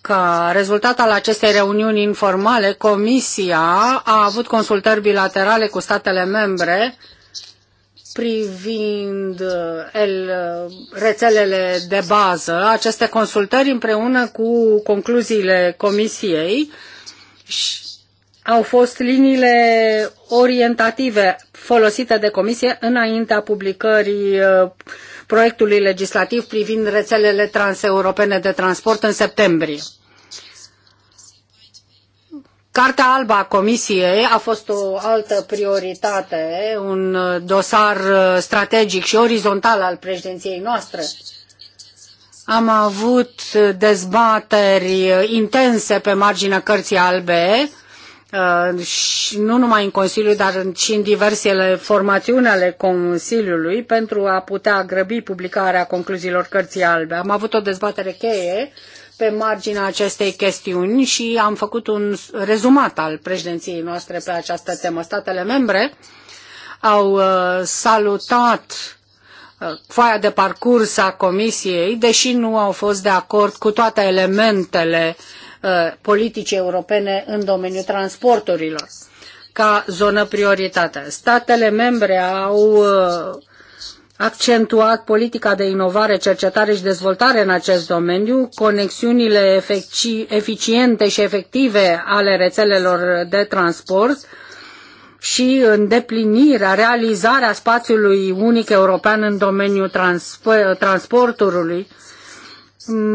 Ca rezultat al acestei reuniuni informale, Comisia a avut consultări bilaterale cu statele membre privind eh, el, rețelele de bază. Aceste consultări împreună cu concluziile Comisiei au fost liniile orientative folosite de Comisie înaintea publicării eh, proiectului legislativ privind rețelele transeuropene de transport în septembrie. Cartea albă a Comisiei a fost o altă prioritate, un dosar strategic și orizontal al președinției noastre. Am avut dezbateri intense pe marginea cărții albe, Uh, și nu numai în Consiliu, dar și în diversele formațiuni ale Consiliului pentru a putea grăbi publicarea concluziilor cărții albe. Am avut o dezbatere cheie pe marginea acestei chestiuni și am făcut un rezumat al președinției noastre pe această temă. Statele membre au uh, salutat uh, foaia de parcurs a Comisiei, deși nu au fost de acord cu toate elementele uh, Uh, politici europene în domeniul transporturilor ca zonă prioritară. Statele membre au uh, accentuat politica de inovare, cercetare și dezvoltare în acest domeniu, conexiunile eficiente și efective ale rețelelor de transport și îndeplinirea, realizarea spațiului unic european în domeniul transporturilor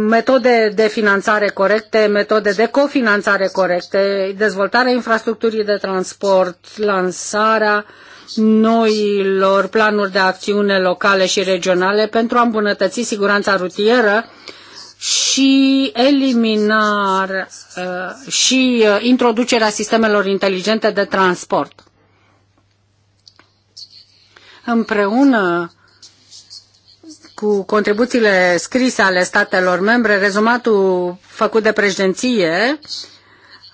metode de finanțare corecte, metode de cofinanțare corecte, dezvoltarea infrastructurii de transport, lansarea noilor planuri de acțiune locale și regionale pentru a îmbunătăți siguranța rutieră și eliminarea uh, și uh, introducerea sistemelor inteligente de transport. Împreună cu contribuțiile scrise ale statelor membre, rezumatul făcut de președinție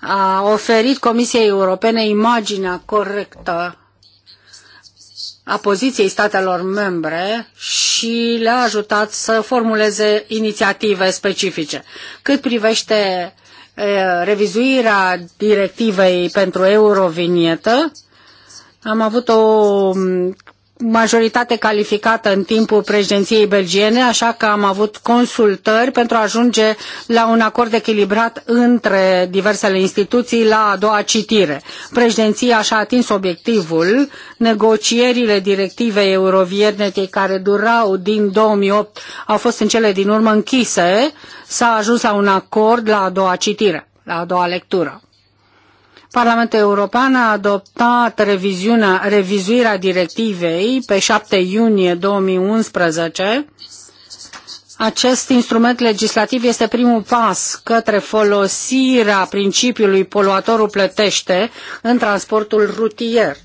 a oferit Comisiei Europene imaginea corectă a poziției statelor membre și le-a ajutat să formuleze inițiative specifice. Cât privește revizuirea directivei pentru eurovinietă, am avut o majoritate calificată în timpul președinției belgiene, așa că am avut consultări pentru a ajunge la un acord echilibrat între diversele instituții la a doua citire. Președinția și-a atins obiectivul, negocierile directivei euroviernetei care durau din 2008 au fost în cele din urmă închise, s-a ajuns la un acord la a doua citire, la a doua lectură. Parlamentul European a adoptat revizuirea directivei pe 7 iunie 2011. Acest instrument legislativ este primul pas către folosirea principiului poluatorul plătește în transportul rutier.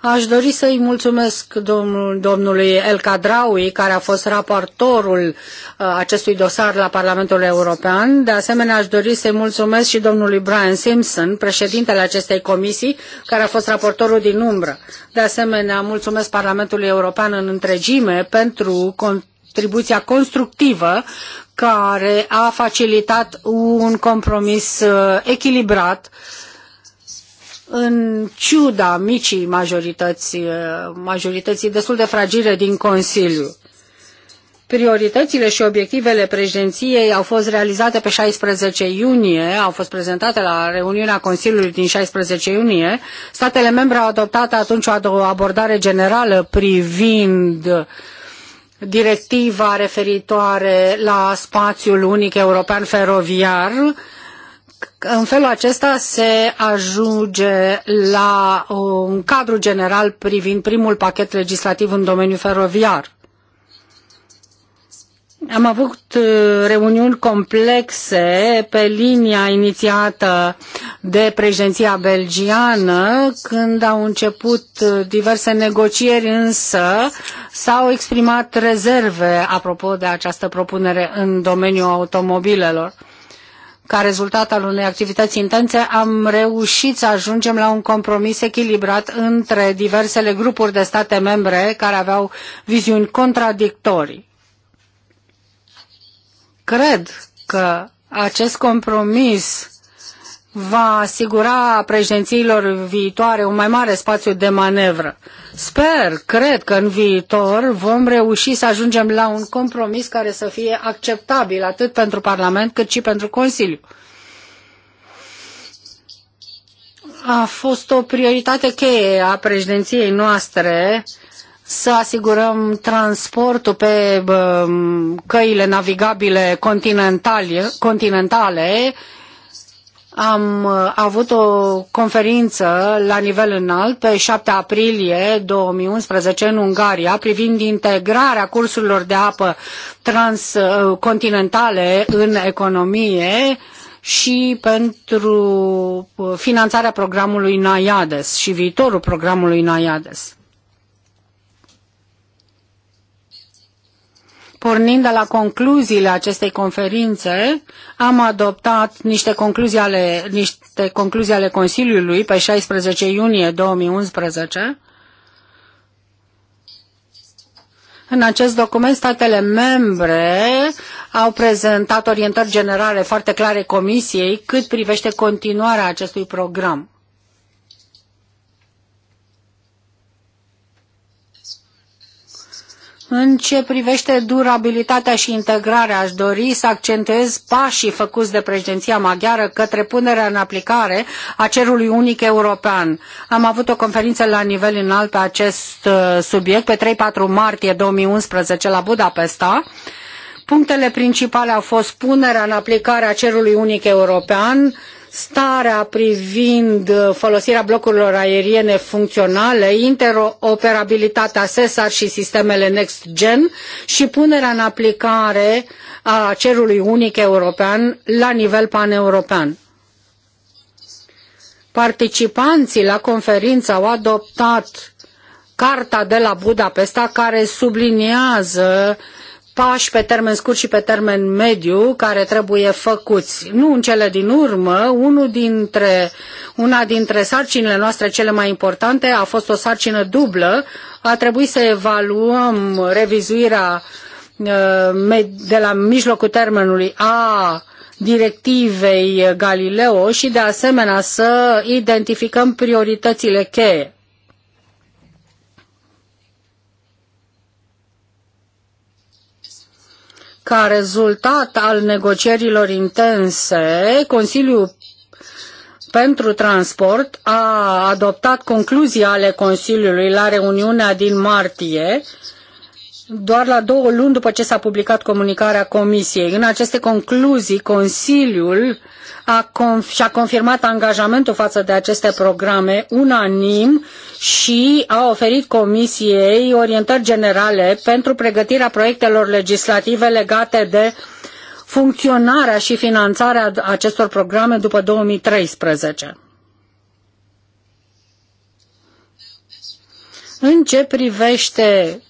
Aș dori să-i mulțumesc domnul, domnului El Cadraui, care a fost raportorul uh, acestui dosar la Parlamentul European. De asemenea, aș dori să-i mulțumesc și domnului Brian Simpson, președintele acestei comisii, care a fost raportorul din umbră. De asemenea, mulțumesc Parlamentului European în întregime pentru contribuția constructivă care a facilitat un compromis uh, echilibrat uh, în ciuda micii majorități, eh, majorității destul de fragile din Consiliu. Prioritățile și obiectivele președinției au fost realizate pe 16 iunie, au fost prezentate la reuniunea Consiliului din 16 iunie. Statele membre au adoptat atunci o abordare generală privind directiva referitoare la spațiul unic european feroviar, în felul acesta se ajunge la uh, un cadru general privind primul pachet legislativ în domeniul feroviar. Am avut uh, reuniuni complexe pe linia inițiată de președinția belgiană, când au început uh, diverse negocieri, însă s-au exprimat rezerve apropo de această propunere în domeniul automobilelor ca rezultat al unei activități intense, am reușit să ajungem la un compromis echilibrat între diversele grupuri de state membre care aveau viziuni contradictorii. Cred că acest compromis va asigura președințiilor viitoare un mai mare spațiu de manevră. Sper, cred că în viitor vom reuși să ajungem la un compromis care să fie acceptabil atât pentru Parlament cât și pentru Consiliu. A fost o prioritate cheie a președinției noastre să asigurăm transportul pe căile navigabile continentale, continentale am uh, avut o conferință la nivel înalt pe 7 aprilie 2011 în Ungaria privind integrarea cursurilor de apă transcontinentale uh, în economie și pentru uh, finanțarea programului Naiades și viitorul programului Naiades. Pornind de la concluziile acestei conferințe, am adoptat niște concluzii ale, niște concluzii ale Consiliului pe 16 iunie 2011. În acest document, statele membre au prezentat orientări generale foarte clare Comisiei cât privește continuarea acestui program. În ce privește durabilitatea și integrarea, aș dori să accentuez pașii făcuți de președinția maghiară către punerea în aplicare a cerului unic european. Am avut o conferință la nivel înalt pe acest uh, subiect pe 3-4 martie 2011 la Budapesta. Punctele principale au fost punerea în aplicare a cerului unic european, starea privind uh, folosirea blocurilor aeriene funcționale, interoperabilitatea SESAR și sistemele Next Gen și punerea în aplicare a cerului unic european la nivel paneuropean. Participanții la conferință au adoptat Carta de la Budapesta care subliniază uh, pași pe termen scurt și pe termen mediu care trebuie făcuți. Nu în cele din urmă, unul dintre, una dintre sarcinile noastre cele mai importante a fost o sarcină dublă. A trebuit să evaluăm revizuirea uh, de la mijlocul termenului a directivei Galileo și de asemenea să identificăm prioritățile cheie. Ca rezultat al negocierilor intense, Consiliul pentru Transport a adoptat concluzii ale Consiliului la reuniunea din martie doar la două luni după ce s-a publicat comunicarea Comisiei. În aceste concluzii, Consiliul a conf- și-a confirmat angajamentul față de aceste programe unanim și a oferit Comisiei orientări generale pentru pregătirea proiectelor legislative legate de funcționarea și finanțarea acestor programe după 2013. În ce privește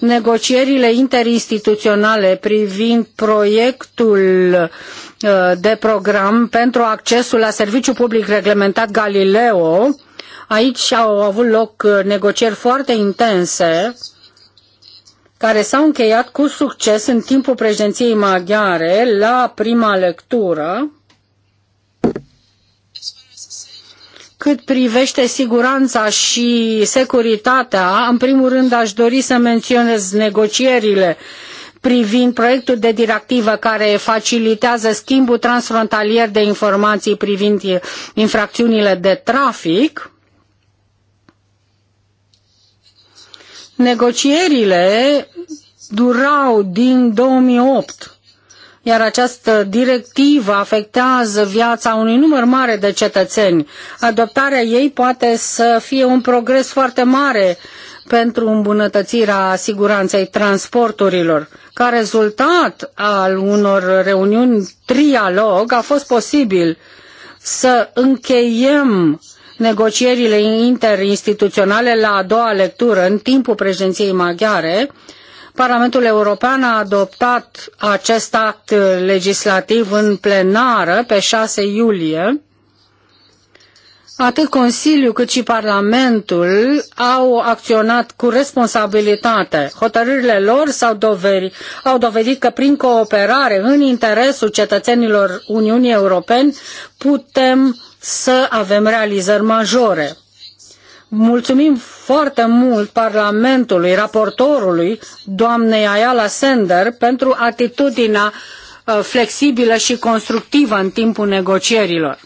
negocierile interinstituționale privind proiectul uh, de program pentru accesul la serviciu public reglementat Galileo. Aici au avut loc uh, negocieri foarte intense care s-au încheiat cu succes în timpul președinției maghiare la prima lectură cât privește siguranța și securitatea, în primul rând aș dori să menționez negocierile privind proiectul de directivă care facilitează schimbul transfrontalier de informații privind infracțiunile de trafic. Negocierile durau din 2008 iar această directivă afectează viața unui număr mare de cetățeni. Adoptarea ei poate să fie un progres foarte mare pentru îmbunătățirea siguranței transporturilor. Ca rezultat al unor reuniuni trialog a fost posibil să încheiem negocierile interinstituționale la a doua lectură în timpul președinției maghiare, Parlamentul European a adoptat acest act legislativ în plenară pe 6 iulie. Atât Consiliul cât și Parlamentul au acționat cu responsabilitate. Hotărârile lor s-au au dovedit că prin cooperare în interesul cetățenilor Uniunii Europene putem să avem realizări majore. Mulțumim foarte mult Parlamentului, raportorului, doamnei Ayala Sender, pentru atitudinea uh, flexibilă și constructivă în timpul negocierilor.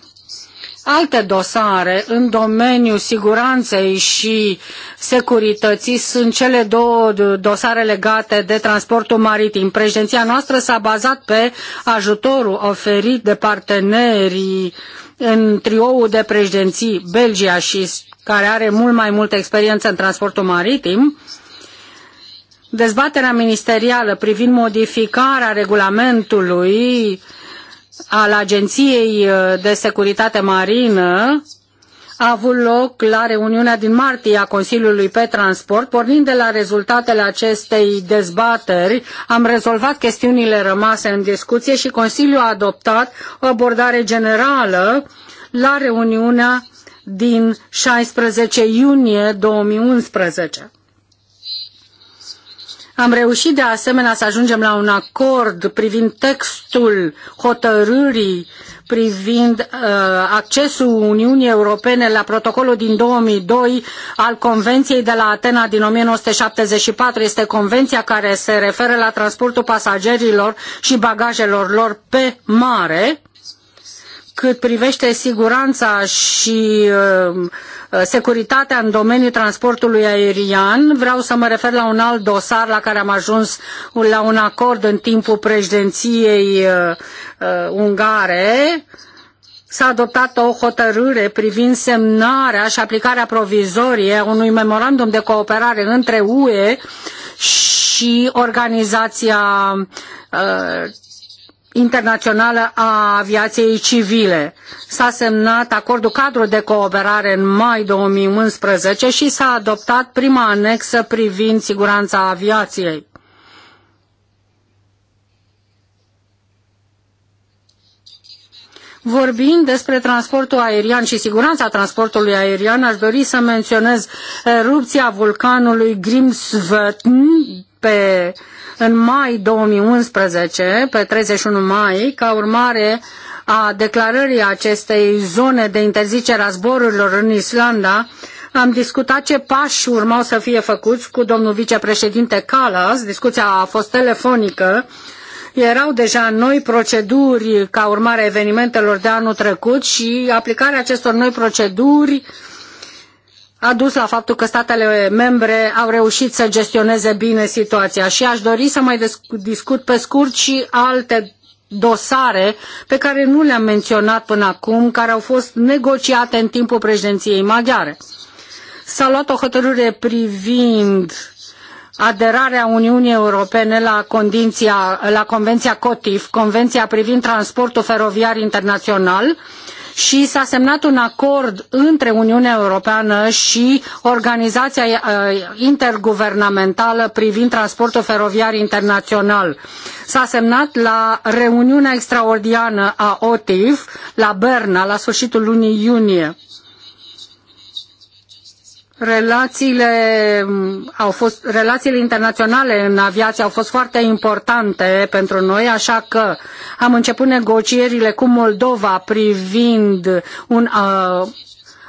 Alte dosare în domeniul siguranței și securității sunt cele două dosare legate de transportul maritim. Președinția noastră s-a bazat pe ajutorul oferit de partenerii în trioul de președinții Belgia și care are mult mai multă experiență în transportul maritim, dezbaterea ministerială privind modificarea regulamentului al Agenției uh, de Securitate Marină a avut loc la reuniunea din martie a Consiliului pe Transport. Pornind de la rezultatele acestei dezbateri, am rezolvat chestiunile rămase în discuție și Consiliul a adoptat o abordare generală la reuniunea din 16 iunie 2011. Am reușit de asemenea să ajungem la un acord privind textul hotărârii privind uh, accesul Uniunii Europene la protocolul din 2002 al Convenției de la Atena din 1974. Este convenția care se referă la transportul pasagerilor și bagajelor lor pe mare cât privește siguranța și uh, securitatea în domeniul transportului aerian, vreau să mă refer la un alt dosar la care am ajuns la un acord în timpul președinției uh, uh, ungare. S-a adoptat o hotărâre privind semnarea și aplicarea provizorie a unui memorandum de cooperare între UE și organizația internațională a aviației civile. S-a semnat acordul cadru de cooperare în mai 2011 și s-a adoptat prima anexă privind siguranța aviației. Vorbind despre transportul aerian și siguranța transportului aerian, aș dori să menționez erupția vulcanului Grimsvötn pe în mai 2011, pe 31 mai, ca urmare a declarării acestei zone de interzicere a zborurilor în Islanda, am discutat ce pași urmau să fie făcuți cu domnul vicepreședinte Calas, Discuția a fost telefonică. Erau deja noi proceduri ca urmare a evenimentelor de anul trecut și aplicarea acestor noi proceduri uh, a dus la faptul că statele membre au reușit să gestioneze bine situația și aș dori să mai discut pe scurt și alte dosare pe care nu le-am menționat până acum, care au fost negociate în timpul președinției maghiare. S-a luat o hotărâre privind aderarea Uniunii Europene la, la Convenția COTIF, Convenția privind transportul feroviar internațional, și s-a semnat un acord între Uniunea Europeană și Organizația uh, Interguvernamentală privind transportul feroviar internațional. S-a semnat la reuniunea extraordinară a OTIF la Berna la sfârșitul lunii iunie. Relațiile mm, au fost relațiile internaționale în aviație au fost foarte importante pentru noi, așa că am început negocierile cu Moldova privind un uh,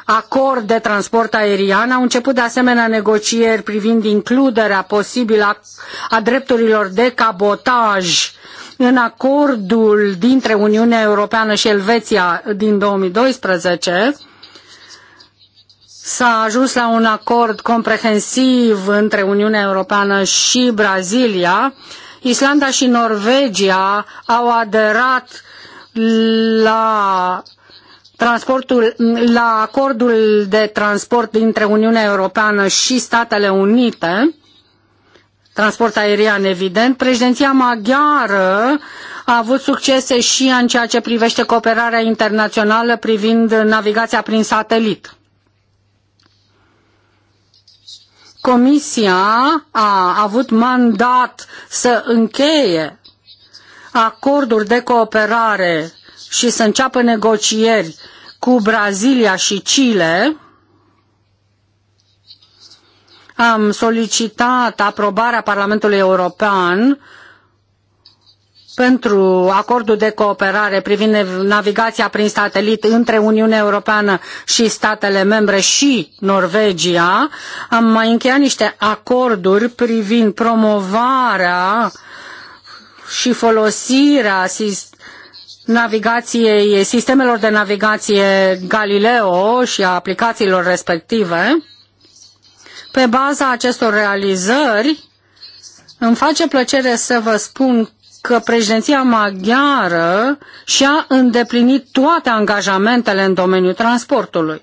acord de transport aerian. Au început de asemenea negocieri privind includerea posibilă a, a drepturilor de cabotaj în acordul dintre Uniunea Europeană și Elveția din 2012 S-a ajuns la un acord comprehensiv între Uniunea Europeană și Brazilia. Islanda și Norvegia au aderat la transportul, la acordul de transport dintre Uniunea Europeană și Statele Unite, transport aerian evident, președinția maghiară a avut succese și în ceea ce privește cooperarea internațională privind navigația prin satelit. Comisia a avut mandat să încheie acorduri de cooperare și să înceapă negocieri cu Brazilia și Chile, am solicitat aprobarea Parlamentului European pentru acordul de cooperare privind navigația prin satelit între Uniunea Europeană și statele membre și Norvegia. Am mai încheiat niște acorduri privind promovarea și folosirea navigației, sistemelor de navigație Galileo și a aplicațiilor respective. Pe baza acestor realizări, îmi face plăcere să vă spun că președinția maghiară și-a îndeplinit toate angajamentele în domeniul transportului.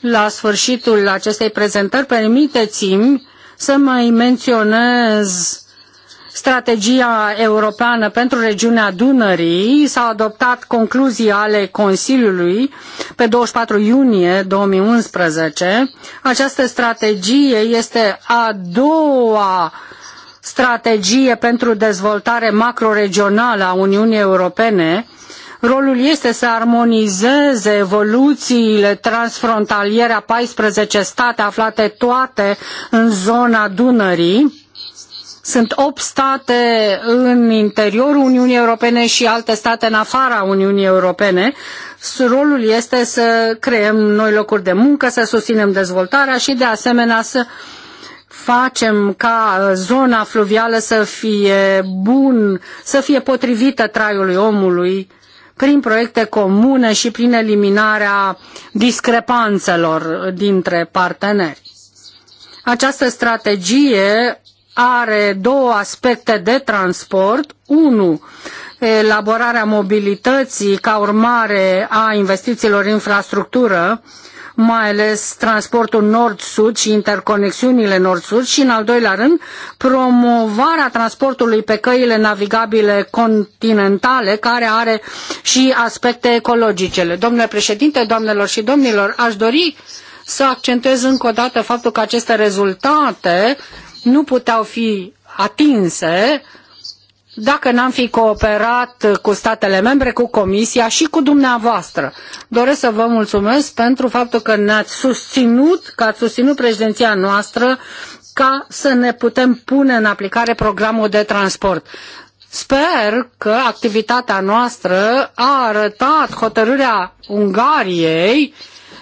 La sfârșitul acestei prezentări, permiteți-mi să mai menționez strategia europeană pentru regiunea Dunării. S-au adoptat concluzii ale Consiliului pe 24 iunie 2011. Această strategie este a doua uh, strategie pentru dezvoltare macroregională a Uniunii Europene, rolul este să armonizeze evoluțiile transfrontaliere a 14 state aflate toate în zona Dunării. Sunt 8 state în interiorul Uniunii Europene și alte state în afara Uniunii Europene. Rolul este să creăm noi locuri de muncă, să susținem dezvoltarea și de asemenea să facem ca uh, zona fluvială să fie bun, să fie potrivită traiului omului prin proiecte comune și prin eliminarea discrepanțelor dintre parteneri. Această strategie are două aspecte de transport. Unu, elaborarea mobilității ca urmare a investițiilor în infrastructură mai ales transportul nord-sud și interconexiunile nord-sud și, în al doilea rând, promovarea transportului pe căile navigabile continentale, care are și aspecte ecologice. Domnule președinte, doamnelor și domnilor, aș dori să accentuez încă o dată faptul că aceste rezultate nu puteau fi atinse dacă n-am fi cooperat cu statele membre, cu Comisia și cu dumneavoastră. Doresc să vă mulțumesc pentru faptul că ne-ați susținut, că ați susținut președinția noastră ca să ne putem pune în aplicare programul de transport. Sper că activitatea noastră a arătat hotărârea Ungariei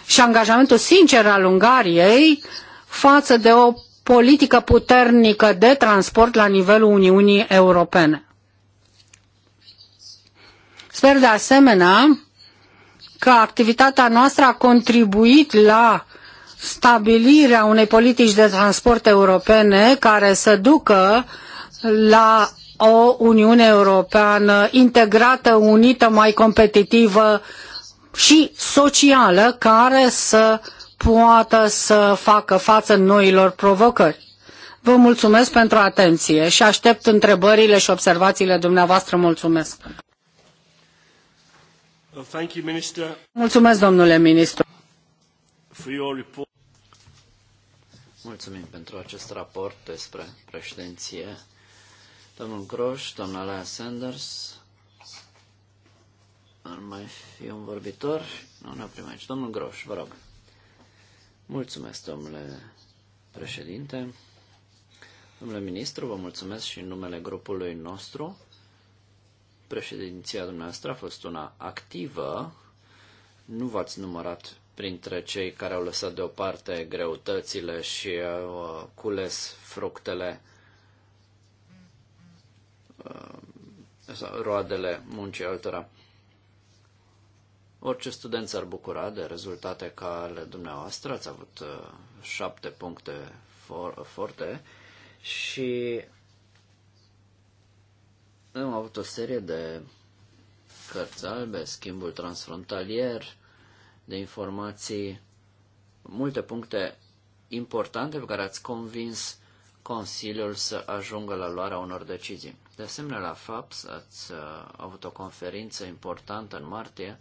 și angajamentul sincer al Ungariei față de o politică puternică de transport la nivelul Uniunii Europene. Sper de asemenea că activitatea noastră a contribuit la stabilirea unei politici de transport europene care să ducă la o Uniune Europeană integrată, unită, mai competitivă și socială, care să poată să facă față noilor provocări. Vă mulțumesc pentru atenție și aștept întrebările și observațiile dumneavoastră. Mulțumesc! Mulțumesc, domnule ministru. Mulțumim pentru acest raport despre președinție. Domnul Groș, doamna Lea Sanders, ar mai fi un vorbitor? Nu, ne oprim aici. Domnul Groș, vă rog. Mulțumesc, domnule președinte. Domnule ministru, vă mulțumesc și în numele grupului nostru președinția dumneavoastră a fost una activă, nu v-ați numărat printre cei care au lăsat deoparte greutățile și au uh, cules fructele, uh, roadele muncii altora. Orice student s-ar bucura de rezultate ca ale dumneavoastră, ați avut uh, șapte puncte for- forte și am avut o serie de cărți albe, schimbul transfrontalier de informații, multe puncte importante pe care ați convins Consiliul să ajungă la luarea unor decizii. De asemenea, la FAPS ați uh, avut o conferință importantă în martie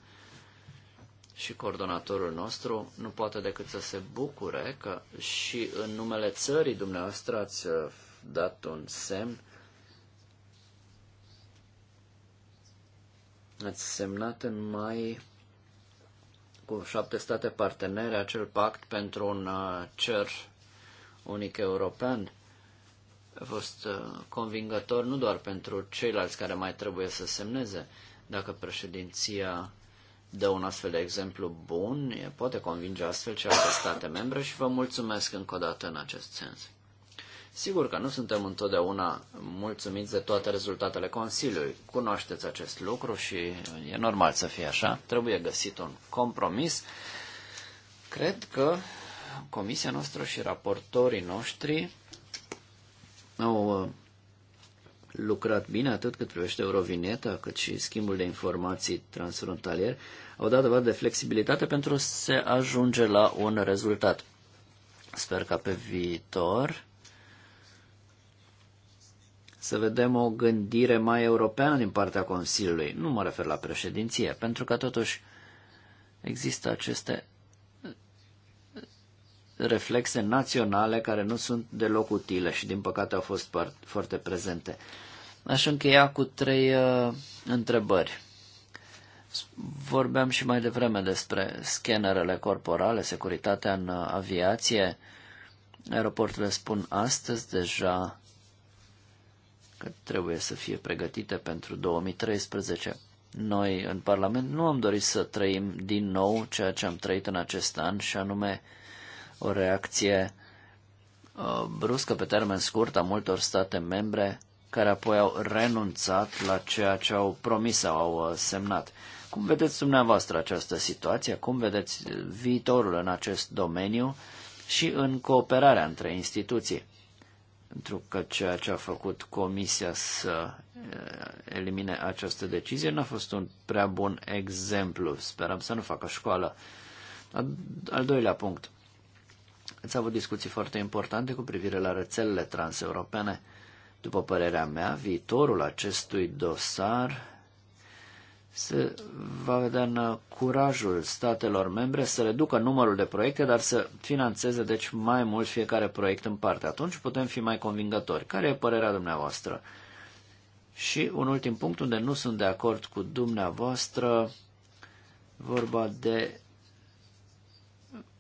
și coordonatorul nostru nu poate decât să se bucure că și în numele țării dumneavoastră ați uh, dat un semn Ați semnat în mai cu șapte state partenere acel pact pentru un uh, cer unic european. A fost uh, convingător nu doar pentru ceilalți care mai trebuie să semneze. Dacă președinția dă un astfel de exemplu bun, poate convinge astfel și alte state membre și vă mulțumesc încă o dată în acest sens. Sigur că nu suntem întotdeauna mulțumiți de toate rezultatele Consiliului. Cunoașteți acest lucru și e normal să fie așa. Trebuie găsit un compromis. Cred că comisia noastră și raportorii noștri au uh, lucrat bine atât cât privește Eurovineta, cât și schimbul de informații transfrontalier, au dat dovadă de flexibilitate pentru a se ajunge la un rezultat. Sper ca pe viitor să vedem o gândire mai europeană din partea Consiliului. Nu mă refer la președinție, pentru că totuși există aceste reflexe naționale care nu sunt deloc utile și din păcate au fost foarte prezente. Aș încheia cu trei uh, întrebări. Vorbeam și mai devreme despre scanerele corporale, securitatea în uh, aviație. Aeroporturile spun astăzi deja că trebuie să fie pregătite pentru 2013. Noi în Parlament nu am dorit să trăim din nou ceea ce am trăit în acest an și anume o reacție uh, bruscă pe termen scurt a multor state membre care apoi au renunțat la ceea ce au promis sau au uh, semnat. Cum vedeți dumneavoastră această situație? Cum vedeți uh, viitorul în acest domeniu și în cooperarea între instituții? pentru că ceea ce a făcut comisia să eh, elimine această decizie n-a fost un prea bun exemplu. Sperăm să nu facă școală. Al doilea punct. Ați avut discuții foarte importante cu privire la rețelele transeuropene. După părerea mea, viitorul acestui dosar se va vedea în curajul statelor membre să reducă numărul de proiecte, dar să financeze deci mai mult fiecare proiect în parte. Atunci putem fi mai convingători. Care e părerea dumneavoastră? Și un ultim punct unde nu sunt de acord cu dumneavoastră, vorba de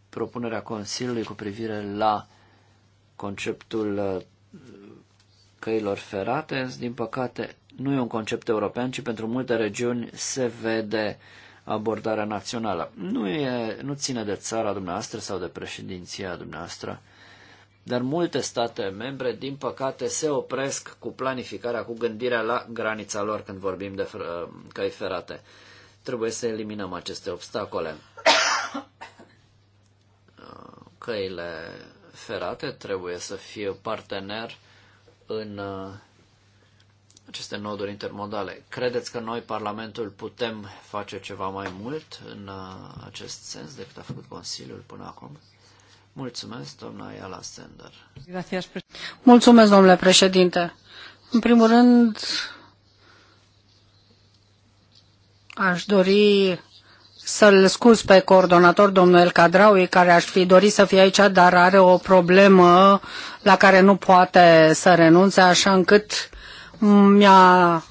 propunerea Consiliului cu privire la conceptul uh, căilor ferate. Din păcate, nu e un concept european, ci pentru multe regiuni se vede abordarea națională. Nu, e, nu ține de țara dumneavoastră sau de președinția dumneavoastră, dar multe state membre, din păcate, se opresc cu planificarea, cu gândirea la granița lor când vorbim de căi ferate. Trebuie să eliminăm aceste obstacole. (coughs) Căile ferate trebuie să fie partener în aceste noduri intermodale. Credeți că noi, Parlamentul, putem face ceva mai mult în uh, acest sens decât a făcut Consiliul până acum? Mulțumesc, doamna Iala Sender. Mulțumesc, domnule președinte. În primul rând, aș dori să-l scuz pe coordonator, domnul El Cadraui, care aș fi dorit să fie aici, dar are o problemă la care nu poate să renunțe, așa încât mi-a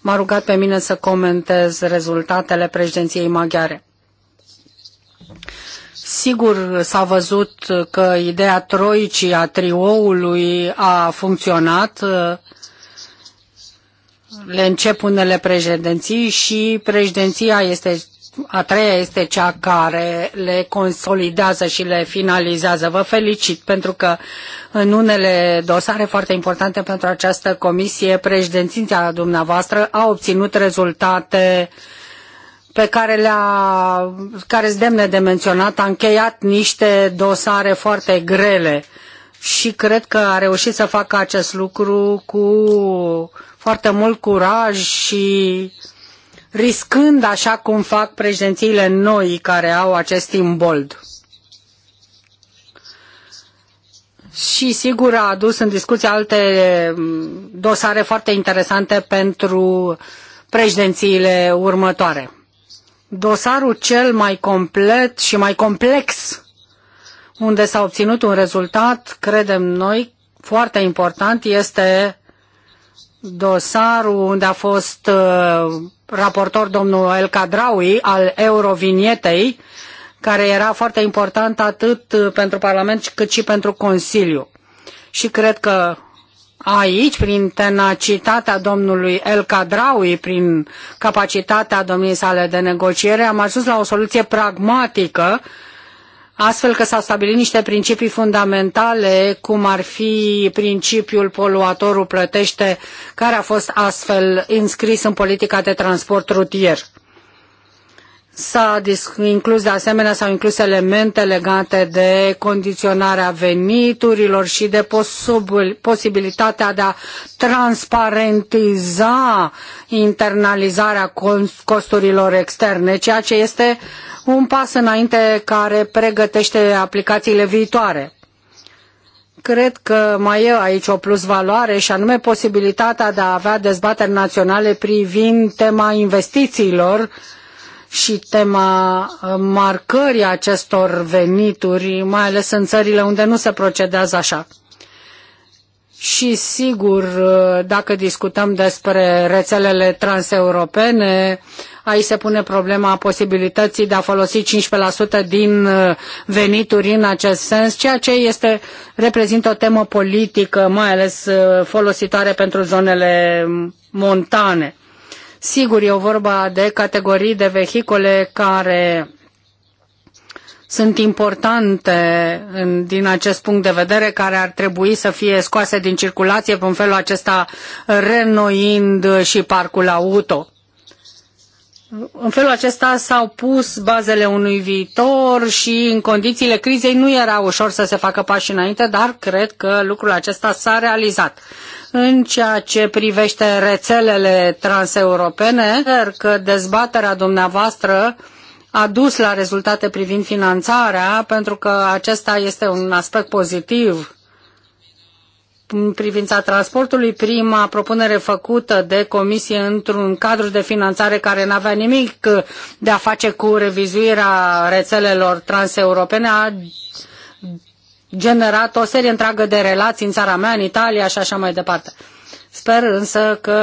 m-a rugat pe mine să comentez rezultatele președinției maghiare. Sigur, s-a văzut că ideea troicii, a trioului a funcționat. Le încep unele președinții și președinția este a treia este cea care le consolidează și le finalizează. Vă felicit pentru că în unele dosare foarte importante pentru această comisie, președinția dumneavoastră a obținut rezultate pe care le-a, care demne de menționat, a încheiat niște dosare foarte grele și cred că a reușit să facă acest lucru cu foarte mult curaj și riscând așa cum fac președințiile noi care au acest imbold. și sigur a adus în discuție alte mm, dosare foarte interesante pentru președințiile următoare. Dosarul cel mai complet și mai complex unde s-a obținut un rezultat, credem noi, foarte important este dosarul unde a fost uh, raportor domnul El Cadraui al Eurovinietei, care era foarte important atât uh, pentru Parlament cât și pentru Consiliu. Și cred că aici, prin tenacitatea domnului El Cadraui, prin capacitatea domniei sale de negociere, am ajuns la o soluție pragmatică uh, astfel că s-au stabilit niște principii fundamentale, cum ar fi principiul poluatorul plătește, care a fost astfel înscris în politica de transport rutier. S-a inclus de asemenea, s-au inclus elemente legate de condiționarea veniturilor și de posibil, posibilitatea de a transparentiza internalizarea costurilor externe, ceea ce este un pas înainte care pregătește aplicațiile viitoare. Cred că mai e aici o plusvaloare și anume posibilitatea de a avea dezbateri naționale privind tema investițiilor și tema uh, marcării acestor venituri, mai ales în țările unde nu se procedează așa. Și sigur, uh, dacă discutăm despre rețelele transeuropene, aici se pune problema posibilității de a folosi 15% din uh, venituri în acest sens, ceea ce este, reprezintă o temă politică, mai ales folositoare pentru zonele montane. Sigur, e o vorba de categorii de vehicole care sunt importante în, din acest punct de vedere, care ar trebui să fie scoase din circulație, în felul acesta renoind și parcul auto. În felul acesta s-au pus bazele unui viitor și în condițiile crizei nu era ușor să se facă pași înainte, dar cred că lucrul acesta s-a realizat. În ceea ce privește rețelele transeuropene, sper că dezbaterea dumneavoastră a dus la rezultate privind finanțarea, pentru că acesta este un aspect pozitiv în privința transportului, prima propunere făcută de comisie într-un cadru de finanțare care n-avea nimic de a face cu revizuirea rețelelor transeuropene a generat o serie întreagă de relații în țara mea, în Italia și așa mai departe. Sper însă că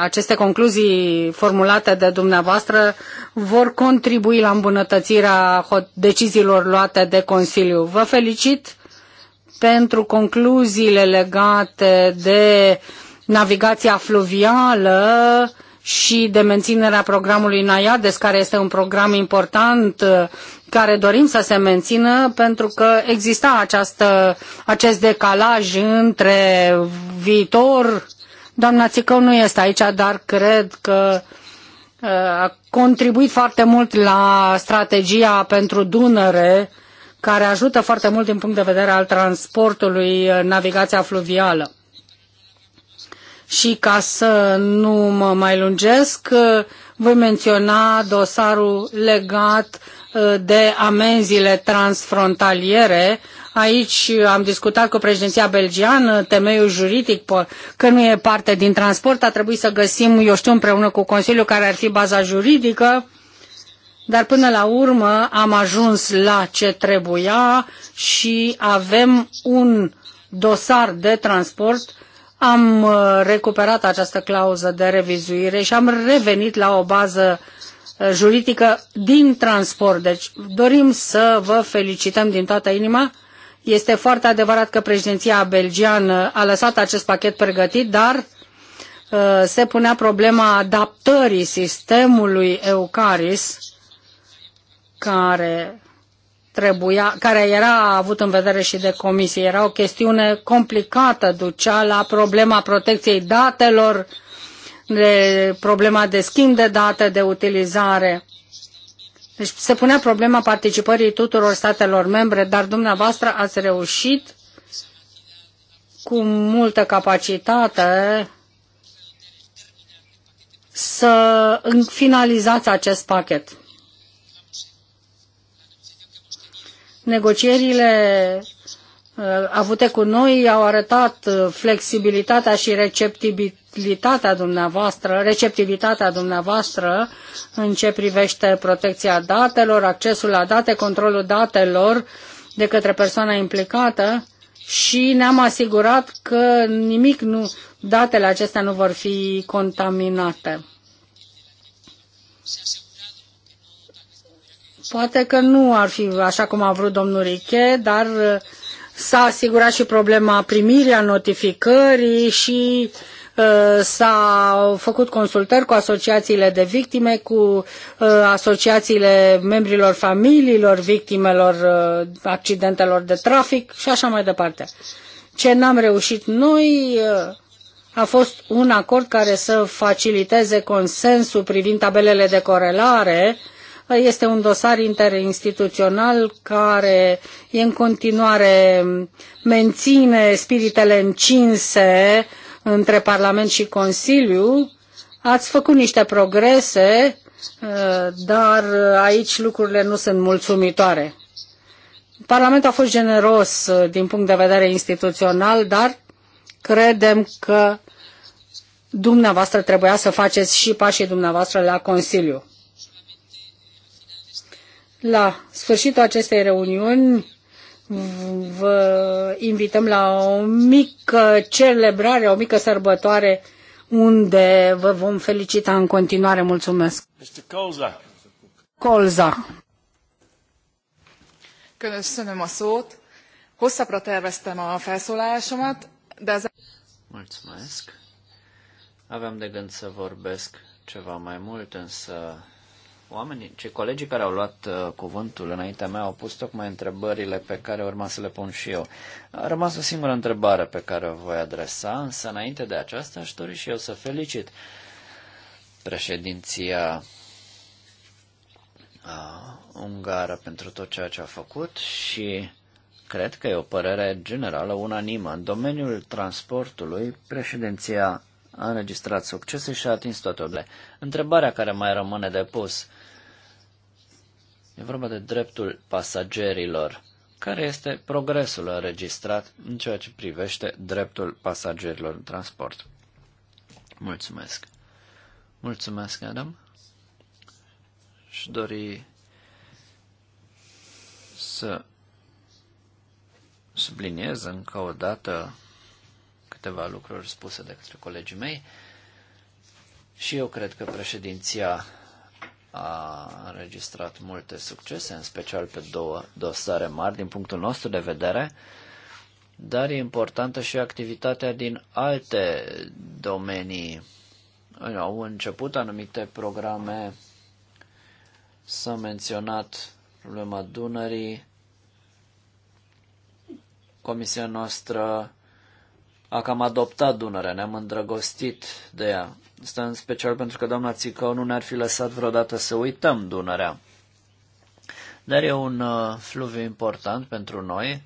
aceste concluzii formulate de dumneavoastră vor contribui la îmbunătățirea deciziilor luate de Consiliu. Vă felicit pentru concluziile legate de navigația fluvială și de menținerea programului Naiades, care este un program important uh, care dorim să se mențină pentru că exista această, acest decalaj între viitor. Doamna Țicău nu este aici, dar cred că uh, a contribuit foarte mult la strategia pentru Dunăre care ajută foarte mult din punct de vedere al transportului, uh, navigația fluvială. Și ca să nu mă mai lungesc, uh, voi menționa dosarul legat uh, de amenziile transfrontaliere. Aici am discutat cu președinția belgiană, temeiul juridic, că nu e parte din transport, a trebuit să găsim, eu știu, împreună cu Consiliul, care ar fi baza juridică dar până la urmă am ajuns la ce trebuia și avem un dosar de transport. Am uh, recuperat această clauză de revizuire și am revenit la o bază uh, juridică din transport. Deci dorim să vă felicităm din toată inima. Este foarte adevărat că președinția belgiană a lăsat acest pachet pregătit, dar uh, se punea problema adaptării sistemului Eucaris care trebuia, care era avut în vedere și de comisie. Era o chestiune complicată, ducea la problema protecției datelor, de problema de schimb de date, de utilizare. Deci se punea problema participării tuturor statelor membre, dar dumneavoastră ați reușit cu multă capacitate să finalizați acest pachet. Negocierile uh, avute cu noi au arătat uh, flexibilitatea și receptibilitatea dumneavoastră, receptivitatea dumneavoastră în ce privește protecția datelor, accesul la date, controlul datelor de către persoana implicată și ne-am asigurat că nimic nu, datele acestea nu vor fi contaminate. Poate că nu ar fi așa cum a vrut domnul Riche, dar uh, s-a asigurat și problema primirii, a notificării și uh, s-a făcut consultări cu asociațiile de victime, cu uh, asociațiile membrilor familiilor, victimelor accidentelor de trafic și așa mai departe. Ce n-am reușit noi a fost un acord care să faciliteze consensul privind tabelele de corelare este un dosar interinstituțional care e în continuare menține spiritele încinse între Parlament și Consiliu. Ați făcut niște progrese, uh, dar aici lucrurile nu sunt mulțumitoare. Parlamentul a fost generos uh, din punct de vedere instituțional, dar credem că dumneavoastră trebuia să faceți și pașii dumneavoastră la Consiliu. La sfârșitul acestei reuniuni vă invităm la o mică celebrare, o mică sărbătoare unde vă vom felicita în continuare. Mulțumesc! Colza! Colza! Köszönöm a szót. Hosszabbra terveztem a felszólalásomat, de az... Mulțumesc! Aveam de gând să vorbesc ceva mai mult, însă Oamenii, cei colegii care au luat uh, cuvântul înaintea mea au pus tocmai întrebările pe care urma să le pun și eu. A rămas o singură întrebare pe care o voi adresa, însă înainte de aceasta aș dori și eu să felicit președinția uh, ungară pentru tot ceea ce a făcut și cred că e o părere generală unanimă. În domeniul transportului, președinția a înregistrat succese și a atins toate obiectele. Întrebarea care mai rămâne de pus e vorba de dreptul pasagerilor. Care este progresul înregistrat în ceea ce privește dreptul pasagerilor în transport? Mulțumesc. Mulțumesc, Adam. Și dori să subliniez încă o dată câteva lucruri spuse de către colegii mei. Și eu cred că președinția a înregistrat multe succese, în special pe două dosare mari din punctul nostru de vedere, dar e importantă și activitatea din alte domenii. Au început anumite programe, s-a menționat problema Dunării, comisia noastră a cam adoptat Dunărea, ne-am îndrăgostit de ea. Asta în special pentru că doamna Țicău nu ne-ar fi lăsat vreodată să uităm Dunărea. Dar e un uh, fluviu important pentru noi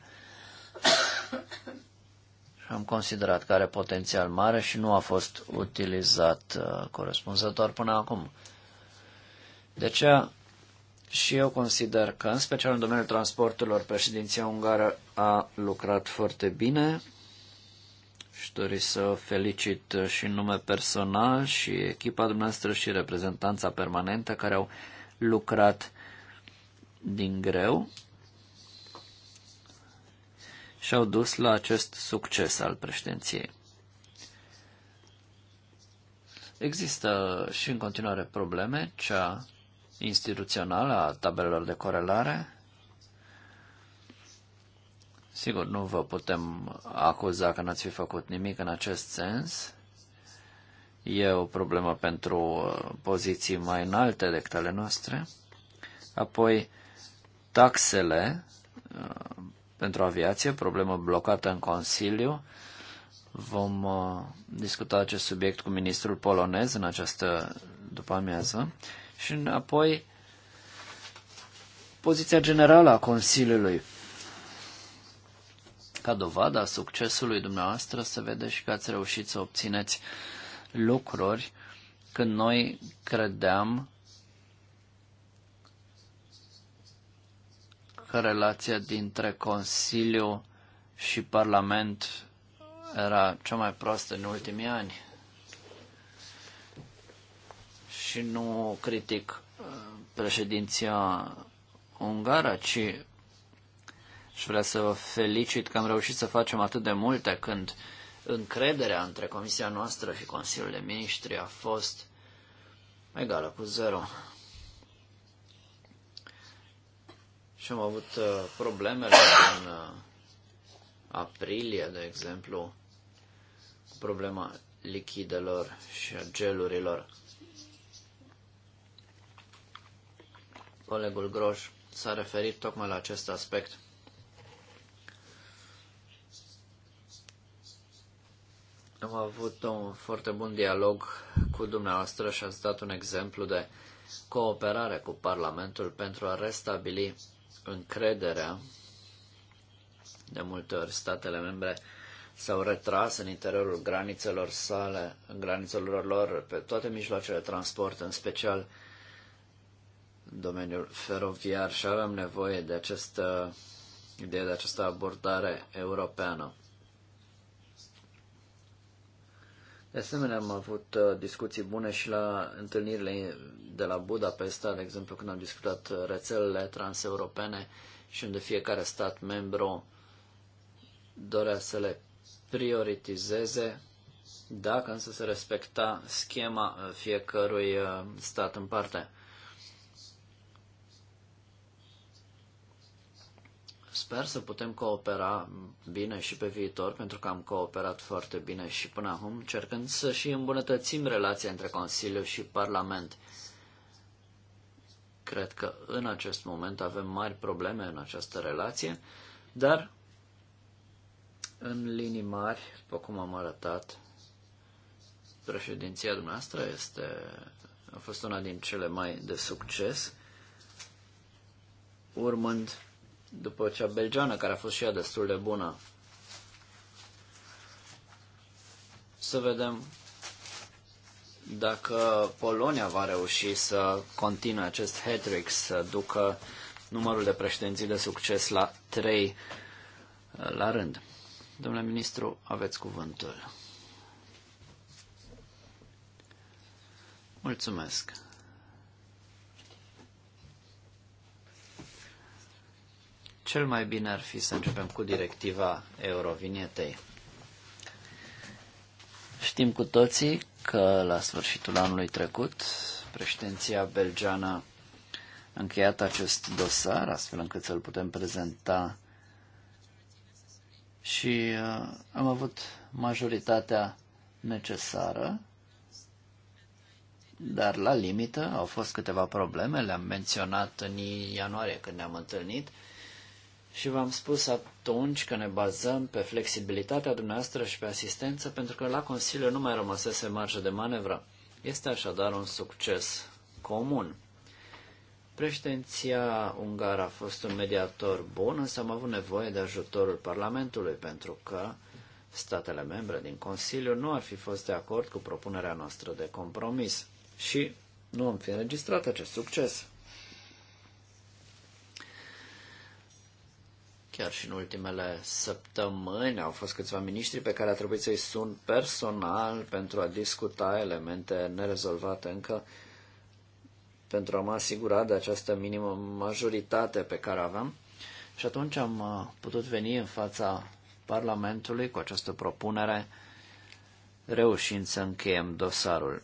(coughs) și am considerat că are potențial mare și nu a fost utilizat uh, corespunzător până acum. De aceea și eu consider că, în special în domeniul transporturilor, președinția ungară a lucrat foarte bine și dori să o felicit uh, și în nume personal și echipa dumneavoastră și reprezentanța permanentă care au lucrat din greu și au dus la acest succes al președinției. Există și în continuare probleme, cea instituțională a tabelelor de corelare, Sigur, nu vă putem acuza că n-ați fi făcut nimic în acest sens. E o problemă pentru uh, poziții mai înalte decât ale noastre. Apoi, taxele uh, pentru aviație, problemă blocată în Consiliu. Vom uh, discuta acest subiect cu ministrul polonez în această după amiază. Și apoi, poziția generală a Consiliului ca dovada succesului dumneavoastră să vede și că ați reușit să obțineți lucruri când noi credeam că relația dintre Consiliu și Parlament era cea mai proastă în ultimii ani. Și nu critic uh, președinția ungară, ci și vreau să vă felicit că am reușit să facem atât de multe când încrederea între Comisia noastră și Consiliul de Ministri a fost egală cu zero. Și am avut uh, problemele în uh, aprilie, de exemplu, cu problema lichidelor și a gelurilor. Colegul Groș s-a referit tocmai la acest aspect. Am avut un foarte bun dialog cu dumneavoastră și ați dat un exemplu de cooperare cu Parlamentul pentru a restabili încrederea. De multe ori statele membre s-au retras în interiorul granițelor sale, în granițelor lor, pe toate mijloacele de transport, în special în domeniul feroviar și avem nevoie de această idee, de această abordare europeană. De asemenea, am avut uh, discuții bune și la întâlnirile de la Budapesta, de exemplu, când am discutat rețelele transeuropene și unde fiecare stat membru dorea să le prioritizeze, dacă însă se respecta schema uh, fiecărui uh, stat în parte. Sper să putem coopera bine și pe viitor, pentru că am cooperat foarte bine și până acum, cercând să și îmbunătățim relația între Consiliu și Parlament. Cred că în acest moment avem mari probleme în această relație, dar în linii mari, după cum am arătat, președinția dumneavoastră este, a fost una din cele mai de succes, urmând după cea belgeană, care a fost și ea destul de bună. Să vedem dacă Polonia va reuși să continue acest hat să ducă numărul de președinții de succes la 3 la rând. Domnule ministru, aveți cuvântul. Mulțumesc. cel mai bine ar fi să începem cu directiva Eurovinietei. Știm cu toții că la sfârșitul anului trecut președinția belgeană a încheiat acest dosar astfel încât să-l putem prezenta și uh, am avut majoritatea necesară, dar la limită au fost câteva probleme, le-am menționat în ianuarie când ne-am întâlnit și v-am spus atunci că ne bazăm pe flexibilitatea dumneavoastră și pe asistență, pentru că la Consiliu nu mai rămăsese marjă de manevră. Este așadar un succes comun. Președinția ungară a fost un mediator bun, însă am avut nevoie de ajutorul Parlamentului, pentru că statele membre din Consiliu nu ar fi fost de acord cu propunerea noastră de compromis și nu am fi înregistrat acest succes. Chiar și în ultimele săptămâni au fost câțiva miniștri pe care a trebuit să-i sun personal pentru a discuta elemente nerezolvate încă, pentru a mă asigura de această minimă majoritate pe care aveam. Și atunci am uh, putut veni în fața Parlamentului cu această propunere, reușind să încheiem dosarul.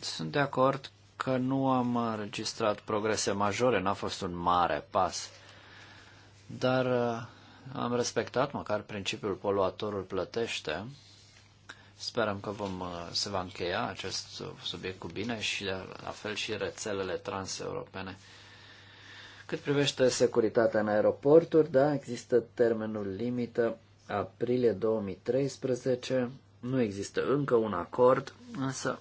Sunt de acord că nu am înregistrat progrese majore, n-a fost un mare pas dar uh, am respectat măcar principiul poluatorul plătește. Sperăm că vom, uh, se va încheia acest subiect cu bine și uh, la fel și rețelele transeuropene. Cât privește securitatea în aeroporturi, da, există termenul limită aprilie 2013. Nu există încă un acord, însă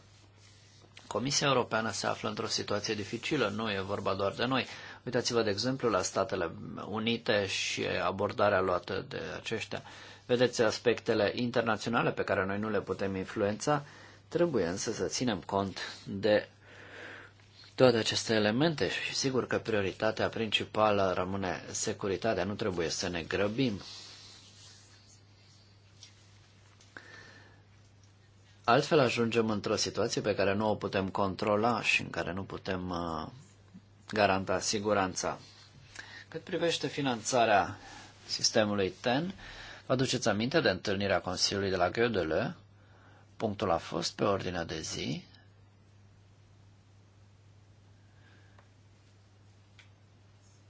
Comisia Europeană se află într-o situație dificilă. Nu e vorba doar de noi. Uitați-vă, de exemplu, la Statele Unite și abordarea luată de aceștia. Vedeți aspectele internaționale pe care noi nu le putem influența, trebuie însă să ținem cont de toate aceste elemente și sigur că prioritatea principală rămâne securitatea, nu trebuie să ne grăbim. Altfel ajungem într-o situație pe care nu o putem controla și în care nu putem uh, garanta siguranța. Cât privește finanțarea sistemului TEN, vă aduceți aminte de întâlnirea Consiliului de la Gödele? Punctul a fost pe ordinea de zi.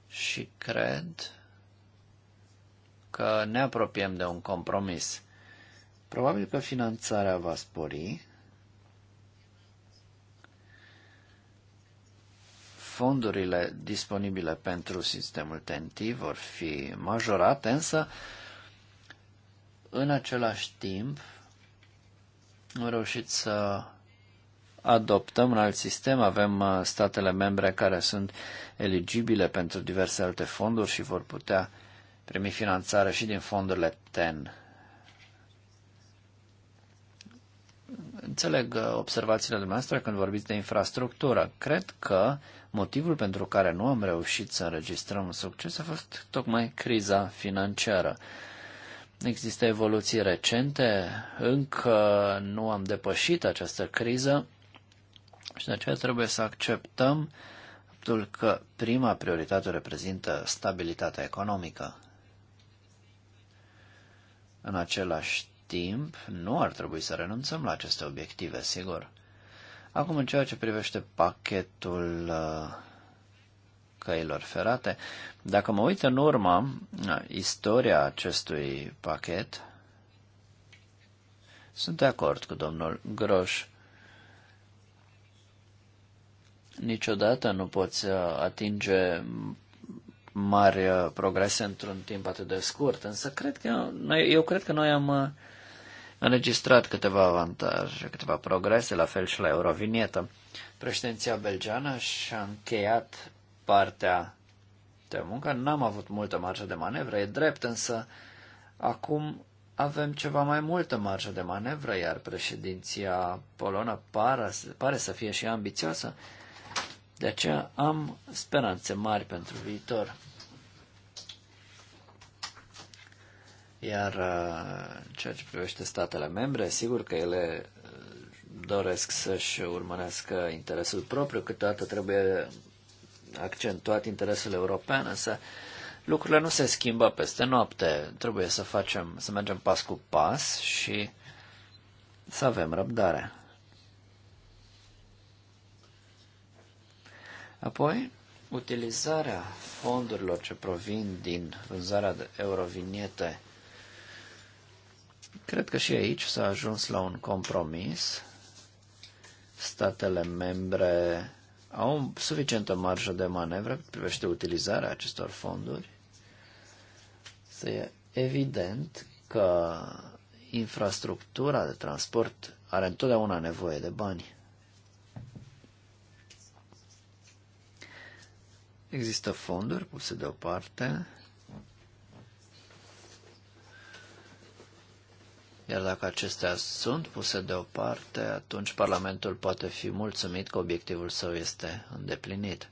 Și cred că ne apropiem de un compromis. Probabil că finanțarea va spori, fondurile disponibile pentru sistemul TNT vor fi majorate, însă în același timp am reușit să adoptăm un alt sistem. Avem uh, statele membre care sunt eligibile pentru diverse alte fonduri și vor putea primi finanțare și din fondurile TEN. Înțeleg uh, observațiile dumneavoastră când vorbiți de infrastructură. Cred că uh, Motivul pentru care nu am reușit să înregistrăm un succes a fost tocmai criza financiară. Există evoluții recente, încă nu am depășit această criză și de aceea trebuie să acceptăm faptul că prima prioritate reprezintă stabilitatea economică. În același timp, nu ar trebui să renunțăm la aceste obiective, sigur. Acum, în ceea ce privește pachetul uh, căilor ferate, dacă mă uit în urmă uh, istoria acestui pachet, sunt de acord cu domnul Groș. Niciodată nu poți uh, atinge mari progrese într-un timp atât de scurt, însă cred că noi, eu cred că noi am înregistrat câteva avantaje, câteva progrese, la fel și la Eurovinietă. Președinția belgeană și-a încheiat partea de muncă. N-am avut multă marjă de manevră, e drept, însă acum avem ceva mai multă marjă de manevră, iar președinția polonă pare, pare să fie și ambițioasă. De aceea am speranțe mari pentru viitor. Iar uh, în ceea ce privește statele membre, sigur că ele uh, doresc să-și urmărească interesul propriu, câteodată trebuie accentuat interesul european, însă lucrurile nu se schimbă peste noapte. Trebuie să facem, să mergem pas cu pas și să avem răbdare. Apoi, utilizarea fondurilor ce provin din vânzarea de euroviniete Cred că și aici s-a ajuns la un compromis. Statele membre au suficientă marjă de manevră privește utilizarea acestor fonduri. Este evident că infrastructura de transport are întotdeauna nevoie de bani. Există fonduri puse deoparte Iar dacă acestea sunt puse deoparte, atunci Parlamentul poate fi mulțumit că obiectivul său este îndeplinit.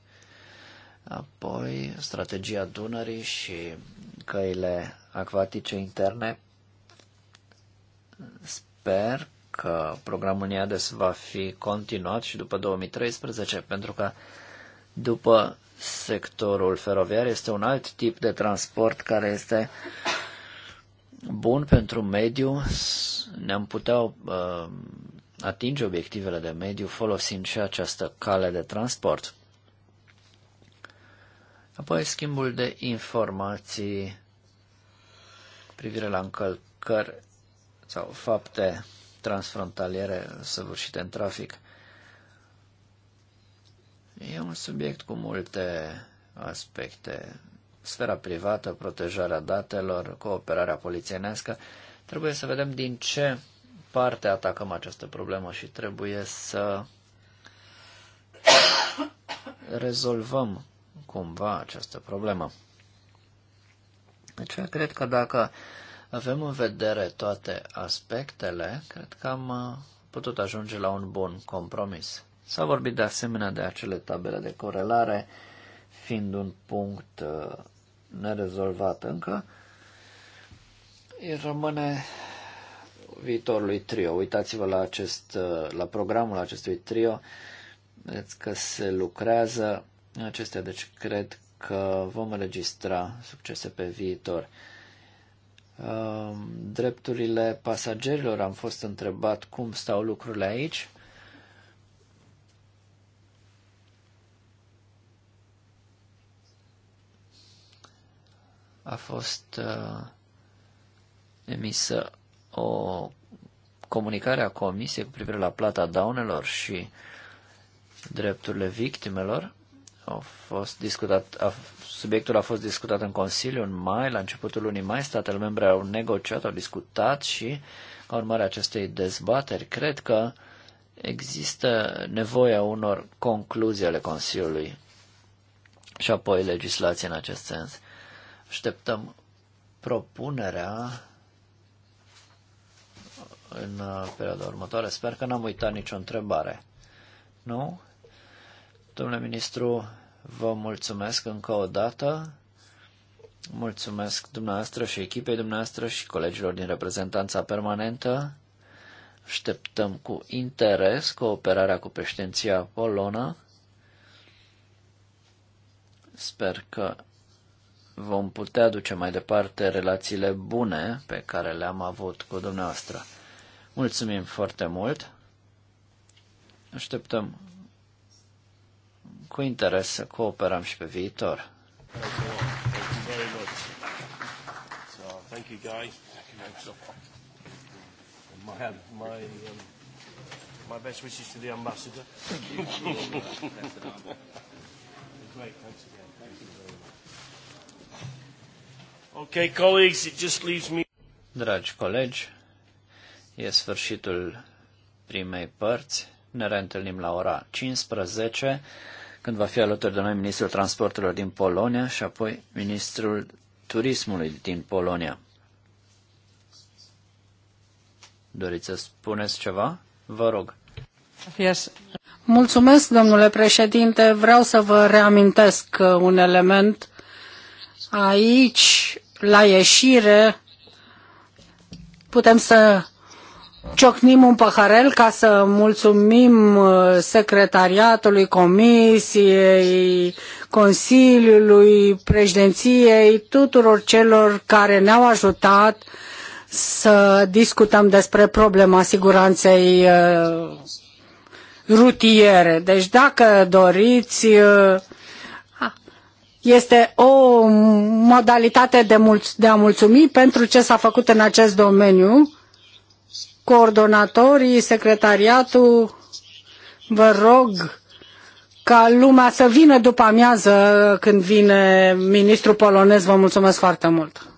Apoi, strategia Dunării și căile acvatice interne. Sper că programul IADES va fi continuat și după 2013, pentru că după sectorul feroviar este un alt tip de transport care este uh, bun pentru mediu, ne-am putea uh, atinge obiectivele de mediu folosind și această cale de transport. Apoi schimbul de informații privire la încălcări sau fapte transfrontaliere săvârșite în trafic. E un subiect cu multe aspecte sfera privată, protejarea datelor, cooperarea polițienească, trebuie să vedem din ce parte atacăm această problemă și trebuie să rezolvăm cumva această problemă. Deci cred că dacă avem în vedere toate aspectele, cred că am uh, putut ajunge la un bun compromis. S-a vorbit de asemenea de acele tabele de corelare, fiind un punct uh, nerezolvat încă, rămâne viitorului trio. Uitați-vă la, acest, uh, la programul acestui trio, vedeți că se lucrează acestea, deci cred că vom înregistra succese pe viitor. Uh, drepturile pasagerilor am fost întrebat cum stau lucrurile aici. a fost uh, emisă o comunicare a Comisiei cu privire la plata daunelor și drepturile victimelor. a fost discutat, a, subiectul a fost discutat în Consiliu în mai, la începutul lunii mai, statele membre au negociat, au discutat și, ca urmare acestei dezbateri, cred că există nevoia unor concluzii ale Consiliului și apoi legislație în acest sens. Așteptăm propunerea în uh, perioada următoare. Sper că n-am uitat nicio întrebare. Nu? Domnule ministru, vă mulțumesc încă o dată. Mulțumesc dumneavoastră și echipei dumneavoastră și colegilor din reprezentanța permanentă. Așteptăm cu interes cooperarea cu președinția polonă. Sper că vom putea duce mai departe relațiile bune pe care le-am avut cu dumneavoastră. Mulțumim foarte mult! Așteptăm cu interes să cooperăm și pe viitor. Thank you, My, um, my best wishes to the ambassador. Thank you. (laughs) Great, thanks again. Okay, colleagues, it just leaves me... Dragi colegi, e sfârșitul primei părți. Ne reîntâlnim la ora 15, când va fi alături de noi ministrul transporturilor din Polonia și apoi ministrul turismului din Polonia. Doriți să spuneți ceva? Vă rog. Yes. Mulțumesc, domnule președinte. Vreau să vă reamintesc un element Aici, la ieșire, putem să ciocnim un paharel ca să mulțumim uh, secretariatului, comisiei, Consiliului, președinției, tuturor celor care ne-au ajutat să discutăm despre problema siguranței uh, rutiere. Deci dacă doriți, uh, este o modalitate de, mulț- de a mulțumi pentru ce s-a făcut în acest domeniu. Coordonatorii, secretariatul, vă rog ca lumea să vină după amiază când vine ministrul polonez. Vă mulțumesc foarte mult!